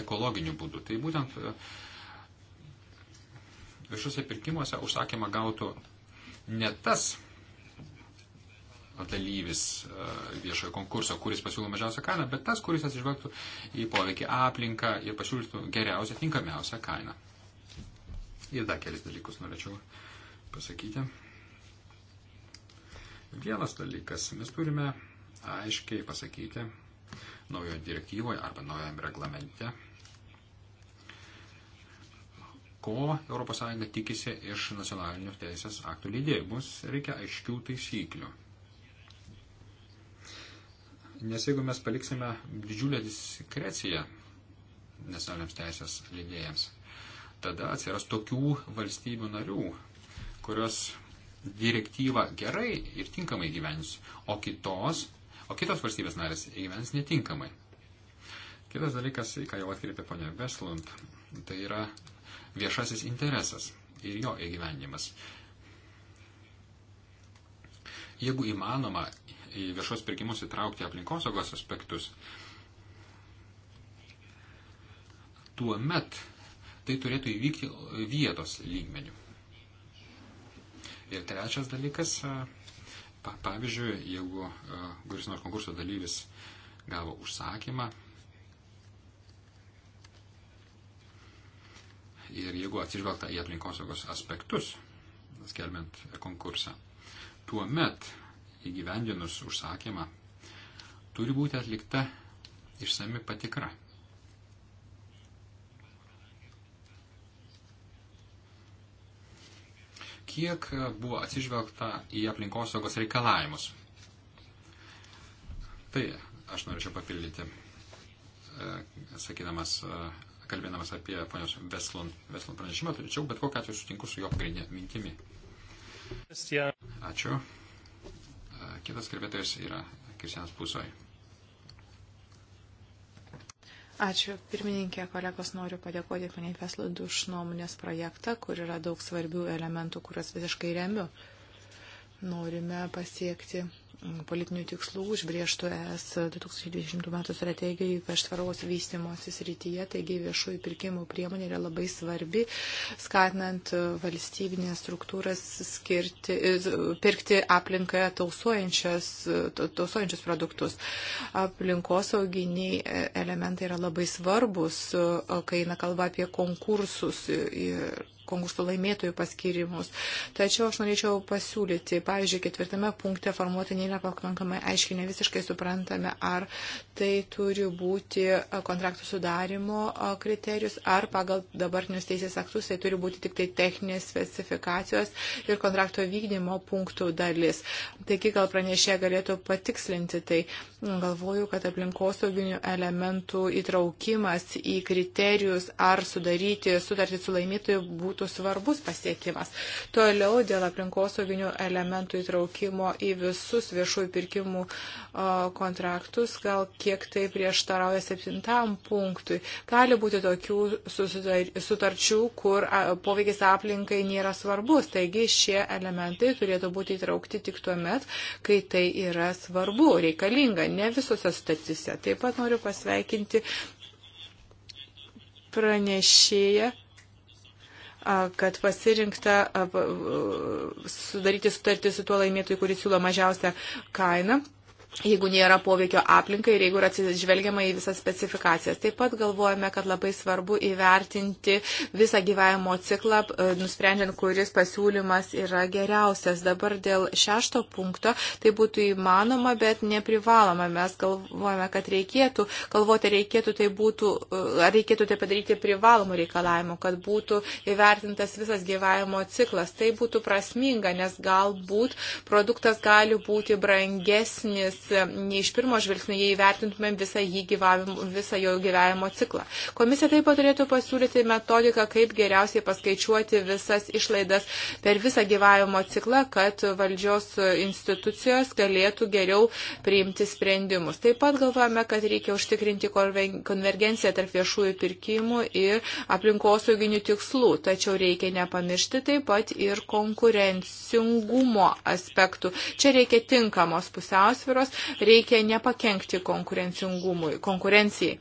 ekologiniu būdu. Tai būtent e, viešuose pirkimuose užsakymą gautų ne tas dalyvis e, viešojo konkurso, kuris pasiūlo mažiausią kainą, bet tas, kuris atsižvelgtų į poveikį aplinką ir pasiūlytų geriausią, tinkamiausią kainą. Ir dar kelis dalykus norėčiau pasakyti. Vienas dalykas, mes turime aiškiai pasakyti naujoje direktyvoje arba naujame reglamente, ko ES tikisi iš nacionalinių teisės aktų leidėjų. Mums reikia aiškių taisyklių. Nes jeigu mes paliksime didžiulę diskreciją nacionaliniams teisės leidėjams, tada atsiras tokių valstybių narių, kurios direktyvą gerai ir tinkamai gyvens, o kitos, o kitos valstybės narės gyvens netinkamai. Kitas dalykas, į ką jau atkreipė ponia Veslund, tai yra viešasis interesas ir jo įgyvenimas. Jeigu įmanoma į viešos pirkimus įtraukti aplinkosaugos aspektus, tuo met tai turėtų įvykti vietos lygmenių. Ir trečias dalykas, pavyzdžiui, jeigu kuris nors konkurso dalyvis gavo užsakymą ir jeigu atsižvelgta į aplinkosaugos aspektus, skelbiant konkursą, tuo met įgyvendinus užsakymą turi būti atlikta išsami patikra kiek buvo atsižvelgta į aplinkosaugos reikalavimus. Tai aš norėčiau papildyti, e, sakydamas, e, kalbėdamas apie ponios Veslon, Veslon pranešimą, tačiau bet kokiu atveju sutinku su jo pagrindinė mintimi. Ačiū. E, kitas kalbėtojas yra Kristianas Pusoj. Ačiū. Pirmininkė, kolegos, noriu padėkoti paniai Veslund už nuomonės projektą, kur yra daug svarbių elementų, kuriuos visiškai remiu. Norime pasiekti politinių tikslų užbrieštų ES 2020 m. strategijai ypač tvaraus vystimosi srityje, taigi viešųjų pirkimų priemonė yra labai svarbi, skatinant valstybinės struktūras skirti, pirkti aplinkoje tausojančius produktus. Aplinkosauginiai elementai yra labai svarbus, kai eina kalba apie konkursus. Ir konkursų laimėtojų paskirimus. Tačiau aš norėčiau pasiūlyti, pavyzdžiui, ketvirtame punkte formuoti nėra pakankamai aiškiai, ne visiškai suprantame, ar tai turi būti kontraktų sudarimo kriterijus, ar pagal dabartinius teisės aktus tai turi būti tik tai techninės specifikacijos ir kontrakto vykdymo punktų dalis. Taigi gal pranešė galėtų patikslinti tai. Galvoju, kad aplinkosauginių elementų įtraukimas į kriterijus, ar sudaryti sutartį su laimėtoju būtų būtų svarbus pasiekimas. Toliau dėl aplinkosauginių elementų įtraukimo į visus viešųjų pirkimų kontraktus, gal kiek tai prieštarauja septintam punktui. Gali būti tokių sutarčių, kur poveikis aplinkai nėra svarbus, taigi šie elementai turėtų būti įtraukti tik tuo met, kai tai yra svarbu, reikalinga, ne visose sutartise. Taip pat noriu pasveikinti pranešėją kad pasirinkta sudaryti sutartį su tuo laimėtoju, kuris siūlo mažiausią kainą jeigu nėra poveikio aplinkai ir jeigu yra atsižvelgiama į visas specifikacijas. Taip pat galvojame, kad labai svarbu įvertinti visą gyvavimo ciklą, e, nusprendžiant, kuris pasiūlymas yra geriausias. Dabar dėl šešto punkto tai būtų įmanoma, bet neprivaloma. Mes galvojame, kad reikėtų, galvoti reikėtų tai būtų, e, ar reikėtų tai padaryti privalomų reikalavimų, kad būtų įvertintas visas gyvavimo ciklas. Tai būtų prasminga, nes galbūt produktas gali būti brangesnis nei iš pirmo žvilgsnio, jei įvertintumėm visą, visą jo gyvenimo ciklą. Komisija taip pat turėtų pasiūlyti metodiką, kaip geriausiai paskaičiuoti visas išlaidas per visą gyvenimo ciklą, kad valdžios institucijos galėtų geriau priimti sprendimus. Taip pat galvojame, kad reikia užtikrinti konvergenciją tarp viešųjų pirkimų ir aplinkosauginių tikslų, tačiau reikia nepamiršti taip pat ir konkurencingumo aspektų. Čia reikia tinkamos pusiausviros rinkos, reikia nepakenkti konkurencingumui, konkurencijai.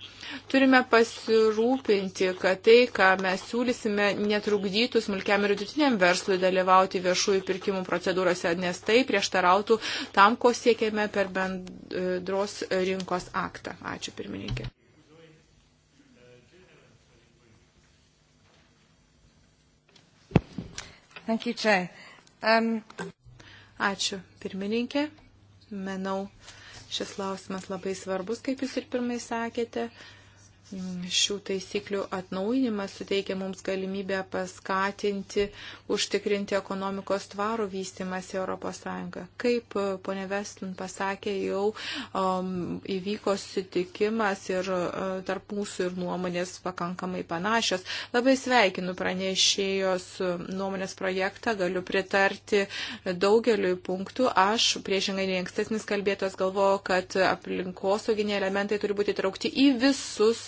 Turime pasirūpinti, kad tai, ką mes siūlysime, netrukdytų smulkiam ir vidutiniam verslui dalyvauti viešųjų pirkimų procedūrose, nes tai prieštarautų tam, ko siekėme per bendros rinkos aktą. Ačiū pirmininkė. Thank you, Chair. Um... Ačiū, pirmininkė. Manau, šis klausimas labai svarbus, kaip jūs ir pirmai sakėte. Uh, šių taisyklių atnaujinimas suteikia mums galimybę paskatinti, užtikrinti ekonomikos tvarų vystimąsi ES. Kaip e, ponė Vestin pasakė, jau um, įvyko sutikimas ir uh, tarp mūsų ir nuomonės pakankamai panašios. Labai sveikinu pranešėjos e, nuomonės projektą, galiu pritarti daugeliu punktų. Aš priešingai nei ankstesnis kalbėtos galvoju, kad aplinkosauginiai elementai turi būti traukti į visus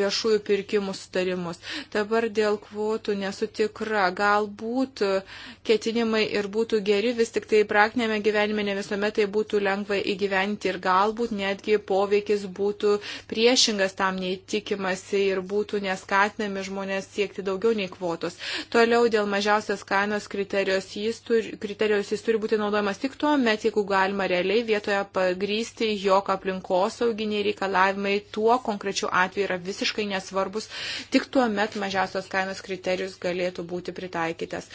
viešųjų pirkimų sutarimus. Dabar dėl kvotų nesu tikra. Galbūt ketinimai ir būtų geri, vis tik tai praktinėme gyvenime ne visuomet tai būtų lengva įgyventi ir galbūt netgi poveikis būtų priešingas tam neįtikimasi ir būtų neskatinami žmonės siekti daugiau nei kvotos. Toliau dėl mažiausios kainos kriterijos jis turi, kriterijos jis turi būti naudojamas tik tuo met, jeigu galima realiai vietoje pagrysti, jog aplinkosauginiai reikalavimai tuo konkrečiu mūsų atveju yra visiškai nesvarbus, tik tuo met mažiausios kainos kriterijus galėtų būti pritaikytas.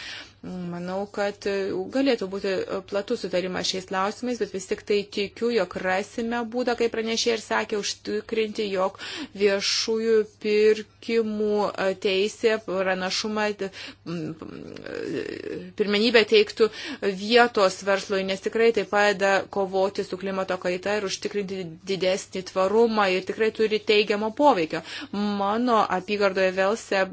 Manau, kad e, galėtų būti e, platus sutarimas šiais klausimais, bet vis tik tai tikiu, jog rasime būdą, kaip pranešė ir sakė, užtikrinti, jog viešųjų pirkimų e, teisė pranašumą pirmenybę teiktų vietos verslui, nes tikrai tai padeda kovoti su klimato kaita ir užtikrinti didesnį tvarumą ir tikrai turi teigiamo poveikio. Mano apygardoje Velse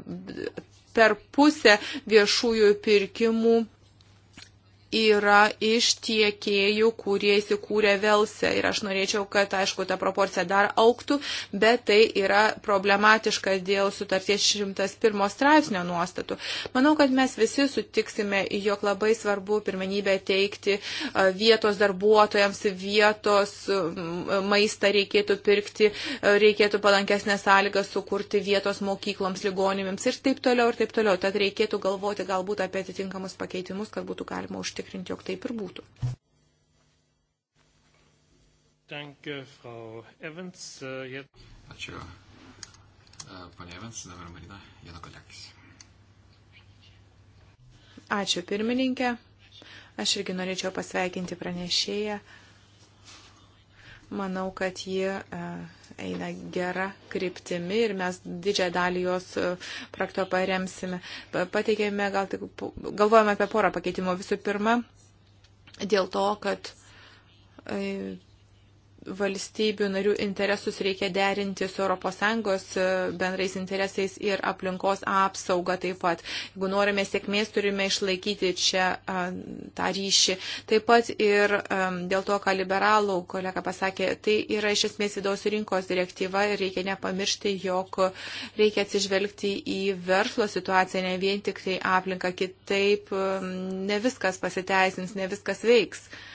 per pusę viešųjų pirkimų yra iš tiekėjų, kurie įsikūrė Velse. Ir aš norėčiau, kad, aišku, ta proporcija dar auktų, bet tai yra problematiška dėl sutarties 101 straipsnio nuostatų. Manau, kad mes visi sutiksime, jog labai svarbu pirmenybę teikti vietos darbuotojams, vietos maistą reikėtų pirkti, reikėtų palankesnės sąlygas sukurti vietos mokykloms, ligoninėms ir taip toliau, ir taip toliau. Tad reikėtų galvoti galbūt apie atitinkamus pakeitimus, kad būtų galima užtikrinti užtikrinti, jog taip ir būtų. Danke, Frau Evans. Äh, Ačiū. Äh, Pane Evans, dabar Marina Janakolekis. Ačiū pirmininkė. Aš irgi norėčiau pasveikinti pranešėją. Manau, kad ji eina gera kryptimi ir mes didžiąją dalį jos e, prakto paremsime. Pateikėme, gal tik galvojame apie porą pakeitimų. Visų pirma, dėl to, kad e, valstybių narių interesus reikia derinti su ES e, bendrais interesais ir aplinkos apsauga taip pat. Jeigu norime sėkmės, turime išlaikyti čia tą ryšį. Taip pat ir e, dėl to, ką liberalų kolega pasakė, tai yra iš esmės vidaus rinkos direktyva ir reikia nepamiršti, jog reikia atsižvelgti į verslo situaciją, ne vien tik tai aplinką, kitaip ne viskas pasiteisins, ne viskas veiks. Thank you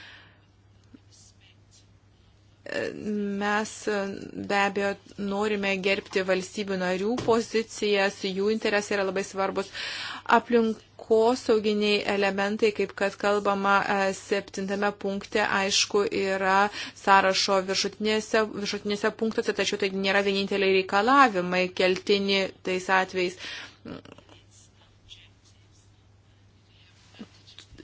Mes e, be abejo norime gerbti valstybių narių pozicijas, jų interesai yra labai svarbus. Aplinkosauginiai elementai, kaip kad kalbama e, septintame punkte, aišku, yra sąrašo viršutinėse, viršutinėse punktuose, tačiau tai nėra vieninteliai reikalavimai keltini tais atvejais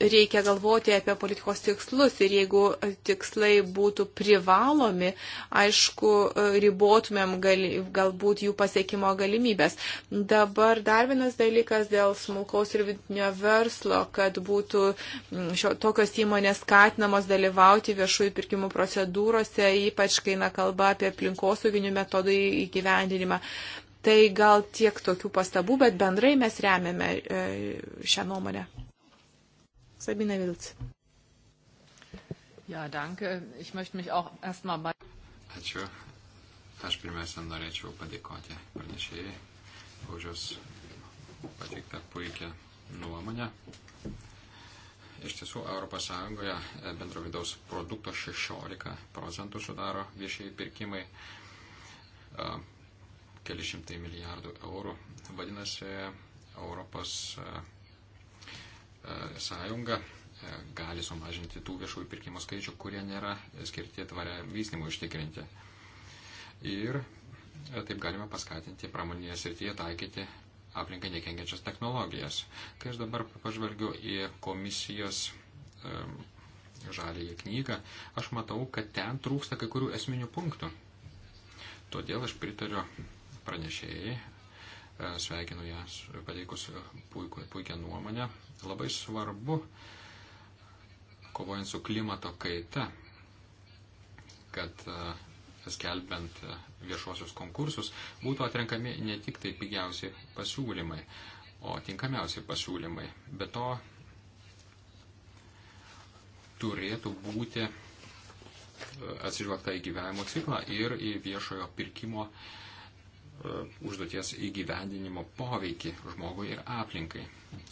reikia galvoti apie politikos tikslus ir jeigu tikslai būtų privalomi, aišku, ribotumėm gali, galbūt jų pasiekimo galimybės. Dabar dar vienas dalykas dėl smulkaus ir vidutinio verslo, kad būtų mm, šio, tokios įmonės skatinamos dalyvauti viešųjų pirkimų procedūrose, ypač kai na kalba apie aplinkosauginių metodų įgyvendinimą. Tai gal tiek tokių pastabų, bet bendrai mes remiame e, šią nuomonę. Sabine Wilz. Ja, danke. Ich möchte mich auch erstmal bei. Ačiū. Aš pirmiausia norėčiau padėkoti pranešėjai už jos pateiktą puikią nuomonę. Iš tiesų, ES e, bendro vidaus produkto 16 procentų sudaro viešieji pirkimai, e, keli šimtai milijardų eurų. Vadinasi, Europos e, sąjunga e, gali sumažinti tų viešųjų pirkimų skaičių, kurie nėra skirti tvariam vystimui užtikrinti. Ir e, taip galime paskatinti pramoninėje srityje taikyti aplinkai nekengiančias technologijas. Kai aš dabar pažvelgiu į komisijos um, e, žalįją knygą, aš matau, kad ten trūksta kai kurių esminių punktų. Todėl aš pritariu pranešėjai, sveikinu ją pateikus puikią nuomonę Labai svarbu, kovojant su klimato kaita, kad e, skelbiant e, viešuosius konkursus būtų atrenkami ne tik tai pigiausi pasiūlymai, o tinkamiausi pasiūlymai. Be to turėtų būti e, atsižvelgta į gyvenimo ciklą ir į viešojo pirkimo uh, E, užduoties įgyvendinimo poveikį žmogui ir aplinkai.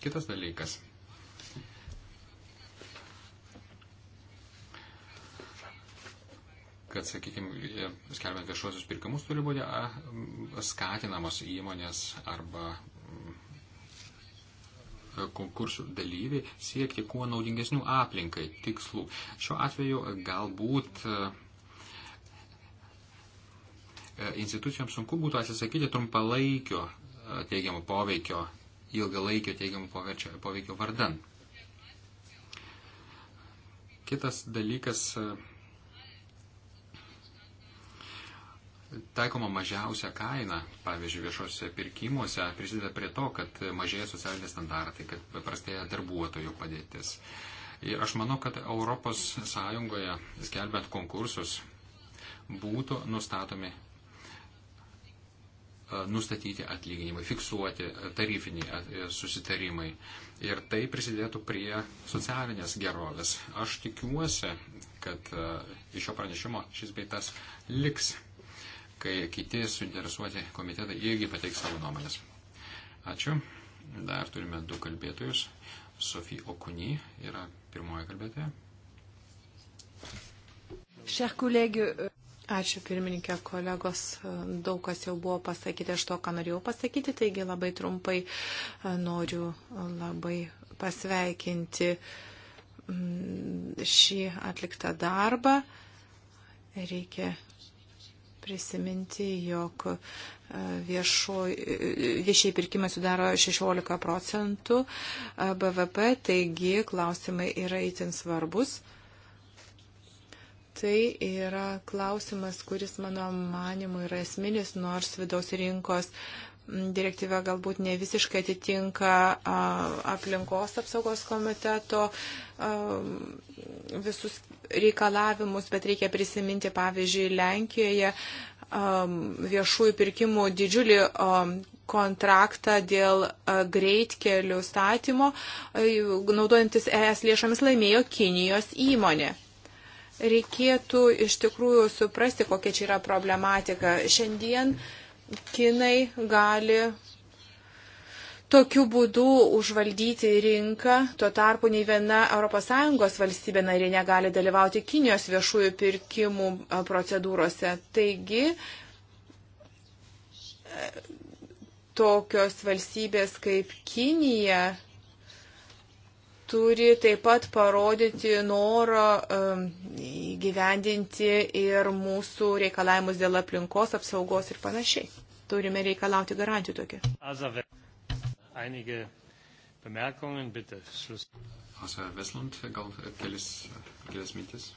Kitas dalykas. kad, sakykime, skelbiant viešuosius pirkimus turi būti skatinamos įmonės arba konkursų dalyviai siekti kuo naudingesnių aplinkai tikslų. Šiuo atveju galbūt e, E, institucijoms sunku būtų atsisakyti trumpalaikio e, teigiamo poveikio, ilgalaikio teigiamo poveikio vardan. Kitas dalykas e, taikoma mažiausia kaina, pavyzdžiui, viešuose pirkimuose, prisideda prie to, kad mažėja socialiniai standartai, kad paprastėja darbuotojų padėtis. Ir aš manau, kad ES skelbiant konkursus būtų nustatomi nustatyti atlyginimai, fiksuoti tarifiniai e, susitarimai. Ir tai prisidėtų prie socialinės gerovės. Aš tikiuosi, kad iš šio pranešimo šis beitas liks, kai kiti suinteresuoti komitetai irgi pateiks savo nuomonės. Ačiū. Dar turime du kalbėtojus. Sofija Okuni yra pirmoji kalbėtoja. Chers collègues, euh, Ačiū pirmininkė, kolegos, daug kas jau buvo pasakyti iš to, ką norėjau pasakyti, taigi labai trumpai e, noriu labai pasveikinti mm, šį atliktą darbą. Reikia prisiminti, jog e, viešo, e, viešiai pirkimai sudaro 16 procentų BVP, taigi klausimai yra itin svarbus tai yra klausimas, kuris mano manimu yra esminis, nors vidaus rinkos direktyva galbūt ne visiškai atitinka aplinkos apsaugos komiteto visus reikalavimus, bet reikia prisiminti, pavyzdžiui, Lenkijoje viešųjų pirkimų didžiulį kontraktą dėl greitkelių statymo, naudojantis ES lėšomis laimėjo Kinijos įmonė reikėtų iš tikrųjų suprasti, kokia čia yra problematika. Šiandien kinai gali tokiu būdu užvaldyti rinką, tuo tarpu nei viena ES valstybė narė negali dalyvauti Kinijos viešųjų pirkimų procedūrose. Taigi, e, tokios valstybės kaip Kinija turi taip pat parodyti norą įgyvendinti ir mūsų reikalavimus dėl aplinkos apsaugos ir panašiai. Turime reikalauti garantijų tokių. Einige bemerkungen, bitte, Schluss. Außer Westland, gal kelias, kelias mintis.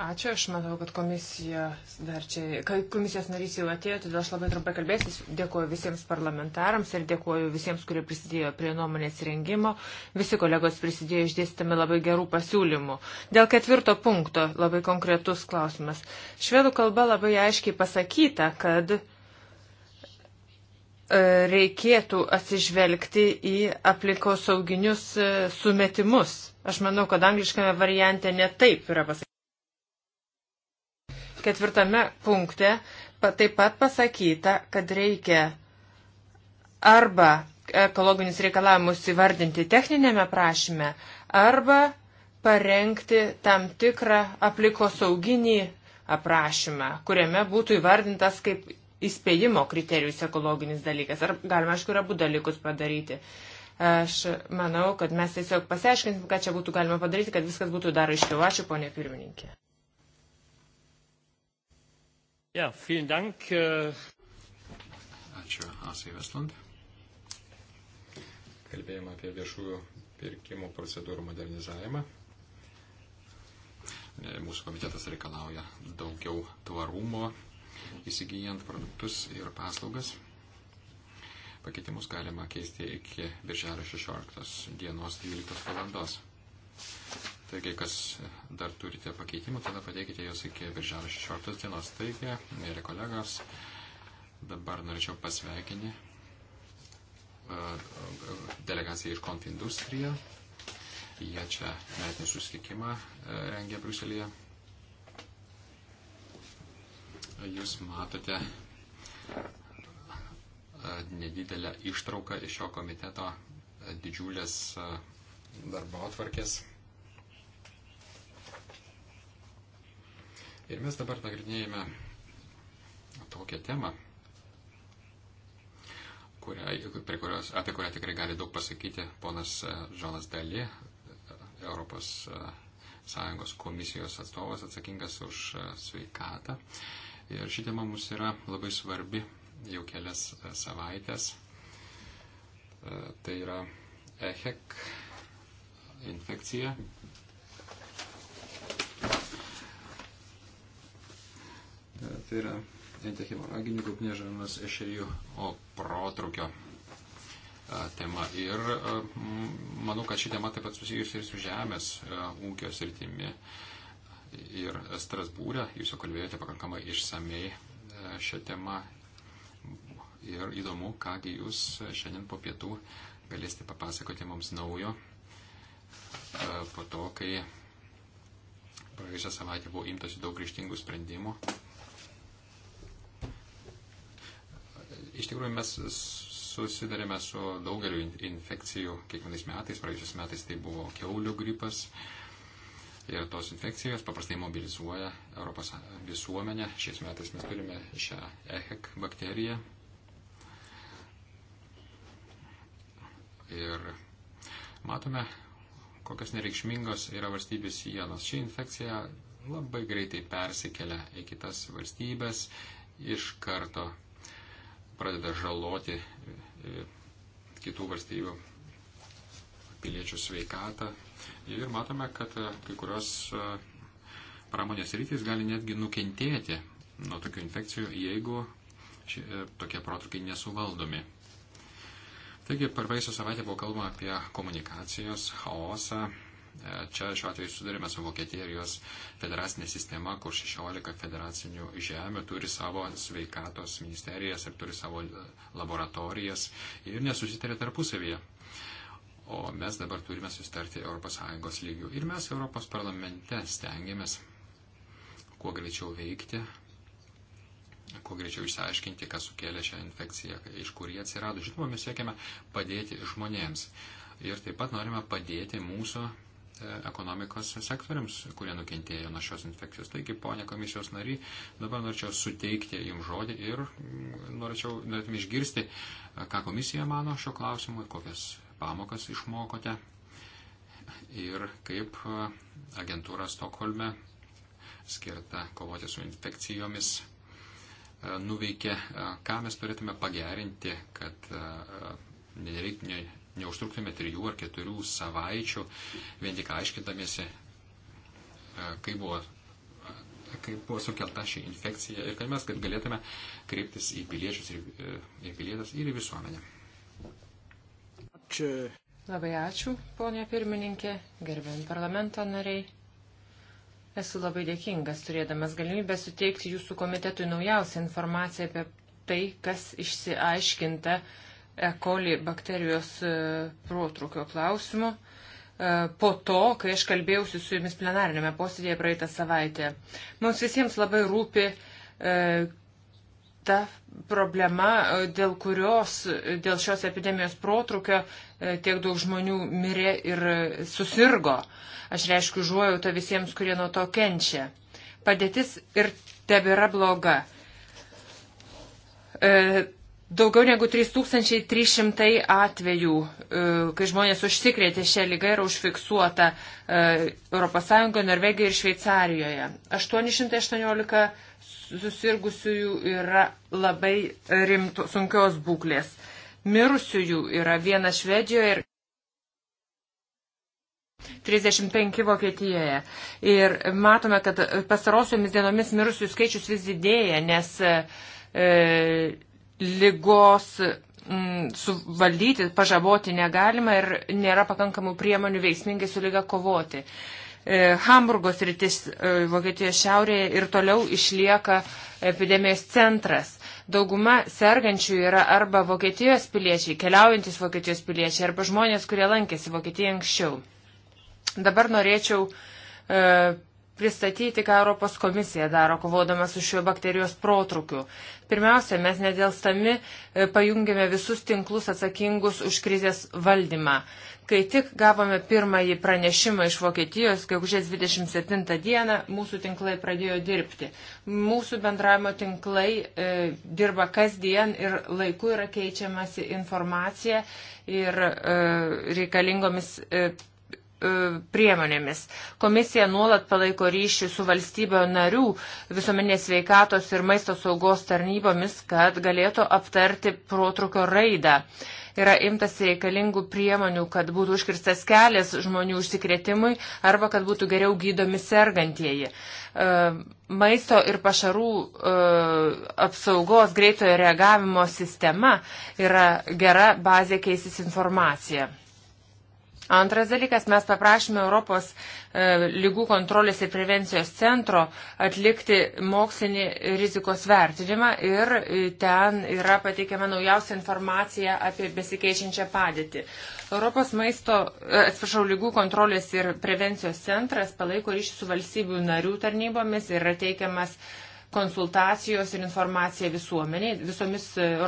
Ačiū, aš matau, kad komisijos, dar čia, komisijos narys jau atėjo, todėl aš labai trumpai kalbėsiu. Dėkuoju visiems parlamentarams ir dėkuoju visiems, kurie prisidėjo prie nuomonės rengimo. Visi kolegos prisidėjo išdėstami labai gerų pasiūlymų. Dėl ketvirto punkto labai konkretus klausimas. Švedų kalba labai aiškiai pasakyta, kad e, reikėtų atsižvelgti į aplikosauginius e, sumetimus. Aš manau, kad angliškame variante netaip yra pasakyta ketvirtame punkte taip pat pasakyta, kad reikia arba ekologinius reikalavimus įvardinti techninėme prašyme, arba parengti tam tikrą aplikosauginį aprašymą, kuriame būtų įvardintas kaip įspėjimo kriterijus ekologinis dalykas. Ar galima, aišku, ir abu dalykus padaryti. Aš manau, kad mes tiesiog pasiaiškinsim, ką čia būtų galima padaryti, kad viskas būtų dar aiškiau. Ačiū, ponė pirmininkė. Ja, vielen Dank. Äh, Ačiū, Asai Vestland. Kalbėjome apie viešųjų pirkimų procedūrų modernizavimą. E, mūsų komitetas reikalauja daugiau tvarumo įsigijant produktus ir paslaugas. Pakeitimus galima keisti iki birželio 16 dienos 12 valandos. Taigi, kas dar turite pakeitimų, tada pateikite juos iki birželio 16 dienos. Taigi, mėly kolegos, dabar norėčiau pasveikinti e, e, delegaciją iš Kontindustrija. Jie čia metinį susitikimą e, rengia Bruselėje. Jūs matote nedidelę ištrauką iš šio komiteto didžiulės darbo atvarkės. Ir mes dabar nagrinėjame tokią temą, kuria, kurios, apie kurią tikrai gali daug pasakyti ponas Džonas e, Dali, e, Europos e, Sąjungos komisijos atstovas atsakingas už sveikatą. Ir ši tema mums yra labai svarbi jau kelias savaitės. Tai yra EHEC infekcija, E, tai yra antihemoraginių gaupnežavimas ešerių protrukio e, tema. Ir e, manau, kad ši tema taip pat susijusi ir su žemės ūkio sritimi. Ir Strasbūrė, jūs jau kalbėjote pakankamai išsamei šią temą. Ir įdomu, kągi jūs šiandien po pietų galėsite papasakoti mums naujo. Po to, kai praėjusią savaitę buvo imtasi daug ryštingų sprendimų Iš tikrųjų, mes susidarėme su daugeliu infekcijų kiekvienais metais. Praėjusiais metais tai buvo keulių gripas. Ir tos infekcijos paprastai mobilizuoja Europos visuomenę. Šiais metais mes turime šią EHEC bakteriją. Ir matome, kokios nereikšmingos yra valstybės sienos. Ši infekcija labai greitai persikelia į kitas valstybės, iš karto pradeda žaloti e, e, kitų valstybių piliečių sveikatą. Ir matome, kad e, kai kurios pramonės rytis gali netgi nukentėti nuo tokių infekcijų, jeigu ši, tokie protrukiai nesuvaldomi. Taigi per praėjusią savaitę buvo kalbama apie komunikacijos chaosą, E, čia šiuo atveju sudarėme su Vokietijos federacinė sistema, kur 16 federacinių žemė turi savo sveikatos ministerijas ir turi savo laboratorijas ir nesusitarė tarpusavyje. O mes dabar turime susitarti ES lygių. Ir mes Europos parlamente stengiamės kuo greičiau veikti, kuo greičiau išsiaiškinti, kas sukėlė šią infekciją, iš kur jie atsirado. Žinoma, mes siekiame padėti žmonėms. Ir taip pat norime padėti mūsų ekonomikos sektoriams, kurie nukentėjo nuo šios infekcijos. Taigi, ponė komisijos nary, dabar norėčiau suteikti jums žodį ir mm, norėčiau, norėtume išgirsti, ką komisija mano šio klausimu, kokias pamokas išmokote ir kaip e, agentūra Stokholme skirta kovoti su infekcijomis e, nuveikė, e, ką mes turėtume pagerinti, kad nereiktų neužtruktume trijų ar keturių savaičių, vien tik aiškindamėsi, e, kaip buvo, e, kaip buvo sukelta ši infekcija ir kad mes kad galėtume kreiptis į piliečius ir, ir e, pilietas ir į visuomenę. Ačiū. Labai ačiū, ponė pirmininkė, gerbiant parlamento nariai. Esu labai dėkingas, turėdamas galimybę suteikti jūsų komitetui naujausią informaciją apie tai, kas išsiaiškinta uh, E. coli bakterijos e, protrukio klausimu e, po to, kai aš kalbėjausi su jumis plenarinėme posėdėje praeitą savaitę. Mums visiems labai rūpi e, ta problema, dėl kurios, dėl šios epidemijos protrukio tiek daug žmonių mirė ir susirgo. Aš reiškiu žuojautą visiems, kurie nuo to kenčia. Padėtis ir tebėra bloga. E, Daugiau negu 3300 atvejų, e, kai žmonės užsikrėtė šią lygą, yra užfiksuota ES, Norvegijoje ir Šveicarijoje. 818 susirgusiųjų yra labai rimto, sunkios būklės. Mirusiųjų yra viena Švedijoje ir 35 Vokietijoje. Ir matome, kad pastarosiomis dienomis mirusiųjų skaičius vis didėja, nes. E, lygos mm, suvaldyti, pažaboti negalima ir nėra pakankamų priemonių veiksmingai su lyga kovoti. E, Hamburgo sritis e, Vokietijos šiaurėje ir toliau išlieka epidemijos centras. Dauguma sergančių yra arba Vokietijos piliečiai, keliaujantis Vokietijos piliečiai, arba žmonės, kurie lankėsi Vokietijoje anksčiau. Dabar norėčiau e, pristatyti, ką Europos komisija daro, kovodama su šiuo bakterijos protrukiu. Pirmiausia, mes nedėlstami e, pajungėme visus tinklus atsakingus už krizės valdymą. Kai tik gavome pirmąjį pranešimą iš Vokietijos, gegužės 27 dieną, mūsų tinklai pradėjo dirbti. Mūsų bendravimo tinklai e, dirba kasdien ir laiku yra keičiamasi informacija ir e, reikalingomis e, E, priemonėmis. Komisija nuolat palaiko ryšį su valstybė narių visuomenės veikatos ir maisto saugos tarnybomis, kad galėtų aptarti protrukio raidą. Yra imtasi reikalingų priemonių, kad būtų užkirstas kelias žmonių užsikrėtimui arba kad būtų geriau gydomi sergantieji. E, maisto ir pašarų e, apsaugos greitojo reagavimo sistema yra gera bazė keisis informacija. Antras dalykas, mes paprašėme Europos e, lygų kontrolės ir prevencijos centro atlikti mokslinį rizikos vertinimą ir e, ten yra pateikiama naujausia informacija apie besikeičiančią padėtį. Europos maisto, e, atsiprašau, lygų kontrolės ir prevencijos centras palaiko ryšį su valstybių narių tarnybomis ir yra teikiamas konsultacijos ir informacija visuomeniai. Visomis ES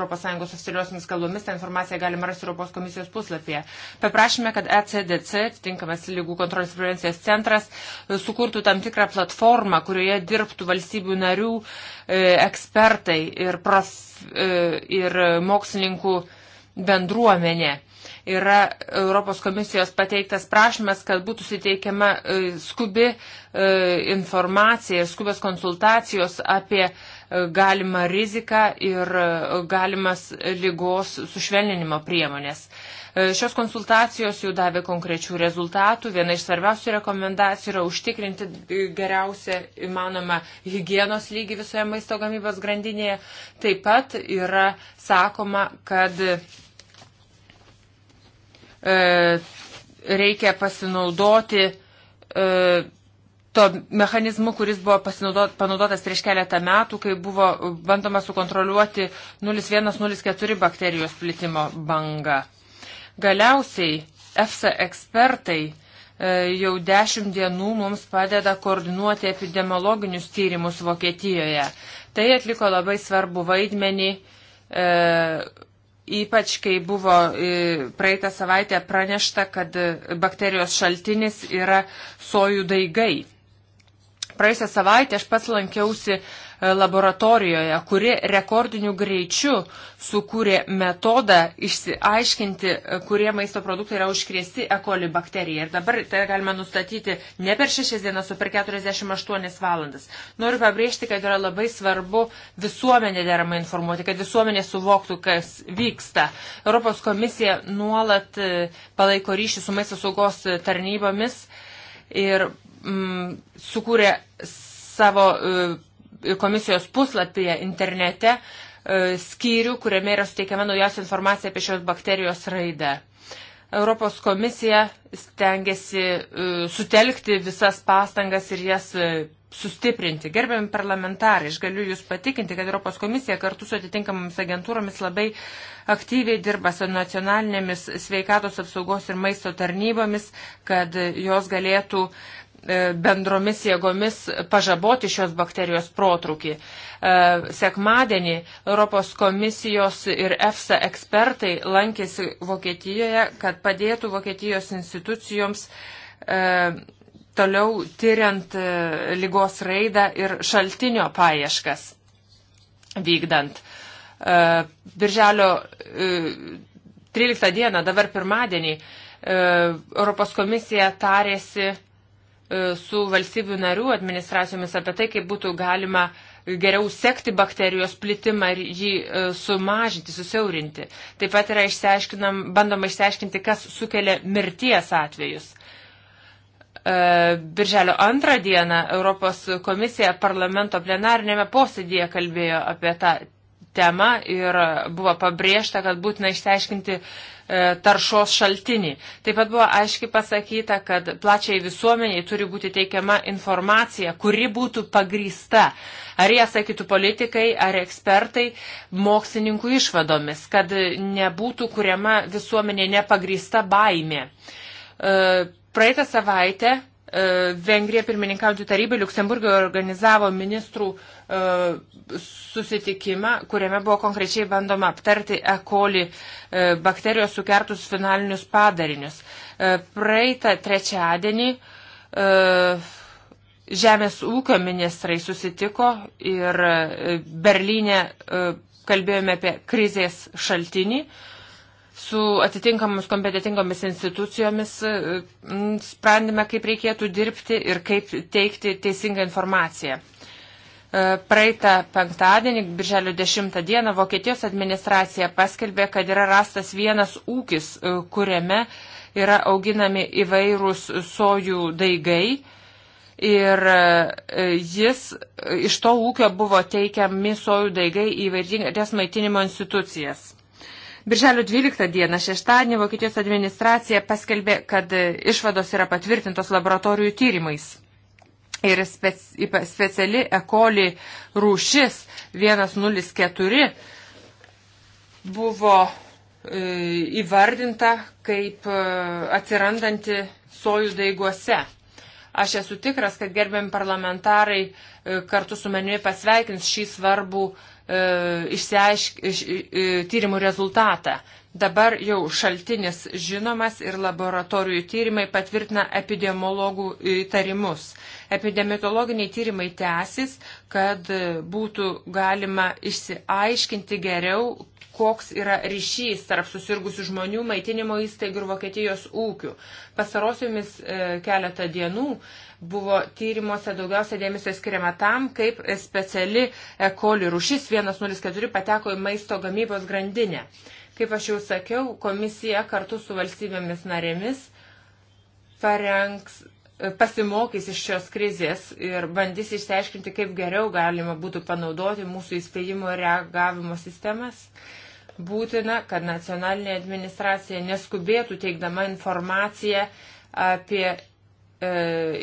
oficialiosiomis kalbomis tą informaciją galima rasti Europos komisijos puslapyje. Paprašome, kad ECDC, atitinkamas lygų kontrolės prevencijos centras, e, sukurtų tam tikrą platformą, kurioje dirbtų valstybių narių e, ekspertai ir, prof, e, ir mokslininkų bendruomenė yra Europos komisijos pateiktas prašymas, kad būtų suteikiama e, skubi e, informacija, skubios konsultacijos apie e, galimą riziką ir galimas lygos sušvelninimo priemonės. Šios konsultacijos jau davė konkrečių rezultatų. Viena iš svarbiausių rekomendacijų yra užtikrinti geriausią įmanomą hygienos lygį visoje maisto gamybos grandinėje. Taip pat yra sakoma, kad E, reikia pasinaudoti e, to mechanizmu, kuris buvo panaudotas prieš keletą metų, kai buvo bandoma sukontroliuoti 0104 bakterijos plitimo bangą. Galiausiai EFSA ekspertai e, jau dešimt dienų mums padeda koordinuoti epidemiologinius tyrimus Vokietijoje. Tai atliko labai svarbu vaidmenį Ypač, kai buvo e, praeitą savaitę pranešta, kad e, bakterijos šaltinis yra sojų daigai. Praėjusią savaitę aš pats lankiausi uh, laboratorijoje, kuri rekordiniu greičiu sukūrė metodą išsiaiškinti, kurie maisto produktai yra užkrėsti E. coli bakterija. Ir dabar tai galime nustatyti ne per 6 dienas, o per 48 valandas. Noriu pabrėžti, kad yra labai svarbu visuomenė deramai informuoti, kad visuomenė suvoktų, kas vyksta. Europos komisija nuolat e, palaiko ryšį su maisto saugos tarnybomis ir mm, sukūrė savo mm, komisijos puslapyje internete e, skyrių, kuriame yra suteikiama naujausia informacija apie šios bakterijos raidą. Europos komisija stengiasi e, sutelkti visas pastangas ir jas e, sustiprinti. Gerbiami parlamentarai, aš galiu Jūs patikinti, kad Europos komisija kartu su atitinkamomis agentūromis labai aktyviai dirba su nacionalinėmis sveikatos apsaugos ir maisto tarnybomis, kad jos galėtų E, bendromis jėgomis pažaboti šios bakterijos protrukį. E, sekmadienį Europos komisijos ir EFSA ekspertai lankėsi Vokietijoje, kad padėtų Vokietijos institucijoms e, toliau tyriant lygos raidą ir šaltinio paieškas vykdant. Birželio 13 dieną, dabar pirmadienį, Europos komisija tarėsi E, su valstybių narių administracijomis apie tai, kaip būtų galima geriau sekti bakterijos plitimą ir jį e, sumažinti, susiaurinti. Taip pat yra bandoma išsiaiškinti, kas sukelia mirties atvejus. E, birželio antrą dieną Europos komisija parlamento plenarinėme posėdėje kalbėjo apie tą temą ir buvo pabrėžta, kad būtina išsiaiškinti e, taršos šaltinį. Taip pat buvo aiškiai pasakyta, kad plačiai visuomeniai turi būti teikiama informacija, kuri būtų pagrįsta. Ar jie sakytų politikai, ar ekspertai, mokslininkų išvadomis, kad nebūtų kuriama visuomenė nepagrįsta baimė. E, praeitą savaitę E, Vengrija pirmininkauti tarybai Luksemburgio organizavo ministrų e, susitikimą, kuriame buvo konkrečiai bandoma aptarti E. coli e, bakterijos sukertus finalinius padarinius. Praeitą trečiadienį Žemės ūkio ministrai susitiko ir Berlyne kalbėjome apie krizės šaltinį, su atitinkamus kompetitingomis institucijomis e, sprendime, kaip reikėtų dirbti ir kaip teikti teisingą informaciją. E, praeitą penktadienį, birželio 10 dieną, Vokietijos administracija paskelbė, kad yra rastas vienas ūkis, e, kuriame yra auginami įvairūs sojų daigai ir jis iš to ūkio buvo teikiami sojų daigai į vairias maitinimo institucijas. Birželio 12 dieną šeštadienį Vokietijos administracija paskelbė, kad e, išvados yra patvirtintos laboratorijų tyrimais. Ir speciali ekoli rūšis 104 buvo e, įvardinta kaip e, atsirandanti sojų daiguose. Aš esu tikras, kad gerbiami parlamentarai kartu su manimi pasveikins šį svarbų uh, išsiaišk, iš, tyrimų rezultatą. Dabar jau šaltinis žinomas ir laboratorijų tyrimai patvirtina epidemiologų įtarimus. Epidemiologiniai tyrimai tęsis, kad būtų galima išsiaiškinti geriau, koks yra ryšys tarp susirgusių žmonių, maitinimo įstaigų ir Vokietijos ūkių. Pasarosiomis e, keletą dienų buvo tyrimuose daugiausia dėmesio skiriama tam, kaip speciali ekoli rušis 104 pateko į maisto gamybos grandinę. Kaip aš jau sakiau, komisija kartu su valstybėmis narėmis parengs, e, pasimokys iš šios krizės ir bandys išsiaiškinti, kaip geriau galima būtų panaudoti mūsų įspėjimo ir reagavimo sistemas. Būtina, kad nacionalinė administracija neskubėtų teikdama informaciją apie e,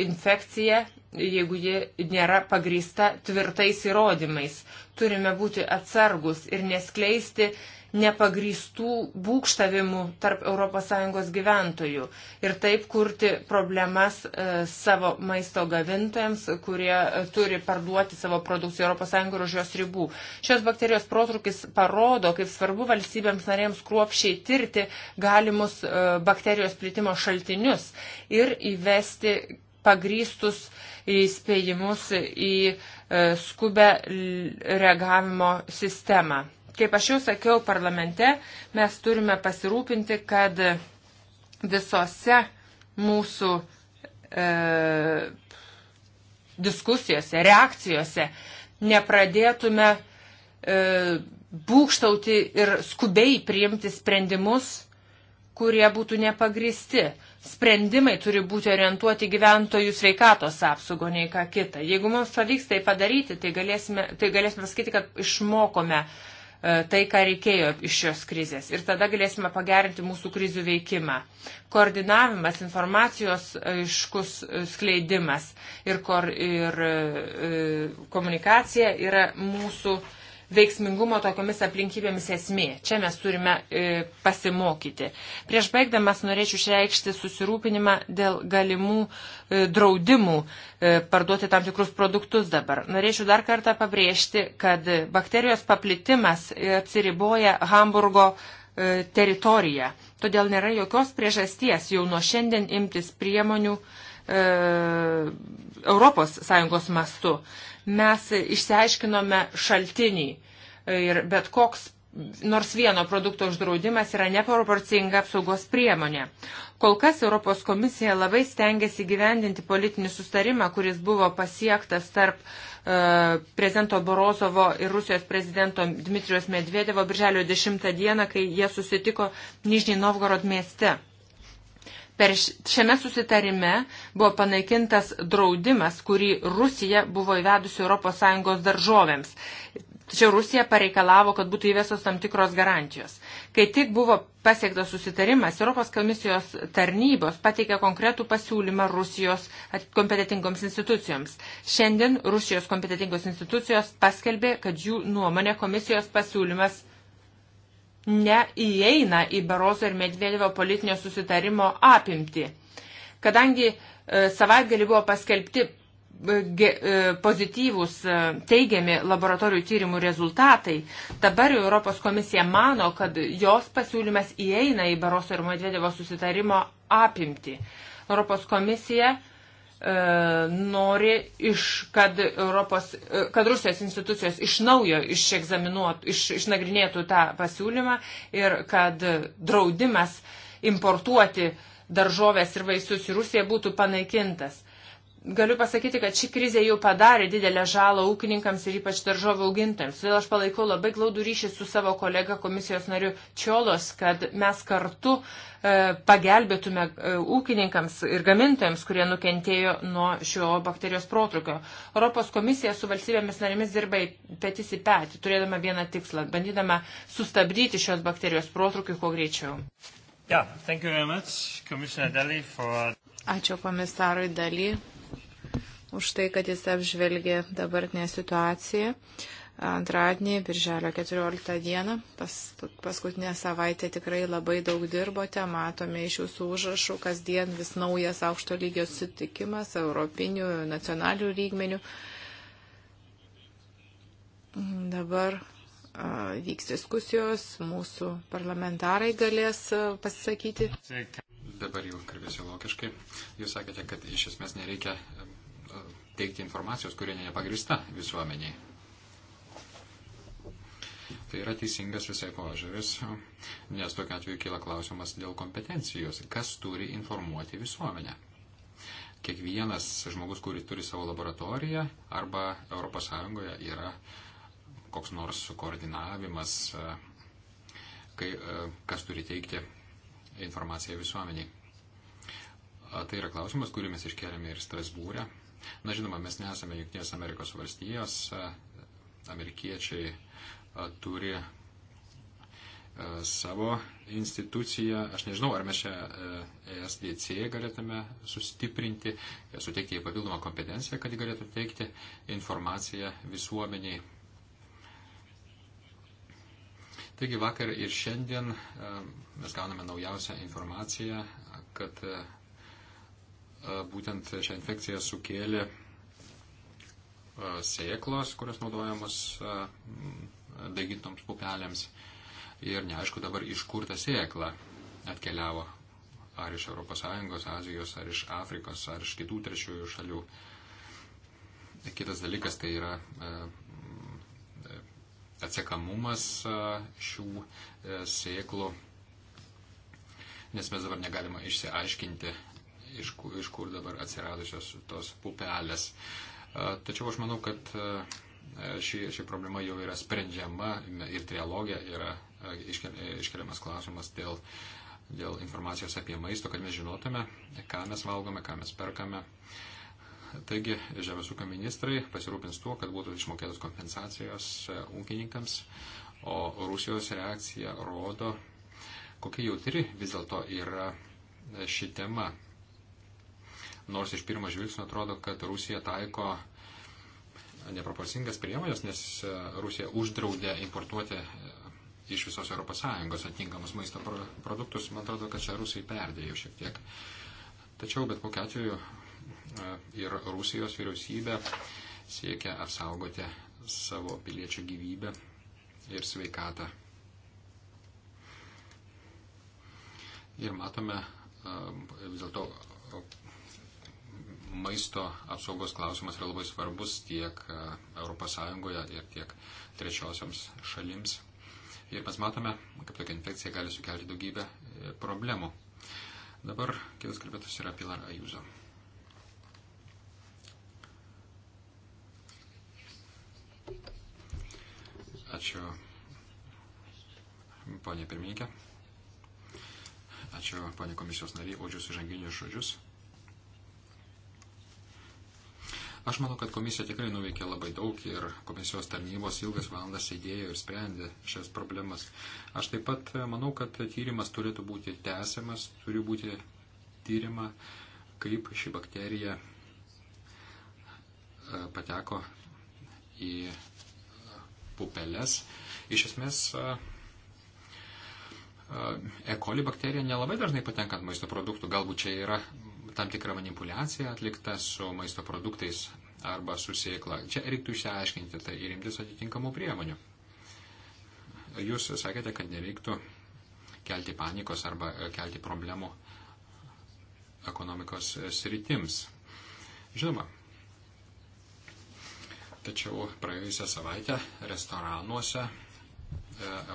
infekciją, jeigu ji nėra pagrįsta tvirtais įrodymais. Turime būti atsargus ir neskleisti nepagrįstų būkštavimų tarp ES gyventojų ir taip kurti problemas e, savo maisto gavintojams, kurie e, turi parduoti savo produkciją ES ir už jos ribų. Šios bakterijos protrukis parodo, kaip svarbu valstybėms narėms kruopšiai tirti galimus e, bakterijos plitimo šaltinius ir įvesti pagrystus įspėjimus į skubę reagavimo sistemą. Kaip aš jau sakiau parlamente, mes turime pasirūpinti, kad visose mūsų e, diskusijose, reakcijose nepradėtume e, būkštauti ir skubiai priimti sprendimus, kurie būtų nepagristi. Sprendimai turi būti orientuoti gyventojų sveikatos apsaugo, nei ką kitą. Jeigu mums pavyks tai padaryti, tai galėsime, tai galėsime pasakyti, kad išmokome uh, E, tai, ką reikėjo iš šios krizės. Ir tada galėsime pagerinti mūsų krizių veikimą. Koordinavimas, informacijos iškus e, skleidimas ir, kor, ir e, komunikacija yra mūsų uh, veiksmingumo tokiomis aplinkybėmis esmė. Čia mes turime e, pasimokyti. Prieš baigdamas norėčiau išreikšti susirūpinimą dėl galimų e, draudimų e, parduoti tam tikrus produktus dabar. Norėčiau dar kartą pabrėžti, kad bakterijos paplitimas atsiriboja Hamburgo e, teritoriją. Todėl nėra jokios priežasties jau nuo šiandien imtis priemonių e, Europos Sąjungos mastu. E, mes išsiaiškinome šaltinį ir bet koks nors vieno produkto uždraudimas yra neproporcinga apsaugos priemonė. Kol kas Europos komisija labai stengiasi gyvendinti politinį sustarimą, kuris buvo pasiektas tarp e, prezidento Borozovo ir Rusijos prezidento Dmitrijos Medvedevo birželio 10 dieną, kai jie susitiko Nižnij Novgorod mieste. Per šiame susitarime buvo panaikintas draudimas, kurį Rusija buvo įvedusi ES daržovėms. Tačiau Rusija pareikalavo, kad būtų įvesos tam tikros garantijos. Kai tik buvo pasiektas susitarimas, Europos komisijos tarnybos pateikė konkretų pasiūlymą Rusijos kompetitingoms institucijoms. Šiandien Rusijos kompetitingos institucijos paskelbė, kad jų nuomonė komisijos pasiūlymas neįeina į Barozo ir Medvedevo politinio susitarimo apimti. Kadangi e, savaitgalį buvo paskelbti e, e, pozityvūs teigiami laboratorijų tyrimų rezultatai, dabar Europos komisija mano, kad jos pasiūlymas įeina į Baroso ir Medvedevo susitarimo apimti. Europos komisija E, nori, iš, kad, Europos, e, kad Rusijos institucijos iš naujo iš, išnagrinėtų tą pasiūlymą ir kad draudimas importuoti daržovės ir vaisius į Rusiją būtų panaikintas galiu pasakyti, kad ši krizė jau padarė didelę žalą ūkininkams ir ypač daržovių augintams. Todėl aš palaikau labai glaudų ryšį su savo kolega komisijos nariu Čiolos, kad mes kartu e, pagelbėtume e, ūkininkams ir gamintojams, kurie nukentėjo nuo šio bakterijos protrukio. Europos komisija su valstybėmis narėmis dirba petis į petį, turėdama vieną tikslą, bandydama sustabdyti šios bakterijos protrukį kuo greičiau. Yeah, ja, for... Ačiū komisarui Daly už tai, kad jis apžvelgė dabartinę situaciją. Antradienį, birželio 14 dieną, pas, paskutinę savaitę tikrai labai daug dirbote, matome iš jūsų užrašų, kasdien vis naujas aukšto lygio sutikimas, europinių, nacionalių lygmenių. Dabar vyks diskusijos, mūsų parlamentarai galės pasisakyti. Dabar jau kalbėsiu logiškai. Jūs sakėte, kad iš esmės nereikia teikti informacijos, kurie nepagrista visuomeniai. Tai yra teisingas visai požiūris, nes tokiu atveju kyla klausimas dėl kompetencijos, kas turi informuoti visuomenę. Kiekvienas žmogus, kuris turi savo laboratoriją arba ES yra koks nors koordinavimas, kai, kas turi teikti informaciją visuomeniai. Tai yra klausimas, kurį mes iškeliame ir Strasbūrė, Na žinoma, mes nesame Junktinės Amerikos valstijos, amerikiečiai turi savo instituciją. Aš nežinau, ar mes čia e, e SDC galėtume sustiprinti, suteikti jai papildomą kompetenciją, kad ji galėtų teikti informaciją visuomeniai. Taigi vakar ir šiandien mes gauname naujausią informaciją, kad būtent šią infekciją sukėlė sėklos, kurios naudojamos daigintoms pupelėms. Ir neaišku dabar, iš kur ta sėkla atkeliavo. Ar iš ES, Azijos, ar iš Afrikos, ar iš kitų trečiųjų šalių. Kitas dalykas tai yra atsiekamumas šių e, sėklų, nes mes dabar negalime išsiaiškinti, iš, iš kur dabar atsiradusios tos pupelės. Tačiau aš manau, kad ši, ši problema jau yra sprendžiama ir trialogija yra iškeliamas klausimas dėl, dėl informacijos apie maisto, kad mes žinotume, ką mes valgome, ką mes perkame. Taigi, žemės ūkio ministrai pasirūpins tuo, kad būtų išmokėtos kompensacijos ūkininkams, o Rusijos reakcija rodo, kokia jautri vis dėlto yra ši tema nors iš pirmo žvilgsnio atrodo, kad Rusija taiko neproporcingas priemonės, nes e, Rusija uždraudė importuoti e, iš visos ES atinkamus maisto produktus, man atrodo, kad čia Rusai perdėjo šiek tiek. Tačiau bet kokiu atveju e, ir Rusijos vyriausybė siekia apsaugoti savo piliečių gyvybę ir sveikatą. Ir matome vis dėlto maisto apsaugos klausimas yra labai svarbus tiek ES ir tiek trečiosiams šalims. Ir mes matome, kaip tokia infekcija gali sukelti daugybę e, problemų. Dabar kitas kalbėtas yra Pilar Ajuzo. Ačiū, ponė pirmininkė. Ačiū, ponė komisijos nariai, už jūsų žanginius žodžius. Aš manau, kad komisija tikrai nuveikė labai daug ir komisijos tarnybos ilgas valandas sėdėjo ir sprendė šias problemas. Aš taip pat e, manau, kad tyrimas turėtų būti tęsiamas, turi būti tyrima, kaip ši bakterija e, pateko į e, pupeles. Iš esmės, E. coli bakterija nelabai dažnai patenka ant maisto produktų, galbūt čia yra tam tikra manipulacija atlikta su maisto produktais arba su sėkla. Čia reiktų išsiaiškinti tai ir imtis atitinkamų priemonių. Jūs sakėte, kad nereiktų kelti panikos arba e, kelti problemų ekonomikos sritims. Žinoma, tačiau praėjusią savaitę restoranuose e,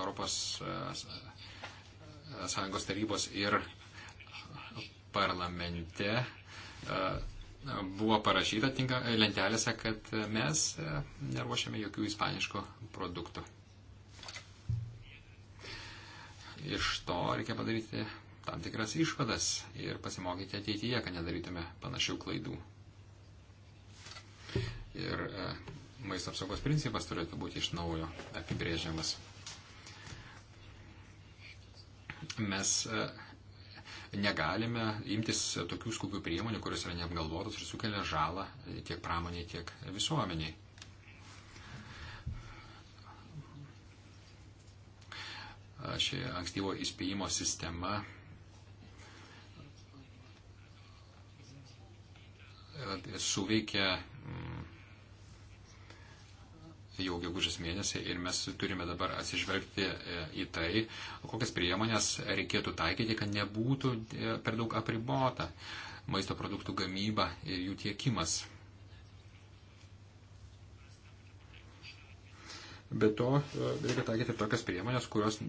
Europos e, Sąjungos tarybos ir parlamente e, buvo parašyta tinka, lentelėse, kad mes e, neruošiame jokių ispaniškų produktų. Iš to reikia padaryti tam tikras išvadas ir pasimokyti ateityje, kad nedarytume panašių klaidų. Ir e, maisto apsaugos principas turėtų būti iš naujo apibrėžiamas. Mes uh, negalime imtis tokių skubių priemonių, kurios yra neapgalvotos ir sukelia žalą tiek pramoniai, tiek visuomeniai. Ši ankstyvo įspėjimo sistema e, suveikia mm, jau gegužės mėnesį ir mes turime dabar atsižvelgti e, į tai, kokias priemonės reikėtų taikyti, kad nebūtų e, per daug apribota maisto produktų gamyba ir jų tiekimas. Be to, e, reikia taikyti tokias priemonės, kurios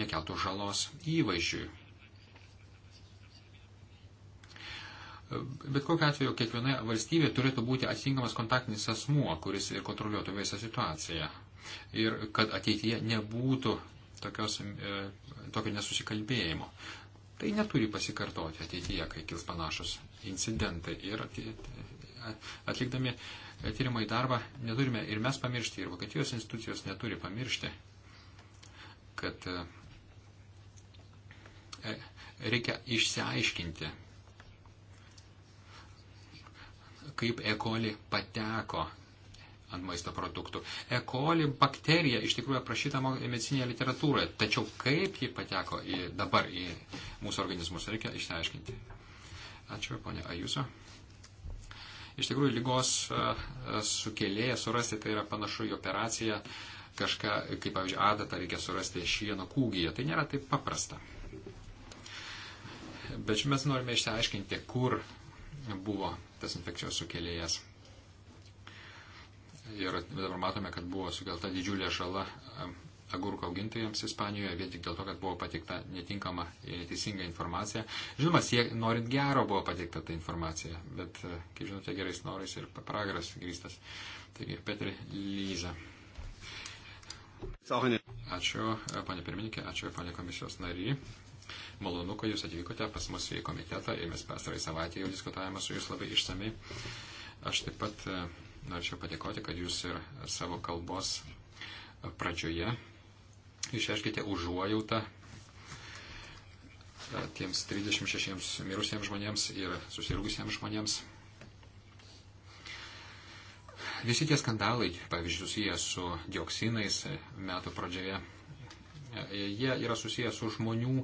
nekeltų žalos įvaizdžiui Bet kokiu atveju kiekviena valstybė turėtų būti atsingamas kontaktinis asmuo, kuris ir kontroliuotų visą situaciją. Ir kad ateityje nebūtų tokios, e, tokio nesusikalbėjimo. Tai neturi pasikartoti ateityje, kai kils panašus incidentai. Ir atlikdami tyrimą į darbą neturime ir mes pamiršti, ir Vokietijos institucijos neturi pamiršti, kad e, e, reikia išsiaiškinti kaip E. coli pateko ant maisto produktų. E. coli bakterija iš tikrųjų aprašyta medicinėje literatūroje, tačiau kaip ji pateko į, dabar į mūsų organizmus, reikia išsiaiškinti. Ačiū, ponė Ajuso. Iš tikrųjų, lygos e, e, sukėlėją surasti tai yra panašu į operaciją kažką, kaip pavyzdžiui, adatą reikia surasti šieno kūgyje. Tai nėra taip paprasta. Bet mes norime išsiaiškinti, kur buvo tas infekcijos sukėlėjas. Ir dabar matome, kad buvo sukelta didžiulė žala agurko augintojams Ispanijoje vien tik dėl to, kad buvo patikta netinkama ir neteisinga informacija. Žinoma, siek, norint gero buvo patikta ta informacija, bet, e, kaip žinote, gerais norais ir pragaras grįstas. Taigi, Petri Lyza. Ačiū, e, panė pirmininkė, ačiū, panė komisijos nariai. Malonu, kad jūs atvykote pas mus į komitetą ir mes pastarai savaitę jau diskutavome su jūs labai išsamei. Aš taip pat e, norėčiau padėkoti, kad jūs ir savo kalbos pradžioje išreiškite užuojautą e, tiems 36 mirusiems žmonėms ir susirgusiems žmonėms. Visi tie skandalai, pavyzdžiui, susiję su dioksinais e, metų pradžioje, jie yra susijęs su žmonių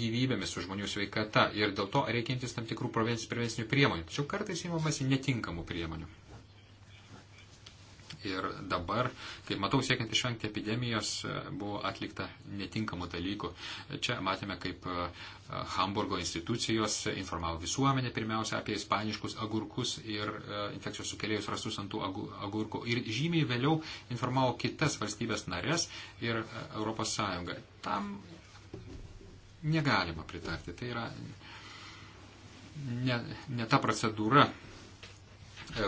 gyvybėmis, su žmonių sveikata ir dėl to reikintis tam tikrų prevencinių priemonių. Tačiau kartais įmamasi netinkamų priemonių ir dabar, kai matau siekiant išvengti epidemijos, buvo atlikta netinkamų dalykų. Čia matėme, kaip e, Hamburgo institucijos informavo visuomenę pirmiausia apie ispaniškus agurkus ir e, infekcijos sukėlėjus rastus ant tų agurkų ir žymiai vėliau informavo kitas valstybės narės ir ES. Tam negalima pritarti. Tai yra ne, ne ta procedūra,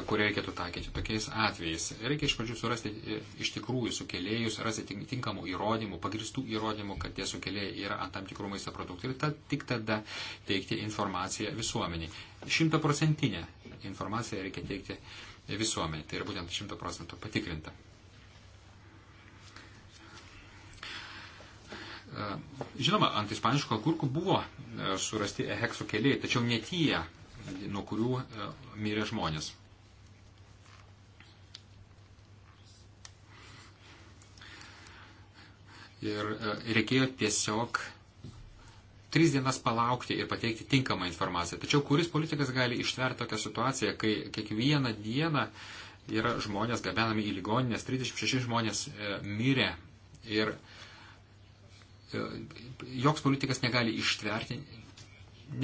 kurį reikėtų taikyti tokiais atvejais. Reikia iš pradžių surasti e, iš tikrųjų sukėlėjus, rasti tinkamų įrodymų, pagristų įrodymų, kad tie sukėlėjai yra ant tam tikrų maisto produktų ir ta, tik tada teikti informaciją visuomeniai. Šimtaprocentinę informaciją reikia teikti visuomeniai, tai yra būtent šimta procentų patikrinta. E, žinoma, ant ispaniško agurkų buvo e, surasti ehekso keliai, tačiau ne tie, nuo kurių mirė žmonės. ir e, reikėjo tiesiog tris dienas palaukti ir pateikti tinkamą informaciją. Tačiau kuris politikas gali ištverti tokią situaciją, kai kiekvieną dieną yra žmonės gabenami į ligoninės, 36 žmonės e, mirė ir e, joks politikas negali ištverti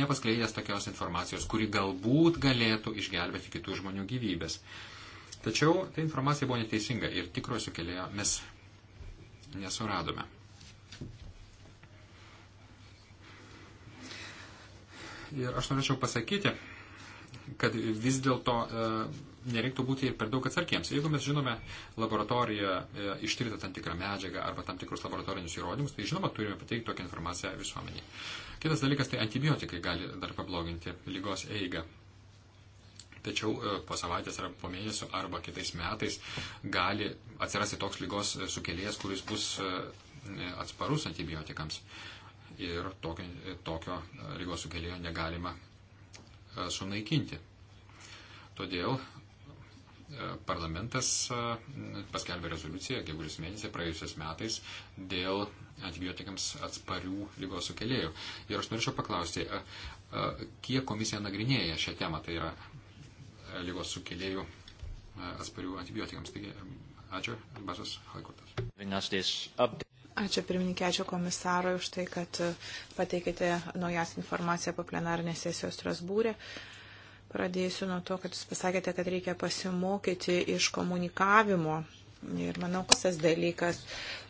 nepaskleidęs tokios informacijos, kuri galbūt galėtų išgelbėti kitų žmonių gyvybės. Tačiau ta informacija buvo neteisinga ir tikro sukėlėjo mes nesuradome. Ir aš norėčiau pasakyti, kad vis dėlto e, nereiktų būti per daug atsargiems. Jeigu mes žinome laboratoriją e, ištyrtą tam tikrą medžiagą arba tam tikrus laboratorinius įrodymus, tai žinoma, turime pateikti tokią informaciją visuomeniai. Kitas dalykas, tai antibiotikai gali dar pabloginti lygos eigą tačiau e, po savaitės ar po mėnesio arba kitais metais gali atsirasti toks lygos e, sukėlėjas, kuris bus e, atsparus antibiotikams. Ir tokio, tokio lygos sukėlėjo negalima sunaikinti. Todėl parlamentas paskelbė rezoliuciją gegužės mėnesį praėjusiais metais dėl antibiotikams atsparių lygos sukėlėjų. Ir aš norėčiau paklausti, kiek komisija nagrinėja šią temą, tai yra lygos sukėlėjų e, atsparių antibiotikams. Taigi, ačiū, Basas Haikurtas. Ačiū pirmininkė, ačiū komisarui už tai, kad e, pateikėte naujas informaciją po plenarinės sesijos Strasbūrė. Pradėsiu nuo to, kad jūs pasakėte, kad reikia pasimokyti iš komunikavimo Ir manau, kas tas dalykas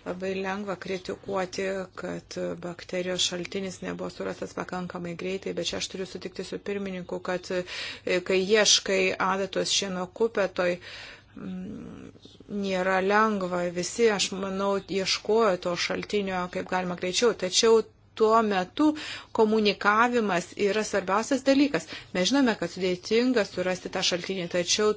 labai lengva kritikuoti, kad bakterijos šaltinis nebuvo surastas pakankamai greitai, bet čia aš turiu sutikti su pirmininku, kad e, kai ieškai adatos šieno kupetoj, mm, nėra lengva. Visi, aš manau, ieškojo to šaltinio kaip galima greičiau, tačiau tuo metu komunikavimas yra svarbiausias dalykas. Mes žinome, kad sudėtinga surasti tą šaltinį, tačiau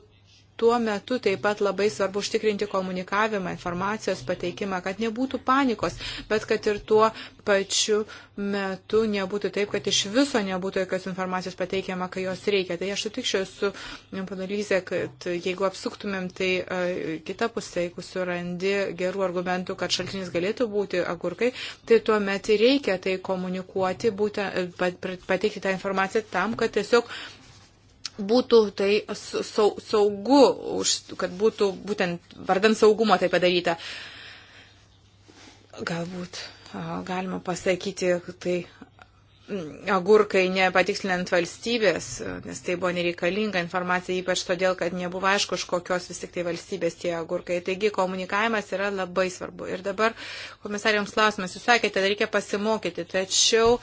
Tuo metu taip pat labai svarbu užtikrinti komunikavimą, informacijos pateikimą, kad nebūtų panikos, bet kad ir tuo pačiu metu nebūtų taip, kad iš viso nebūtų jokios informacijos pateikiama, kai jos reikia. Tai aš sutikščiau su mm, panalyze, kad jeigu apsuktumėm, tai e, kita pusė, jeigu surandi gerų argumentų, kad šaltinis galėtų būti agurkai, tai tuomet reikia tai komunikuoti, būtent e, pateikti tą informaciją tam, kad tiesiog būtų tai saugu, kad būtų būtent vardant saugumo tai padaryta. Galbūt galima pasakyti tai agurkai nepatikslinant valstybės, nes tai buvo nereikalinga informacija, ypač todėl, kad nebuvo aišku, iš kokios vis tik tai valstybės tie agurkai. Taigi komunikavimas yra labai svarbu. Ir dabar komisarijoms klausimas, jūs sakėte, kad reikia pasimokyti, tačiau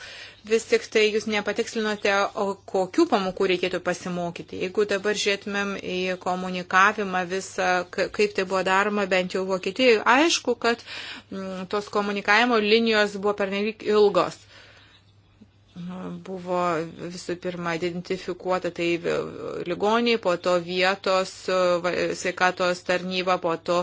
vis tik tai jūs nepatikslinote, o kokių pamokų reikėtų pasimokyti. Jeigu dabar žiūrėtumėm į komunikavimą visą, kaip tai buvo daroma, bent jau Vokietijoje, aišku, kad mm, tos komunikavimo linijos buvo pernelyg ilgos buvo visų pirma identifikuota tai ligoniai, po to vietos sveikatos tarnyba, po to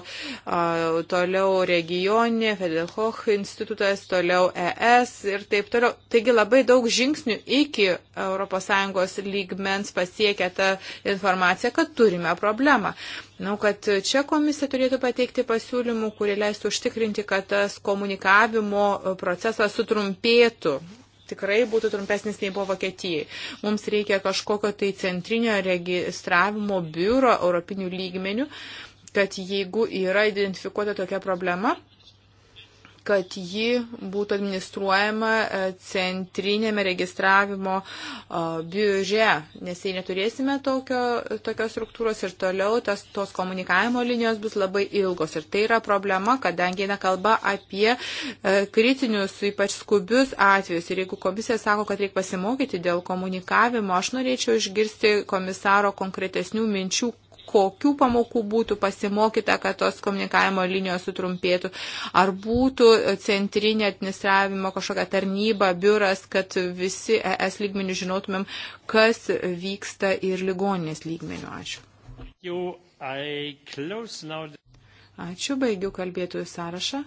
a, toliau regioninė, Fedelhoch institutas, toliau ES ir taip toliau. Taigi labai daug žingsnių iki ES lygmens pasiekia ta informacija, kad turime problemą. Manau, kad čia komisija turėtų pateikti pasiūlymų, kurie leistų užtikrinti, kad tas komunikavimo procesas sutrumpėtų tikrai būtų trumpesnis nei buvo Vokietijai. Mums reikia kažkokio tai centrinio registravimo biuro europinių lygmenių, kad jeigu yra identifikuota tokia problema, kad ji būtų administruojama e, centrinėme registravimo e, biure, nes jei neturėsime tokio, tokios struktūros ir toliau, tas, tos komunikavimo linijos bus labai ilgos. Ir tai yra problema, kadangi eina kalba apie e, kritinius, ypač skubius atvejus. Ir jeigu komisija sako, kad reikia pasimokyti dėl komunikavimo, aš norėčiau išgirsti komisaro konkretesnių minčių, kokių pamokų būtų pasimokyta, kad tos komunikavimo linijos sutrumpėtų, ar būtų centrinė administravimo kažkokia tarnyba, biuras, kad visi ES lygmenių žinotumėm, kas vyksta ir ligoninės lygmenių. Ačiū. Ačiū, baigiu kalbėtojų sąrašą.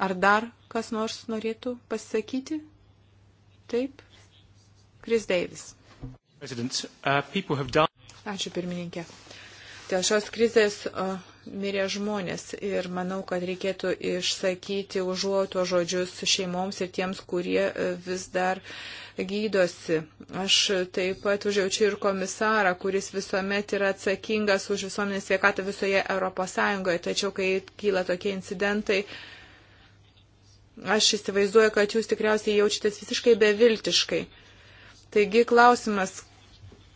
Ar dar kas nors norėtų pasisakyti? Taip. Chris Davis. Uh, Ačiū pirmininkė. Dėl šios krizės mirė žmonės ir manau, kad reikėtų išsakyti užuoto žodžius šeimoms ir tiems, kurie e, vis dar gydosi. Aš taip pat užjaučiu ir komisarą, kuris visuomet yra atsakingas už visuomenės sveikatą visoje ES, tačiau kai kyla tokie incidentai, aš įsivaizduoju, kad jūs tikriausiai jaučiatės visiškai beviltiškai. Taigi klausimas,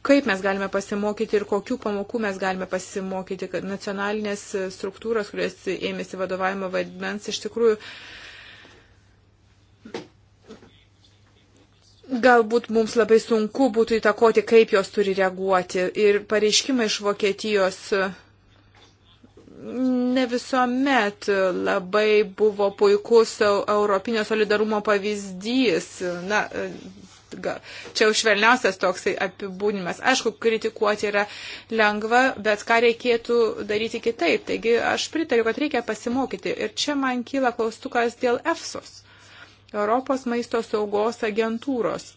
kaip mes galime pasimokyti ir kokių pamokų mes galime pasimokyti, kad nacionalinės struktūros, kurios ėmėsi vadovavimo vaidmens, iš tikrųjų galbūt mums labai sunku būtų įtakoti, kaip jos turi reaguoti. Ir pareiškimai iš Vokietijos ne visuomet labai buvo puikus europinio solidarumo pavyzdys. Na, gal, čia užvelniausias toksai apibūdinimas. Aišku, kritikuoti yra lengva, bet ką reikėtų daryti kitaip. Taigi aš pritariu, kad reikia pasimokyti. Ir čia man kyla klaustukas dėl EFSOS, Europos maisto saugos agentūros.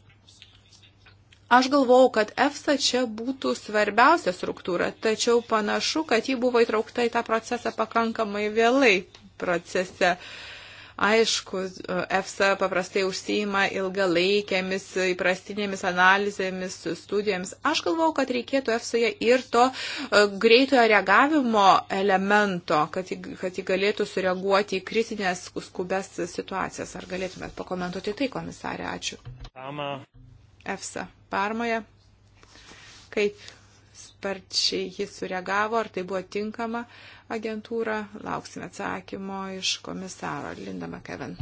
Aš galvau, kad EFSA čia būtų svarbiausia struktūra, tačiau panašu, kad ji buvo įtraukta į tą procesą pakankamai vėlai procese. Uh, Aišku, EFSA paprastai užsijima ilgalaikėmis įprastinėmis analizėmis, studijomis. Aš galvau, kad reikėtų EFSA ir to e, greitojo reagavimo elemento, kad, kad jį galėtų sureaguoti į kritinės skubes situacijas. Ar galėtumėt pakomentuoti tai, komisarė? Ačiū. Parma. EFSA. Parmoje. Kaip sparčiai jis sureagavo, ar tai buvo tinkama agentūra. Lauksime atsakymo iš komisaro Linda McKevin.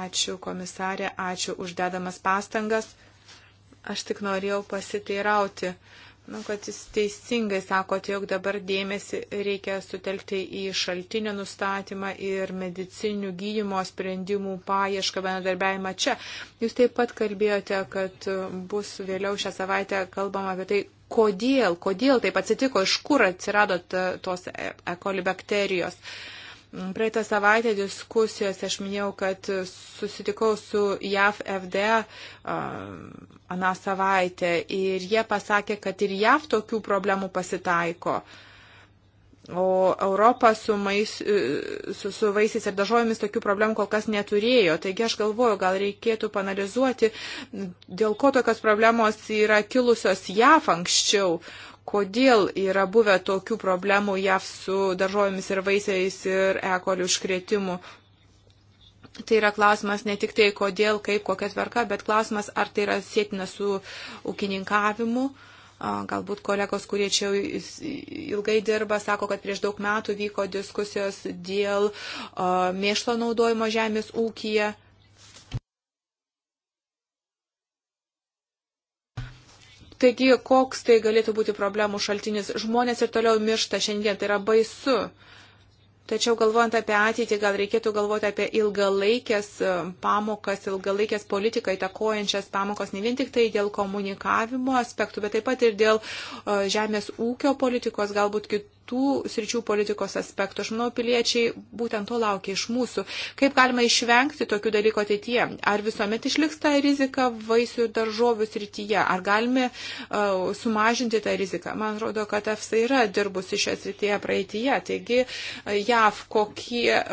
Ačiū komisarė, ačiū uždedamas pastangas. Aš tik norėjau pasiteirauti. Nu, kad jūs teisingai sakote, jog dabar dėmesį reikia sutelkti į šaltinio nustatymą ir medicinių gydymo sprendimų paiešką bendradarbiavimą čia. Jūs taip pat kalbėjote, kad bus vėliau šią savaitę kalbama apie tai, kodėl, kodėl taip atsitiko, iš kur atsirado tos ekolibakterijos. E. Mm, praeitą savaitę diskusijos aš minėjau, kad susitikau su JAV FDA aną savaitę ir jie pasakė, kad ir JAV tokių problemų pasitaiko. Uh, O Europa su, mais, e, su, su vaisiais ir dažovėmis tokių problemų kol kas neturėjo. Taigi aš galvoju, gal reikėtų panalizuoti, dėl ko tokios problemos yra kilusios JAF anksčiau, kodėl yra buvę tokių problemų JAF su dažovėmis ir vaisiais ir ekolių užkrėtimu. Tai yra klausimas ne tik tai kodėl, kaip, kokia tvarka, bet klausimas, ar tai yra sėtina su ūkininkavimu. Uh, Galbūt kolegos, kurie čia ilgai dirba, sako, kad prieš daug metų vyko diskusijos dėl mėšlo naudojimo žemės ūkija. Taigi, koks tai galėtų būti problemų šaltinis? Žmonės ir toliau miršta šiandien, tai yra baisu. Uh, Tačiau galvojant apie ateitį, gal reikėtų galvoti apie ilgalaikės e, pamokas, ilgalaikės politiką įtakojančias pamokas, ne vien tik tai dėl komunikavimo aspektų, bet taip pat ir dėl e, žemės ūkio politikos, galbūt kitų kitų sričių politikos aspektų. Aš manau, piliečiai būtent to laukia iš mūsų. Kaip galima išvengti tokių dalykų ateityje? Ar visuomet išliks ta rizika vaisių ir daržovių srityje? Ar galime uh, sumažinti tą riziką? Man atrodo, kad EFSA yra dirbusi šią srityje praeitie. Taigi, e, JAV, kokie, e,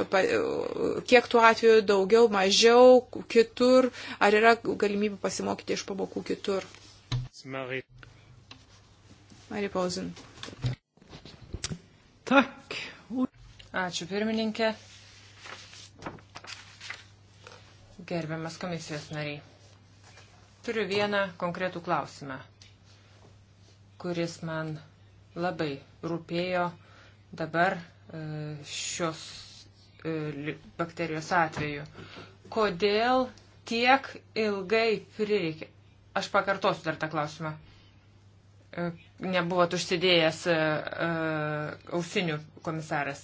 kiek tų atvejų daugiau, mažiau, kitur, ar yra galimybė pasimokyti iš pamokų kitur? Marija Pauzin. Tak. Ačiū pirmininkė. Gerbiamas komisijos nariai. Turiu vieną konkretų klausimą, kuris man labai rūpėjo dabar e, šios e, bakterijos atveju. Kodėl tiek ilgai prireikė? Aš pakartosiu dar tą klausimą nebuvot užsidėjęs e, e, ausinių komisaras.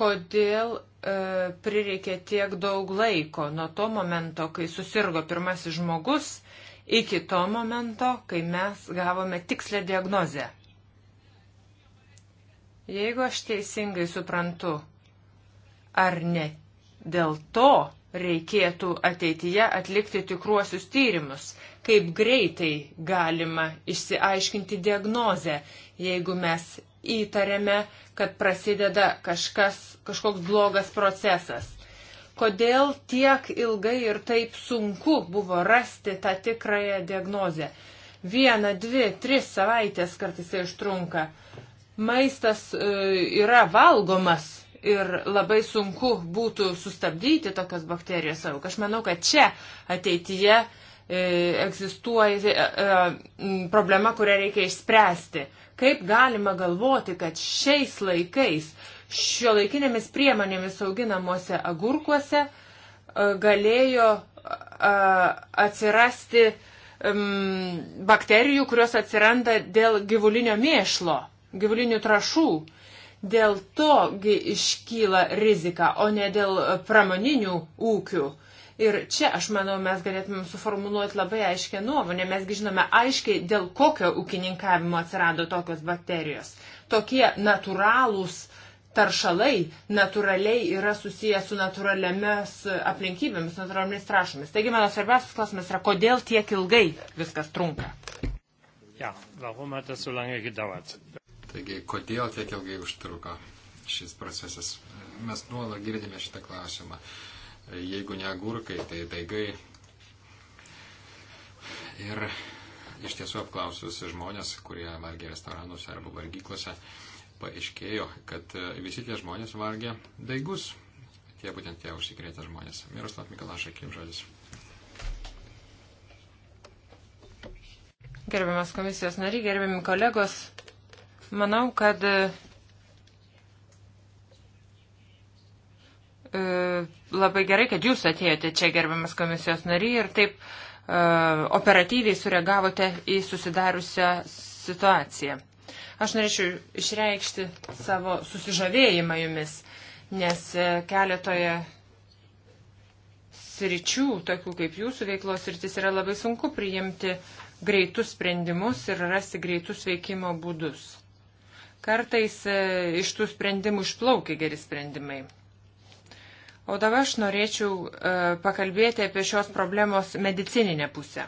Kodėl e, prireikė tiek daug laiko nuo to momento, kai susirgo pirmasis žmogus, iki to momento, kai mes gavome tikslę diagnozę? Jeigu aš teisingai suprantu, ar ne dėl to, reikėtų ateityje atlikti tikruosius tyrimus, kaip greitai galima išsiaiškinti diagnozę, jeigu mes įtarėme, kad prasideda kažkas, kažkoks blogas procesas. Kodėl tiek ilgai ir taip sunku buvo rasti tą tikrąją diagnozę? Vieną, dvi, tris savaitės kartais tai užtrunka. Maistas e, yra valgomas, ir labai sunku būtų sustabdyti tokios bakterijos saug. Aš manau, kad čia ateityje e, egzistuoja e, e problema, kurią reikia išspręsti. Kaip galima galvoti, kad šiais laikais šio laikinėmis priemonėmis auginamuose agurkuose e, galėjo e, atsirasti um, bakterijų, kurios atsiranda dėl gyvulinio mėšlo, gyvulinių trašų. Uh, Dėl togi iškyla rizika, o ne dėl pramoninių ūkių. Ir čia, aš manau, mes galėtumėm suformuluoti labai aiškę nuomonę. Mesgi žinome aiškiai, dėl kokio ūkininkavimo atsirado tokios bakterijos. Tokie natūralūs taršalai natūraliai yra susiję su natūraliamis aplinkybėmis, natūraliamis trašomis. Taigi mano svarbiausias klausimas yra, kodėl tiek ilgai viskas trunka? Ja, warum hat das so lange gedauert? Taigi, kodėl tiek ilgai užtruko šis procesas? Mes nuolat girdime šitą klausimą. Jeigu ne agurkai, tai daigai. Ir iš tiesų apklausus žmonės, kurie valgė restoranuose arba vargyklose, paaiškėjo, kad visi tie žmonės valgė daigus. Tie būtent tie užsikrėtę žmonės. Miroslav Mikalašek, jums žodis. Gerbiamas komisijos nariai, gerbiami kolegos, Manau, kad e, e, labai gerai, kad jūs atėjote čia, gerbiamas komisijos nariai, ir taip uh, operatyviai sureagavote į susidariusią situaciją. Aš norėčiau išreikšti savo susižavėjimą jumis, nes keletoje sričių, tokių kaip jūsų veiklos sritis, yra labai sunku priimti greitus sprendimus ir rasti greitus veikimo būdus. Kartais e, iš tų sprendimų išplaukia geri sprendimai. O dabar aš norėčiau e, pakalbėti apie šios problemos medicininę pusę.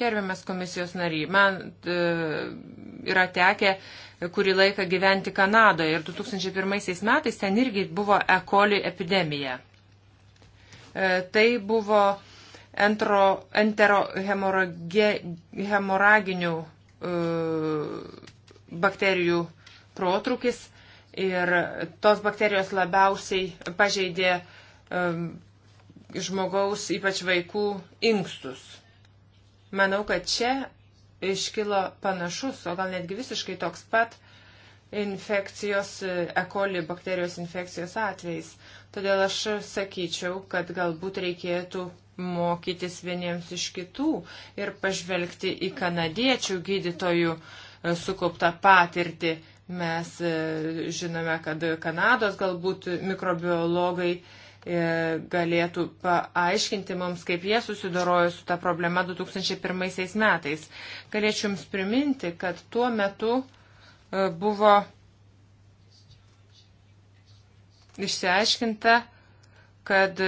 Gerbiamas komisijos nariai, man e, yra tekę kurį laiką gyventi Kanadoje ir 2001 metais ten irgi buvo E. coli epidemija. Tai buvo enterohemoraginių bakterijų protrukis ir tos bakterijos labiausiai pažeidė um, žmogaus, ypač vaikų, inkstus. Manau, kad čia iškilo panašus, o gal netgi visiškai toks pat infekcijos, E. coli bakterijos infekcijos atvejais. Todėl aš sakyčiau, kad galbūt reikėtų mokytis vieniems iš kitų ir pažvelgti į kanadiečių gydytojų uh, sukauptą patirtį. Mes e, žinome, kad Kanados galbūt mikrobiologai e, galėtų paaiškinti mums, kaip jie susidorojo su tą problema 2001 metais. Galėčiau Jums priminti, kad tuo metu e, buvo išsiaiškinta, kad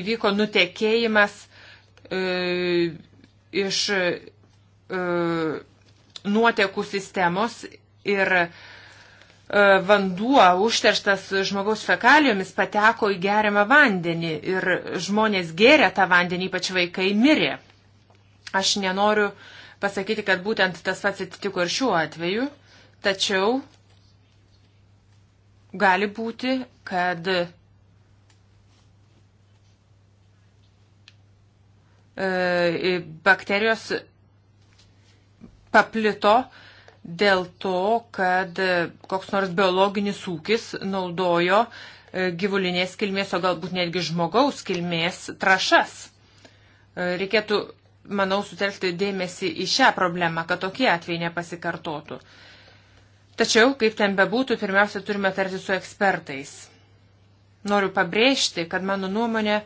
įvyko nutekėjimas iš E, nuotekų sistemos ir e, vanduo užterštas žmogaus fekalijomis pateko į geriamą vandenį ir žmonės gėrė tą vandenį, ypač vaikai mirė. Aš nenoriu pasakyti, kad būtent tas pats atsitiko ir šiuo atveju, tačiau gali būti, kad e, bakterijos paplito dėl to, kad koks nors biologinis ūkis naudojo e, gyvulinės kilmės, o galbūt netgi žmogaus kilmės trašas. E, reikėtų, manau, sutelkti dėmesį į šią problemą, kad tokie atvejai nepasikartotų. Tačiau, kaip ten bebūtų, pirmiausia, turime tarti su ekspertais. Noriu pabrėžti, kad mano nuomonė,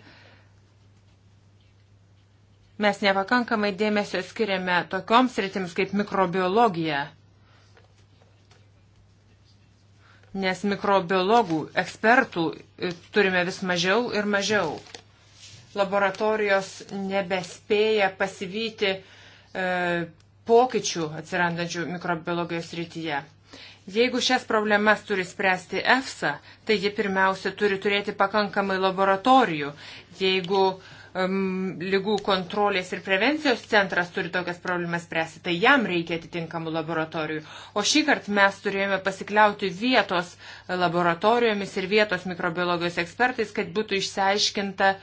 Mes nepakankamai dėmesio skiriame tokioms rytims kaip mikrobiologija. Nes mikrobiologų, ekspertų e, turime vis mažiau ir mažiau. Laboratorijos nebespėja pasivyti e, pokyčių atsirandančių mikrobiologijos rytyje. Jeigu šias problemas turi spręsti EFSA, tai ji pirmiausia turi turėti pakankamai laboratorijų. Jeigu um, lygų kontrolės ir prevencijos centras turi tokias problemas spręsti, tai jam reikia atitinkamų laboratorijų. O šį kartą mes turėjome pasikliauti vietos laboratorijomis ir vietos mikrobiologijos ekspertais, kad būtų išsiaiškinta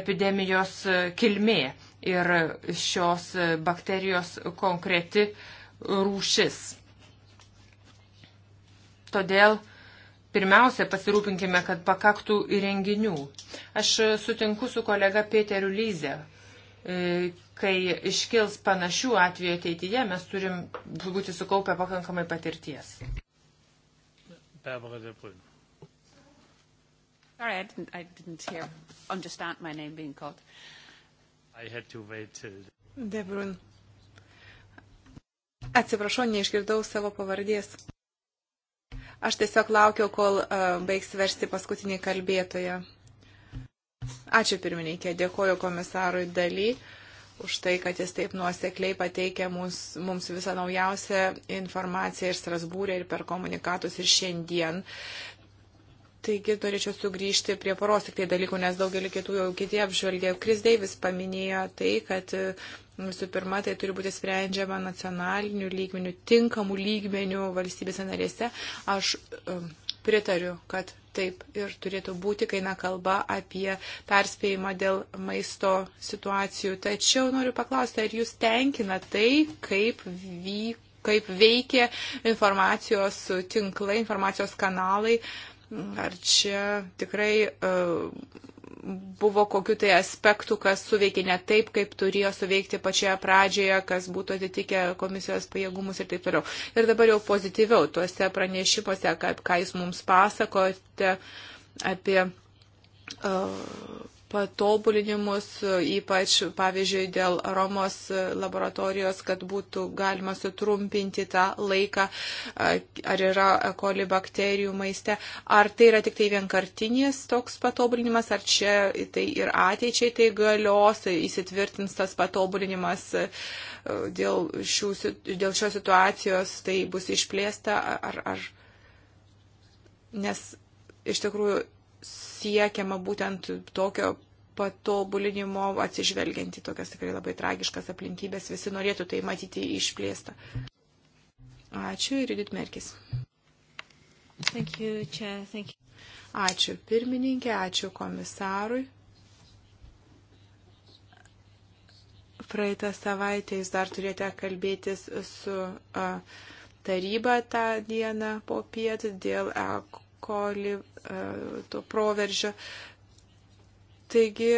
epidemijos e, kilmė ir šios e, bakterijos konkreti rūšis. Todėl Pirmiausia, pasirūpinkime, kad pakaktų įrenginių. Aš sutinku su kolega Pėteriu Lyze. E, kai iškils panašių atvejų ateityje, mes turim būti sukaupę pakankamai patirties. Barbara Debrun. Sorry, I didn't, I didn't hear, understand my name being called. I had to wait till... Debrun. Atsiprašau, neišgirdau savo pavardės. Aš tiesiog laukiau, kol e, baigs versti paskutinį kalbėtoją. Ačiū pirmininkė, dėkoju komisarui daly už tai, kad jis taip nuosekliai pateikė mums, mums visą naujausią informaciją ir Strasbūrė, ir per komunikatus, ir šiandien. Taigi norėčiau sugrįžti prie poros tik tai dalykų, nes daugelį kitų jau kiti apžvelgė. Kris Deivis paminėjo tai, kad Visų pirma, tai turi būti sprendžiama nacionalinių lygmenių, tinkamų lygmenių valstybėse narėse. Aš um, pritariu, kad taip ir turėtų būti, kai na kalba apie perspėjimą dėl maisto situacijų. Tačiau noriu paklausti, ar jūs tenkina tai, kaip vyko kaip veikia informacijos tinklai, informacijos kanalai, ar čia tikrai uh, buvo kokiu tai aspektu, kas suveikė ne taip, kaip turėjo suveikti pačioje pradžioje, kas būtų atitikę komisijos pajėgumus ir taip toliau. Ir dabar jau pozityviau tuose pranešimuose, ką, ką jūs mums pasakote apie uh, patobulinimus, ypač, pavyzdžiui, dėl Romos laboratorijos, kad būtų galima sutrumpinti tą laiką, ar yra koli e. bakterijų maiste. Ar tai yra tik tai vienkartinis toks patobulinimas, ar čia tai ir ateičiai tai galios, įsitvirtins tas patobulinimas dėl, šių, dėl šios situacijos, tai bus išplėsta, ar, ar nes iš tikrųjų siekiama būtent tokio patobulinimo atsižvelgiant į tokias tikrai labai tragiškas aplinkybės. Visi norėtų tai matyti išplėstą. Ačiū ir Judit Merkis. Thank you, Chair. Thank you. Ačiū pirmininkė, ačiū komisarui. Praeitą savaitę jūs dar turėjote kalbėtis su uh, taryba tą dieną po pietų dėl uh, koli, e, to proveržio. Taigi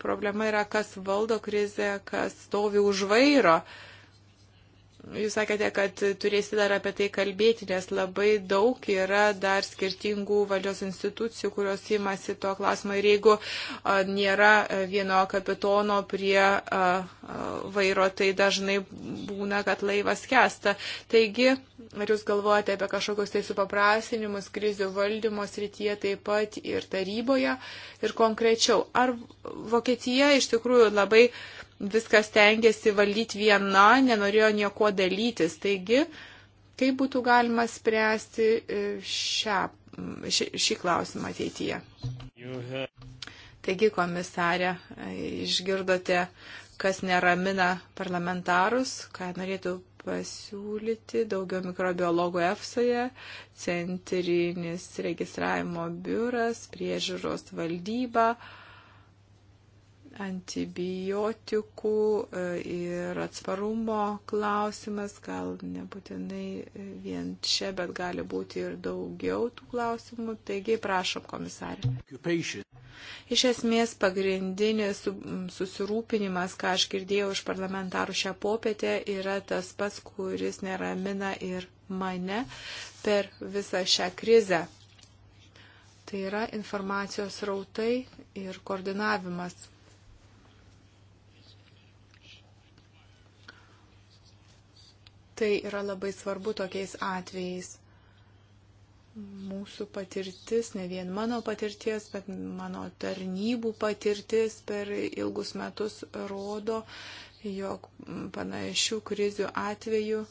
problema yra, kas valdo krizę, kas stovi už vairo. Uh, Jūs sakėte, kad turėsite dar apie tai kalbėti, nes labai daug yra dar skirtingų valdžios institucijų, kurios įmasi to klausimo. Ir jeigu nėra vieno kapitono prie vairo, tai dažnai būna, kad laivas kesta. Taigi, ar jūs galvojate apie kažkokius tai supaprasinimus krizių valdymo srityje taip pat ir taryboje ir konkrečiau? Ar Vokietija iš tikrųjų labai uh, viskas tengiasi valdyti viena, nenorėjo nieko dalytis. Taigi, kaip būtų galima spręsti e, šią, šį, šį klausimą ateityje? Taigi, komisarė, e, išgirdote, kas neramina parlamentarus, ką norėtų pasiūlyti daugiau mikrobiologų EFSOje, centrinis registravimo biuras, priežiūros valdyba. Uh, antibiotikų e, ir atsparumo klausimas, gal nebūtinai vien čia, bet gali būti ir daugiau tų klausimų. Taigi, prašom, komisarė. Iš esmės, pagrindinis susirūpinimas, ką aš girdėjau iš parlamentarų šią popietę, yra tas pats, kuris neramina ir mane per visą šią krizę. Tai yra informacijos rautai ir koordinavimas Tai yra labai svarbu tokiais atvejais. Mūsų patirtis, ne vien mano patirties, bet mano tarnybų patirtis per ilgus metus rodo, jog panašių krizių atveju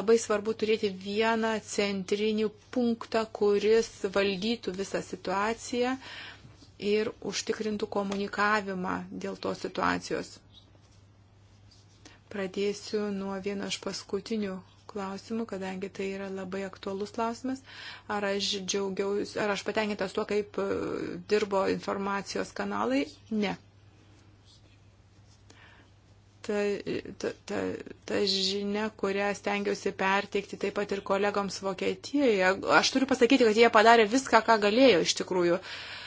labai svarbu turėti vieną centrinį punktą, kuris valdytų visą situaciją ir užtikrintų komunikavimą dėl tos situacijos. Pradėsiu nuo vieno iš paskutinių klausimų, kadangi tai yra labai aktuolus klausimas. Ar aš džiaugiausi, ar aš patenkintas tuo, kaip e, dirbo informacijos kanalai? Ne. Ta, ta, ta, ta žinia, kurią stengiausi perteikti taip pat ir kolegoms Vokietijoje. Aš turiu pasakyti, kad jie padarė viską, ką galėjo iš tikrųjų. Uh,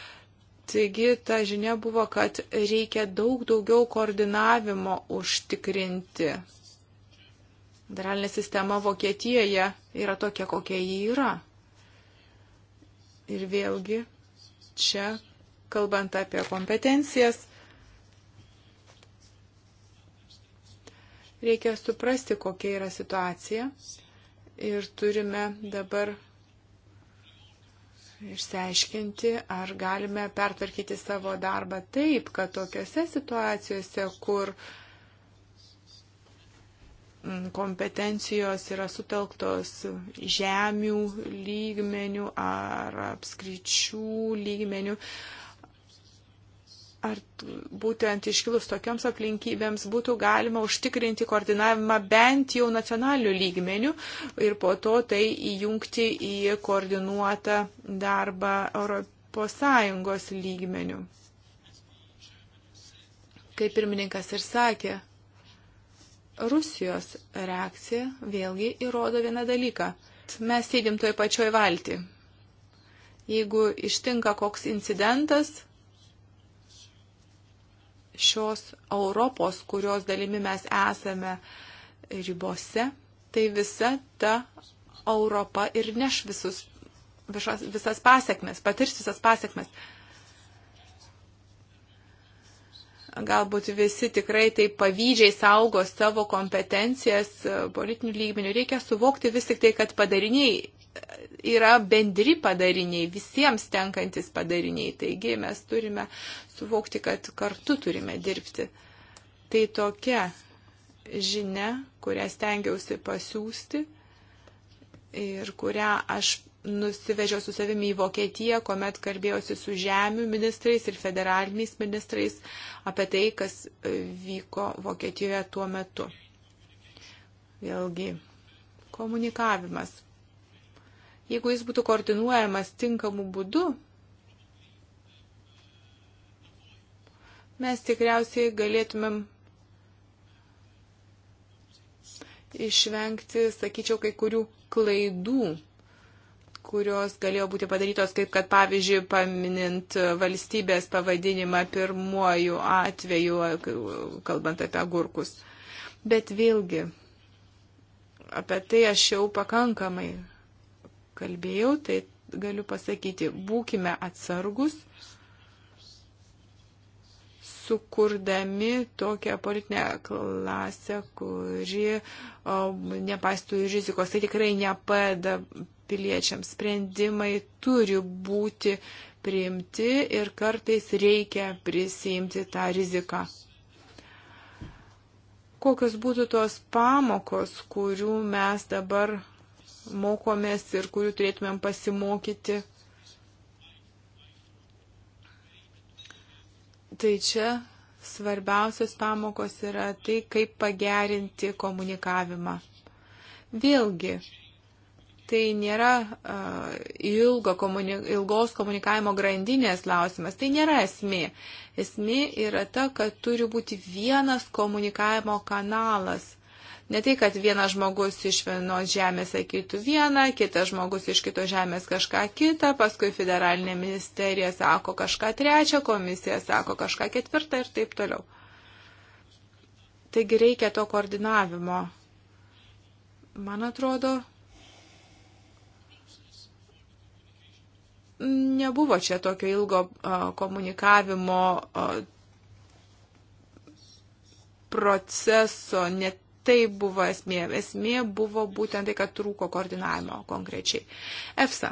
Taigi ta žinia buvo, kad reikia daug daugiau koordinavimo užtikrinti. Federalinė sistema Vokietijoje yra tokia, kokia ji yra. Ir vėlgi, čia, kalbant apie kompetencijas, reikia suprasti, kokia yra situacija. Ir turime dabar išsiaiškinti, ar galime pertvarkyti savo darbą taip, kad tokiuose situacijose, kur mm, kompetencijos yra sutelktos žemių lygmenių ar apskričių lygmenių, ar būtent iškilus tokiams aplinkybėms būtų galima užtikrinti koordinavimą bent jau nacionaliniu lygmeniu ir po to tai įjungti į koordinuotą darbą ES lygmeniu. Kaip pirmininkas ir sakė, Rusijos reakcija vėlgi įrodo vieną dalyką. Mes sėdim toj pačioj valti. Jeigu ištinka koks incidentas, šios Europos, kurios dalimi mes esame ribose, tai visa ta Europa ir neš visus, visas, visas pasiekmes, patirs visas pasiekmes. galbūt visi tikrai taip pavydžiai saugo savo kompetencijas e, politinių lygmenių. Reikia suvokti vis tik tai, kad padariniai e, yra bendri padariniai, visiems tenkantis padariniai. Taigi mes turime suvokti, kad kartu turime dirbti. Tai tokia žinia, kurią stengiausi pasiūsti ir kurią aš nusivežiau su savimi į Vokietiją, kuomet kalbėjausi su žemių ministrais ir federaliniais ministrais apie tai, kas e, vyko Vokietijoje tuo metu. Vėlgi, komunikavimas. Jeigu jis būtų koordinuojamas tinkamu būdu, mes tikriausiai galėtumėm išvengti, sakyčiau, kai kurių klaidų kurios galėjo būti padarytos, kaip kad pavyzdžiui, paminint valstybės pavadinimą pirmuoju atveju, kalbant apie agurkus. Bet vėlgi, apie tai aš jau pakankamai kalbėjau, tai galiu pasakyti, būkime atsargus, sukurdami tokią politinę klasę, kuri o, nepaistų rizikos. Tai tikrai nepada piliečiams. Sprendimai turi būti priimti ir kartais reikia prisimti tą riziką. Kokios būtų tos pamokos, kurių mes dabar mokomės ir kurių turėtumėm pasimokyti? Tai čia svarbiausios pamokos yra tai, kaip pagerinti komunikavimą. Vėlgi, tai nėra uh, ilgo komuni ilgos komunikavimo grandinės klausimas, tai nėra esmė. Esmė yra ta, kad turi būti vienas komunikavimo kanalas. Ne tai, kad vienas žmogus iš vienos žemės sakytų vieną, kitas žmogus iš kitos žemės kažką kitą, paskui federalinė ministerija sako kažką trečią, komisija sako kažką ketvirtą ir taip toliau. Taigi reikia to koordinavimo. Man atrodo, nebuvo čia tokio ilgo komunikavimo proceso, net tai buvo esmė. Esmė buvo būtent tai, kad trūko koordinavimo konkrečiai. EFSA.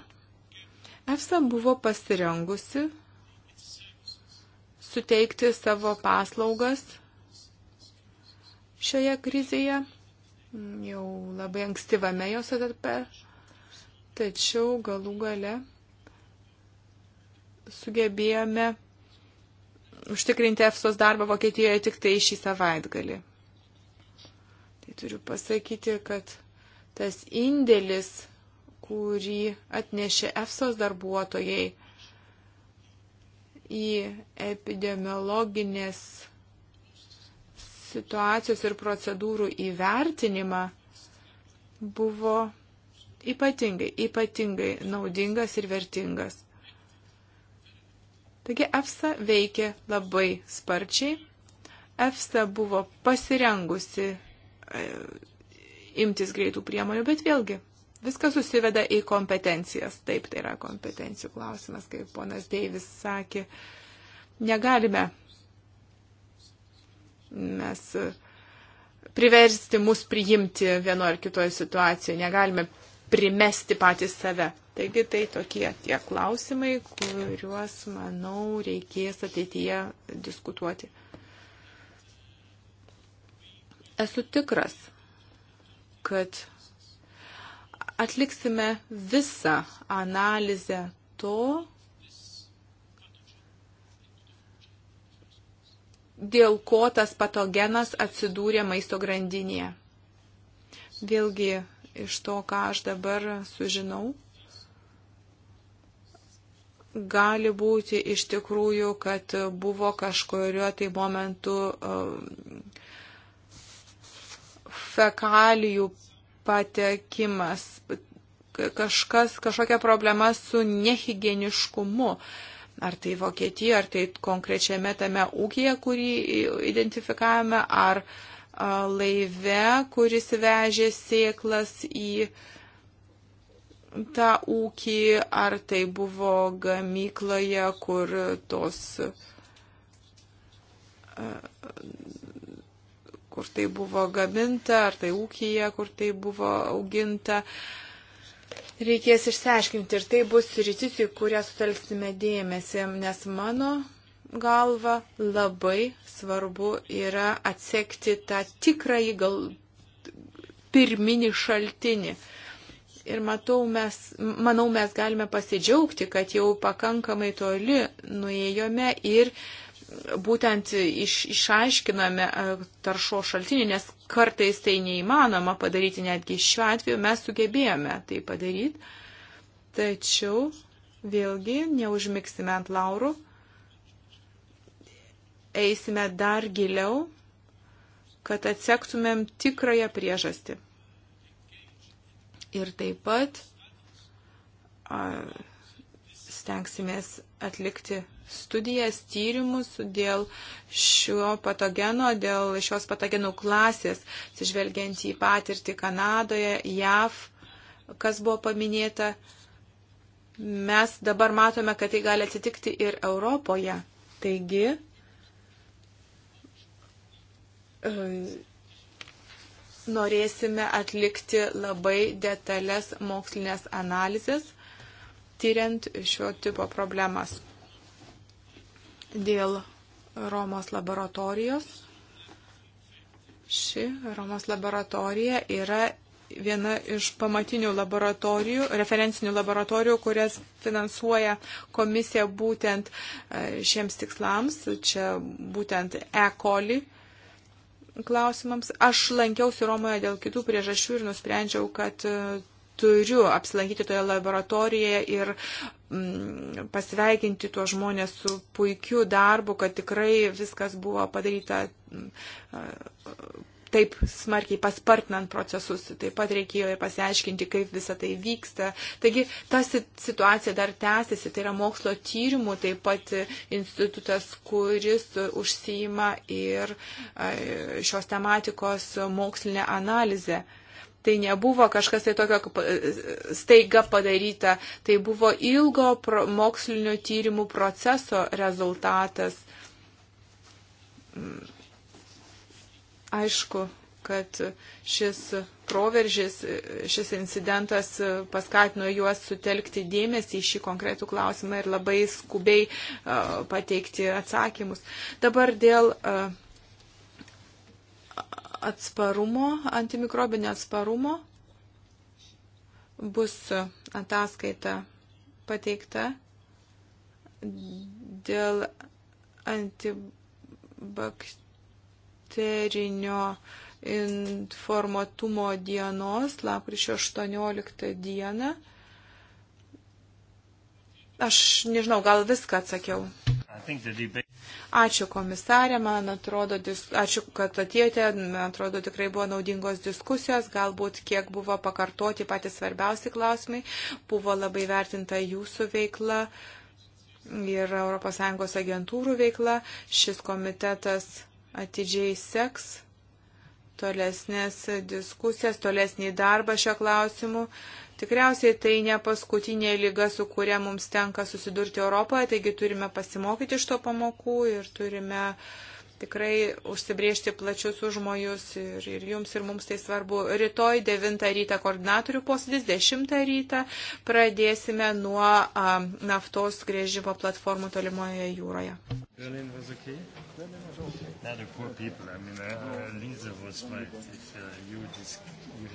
EFSA buvo pasirengusi suteikti savo paslaugas šioje krizėje, jau labai ankstyvame jos etape, tačiau galų gale sugebėjome užtikrinti EFSOS darbą Vokietijoje tik tai šį savaitgalį. Tai turiu pasakyti, kad tas indėlis, kurį atnešė EFSOS darbuotojai į epidemiologinės situacijos ir procedūrų įvertinimą, buvo ypatingai, ypatingai naudingas ir vertingas. Taigi EFSA veikė labai sparčiai. EFSA buvo pasirengusi e, imtis greitų priemonių, bet vėlgi viskas susiveda į kompetencijas. Taip, tai yra kompetencijų klausimas, kaip ponas Deivis sakė. Negalime mes priversti mus priimti vienoje ar kitoje situacijoje, negalime primesti patys save. Taigi tai tokie tie klausimai, kuriuos, manau, reikės ateityje diskutuoti. Esu tikras, kad atliksime visą analizę to, dėl ko tas patogenas atsidūrė maisto grandinėje. Vėlgi iš to, ką aš dabar sužinau, gali būti iš tikrųjų, kad buvo kažkurio tai momentu um, fekalijų patekimas, kažkas, kažkokia problema su nehigieniškumu. Ar tai Vokietija, ar tai konkrečiame tame ūkija, kurį identifikavome, ar uh, laive, kuris vežė sėklas į tą ūkį, ar tai buvo gamykloje, kur tos kur tai buvo gaminta, ar tai ūkija, kur tai buvo auginta. Reikės išsiaiškinti ir tai bus rytis, į kurią sutelksime dėmesį, nes mano galva labai svarbu yra atsekti tą tikrąjį gal pirminį šaltinį. Ir matau, mes, manau, mes galime pasidžiaugti, kad jau pakankamai toli nuėjome ir būtent iš, išaiškiname taršo šaltinį, nes kartais tai neįmanoma padaryti, netgi šiuo atveju mes sugebėjome tai padaryti. Tačiau vėlgi neužmiksime ant laurų eisime dar giliau, kad atsektumėm tikrąją priežastį. Ir taip pat a, stengsimės atlikti studijas, tyrimus dėl šio patogeno, dėl šios patogenų klasės, atsižvelgiant į patirtį Kanadoje, JAV, kas buvo paminėta. Mes dabar matome, kad tai gali atsitikti ir Europoje. Taigi, norėsime atlikti labai detalės mokslinės analizės, tyriant šio tipo problemas. Dėl Romos laboratorijos. Ši Romos laboratorija yra viena iš pamatinių laboratorijų, referencinių laboratorijų, kurias finansuoja komisija būtent e, šiems tikslams. Čia būtent E. coli klausimams. Aš lankiausi Romoje dėl kitų priežasčių ir nusprendžiau, kad e, turiu apsilankyti toje laboratorijoje ir mm, pasveikinti tuos žmonės su puikiu darbu, kad tikrai viskas buvo padaryta mm, taip smarkiai paspartinant procesus. Taip pat reikėjo ir pasiaiškinti, kaip visa tai vyksta. Taigi ta situacija dar tęsiasi. Tai yra mokslo tyrimų taip pat institutas, kuris užsijima ir šios tematikos mokslinę analizę. Tai nebuvo kažkas tai tokio e, staiga padaryta, tai buvo ilgo pro, mokslinio tyrimų proceso rezultatas mm. Aišku, kad šis proveržis, šis incidentas paskatino juos sutelkti dėmesį į šį konkretų klausimą ir labai skubiai pateikti atsakymus. Dabar dėl atsparumo, antimikrobinio atsparumo bus ataskaita pateikta dėl antibakterijų kompiuterinio informatumo dienos, lapkričio 18 dieną. Aš nežinau, gal viską atsakiau. Ačiū komisarė, man atrodo, ačiū, kad atėjote, man atrodo, tikrai buvo naudingos diskusijos, galbūt kiek buvo pakartoti patys svarbiausi klausimai, buvo labai vertinta jūsų veikla ir ES agentūrų veikla. Šis komitetas atidžiai seks tolesnės diskusijas, tolesnį darbą šio klausimu. Tikriausiai tai ne paskutinė lyga, su kuria mums tenka susidurti Europoje, taigi turime pasimokyti iš to pamokų ir turime uh, tikrai užsibriežti plačius užmojus ir, ir jums ir mums tai svarbu. Rytoj 9 ryta koordinatorių posėdis, 10 ryta pradėsime nuo a, naftos grėžimo platformų tolimoje jūroje. Berlin was okay. Berlin was okay. Now the poor people. I mean, uh, uh Lisa was my. If, uh, you just, you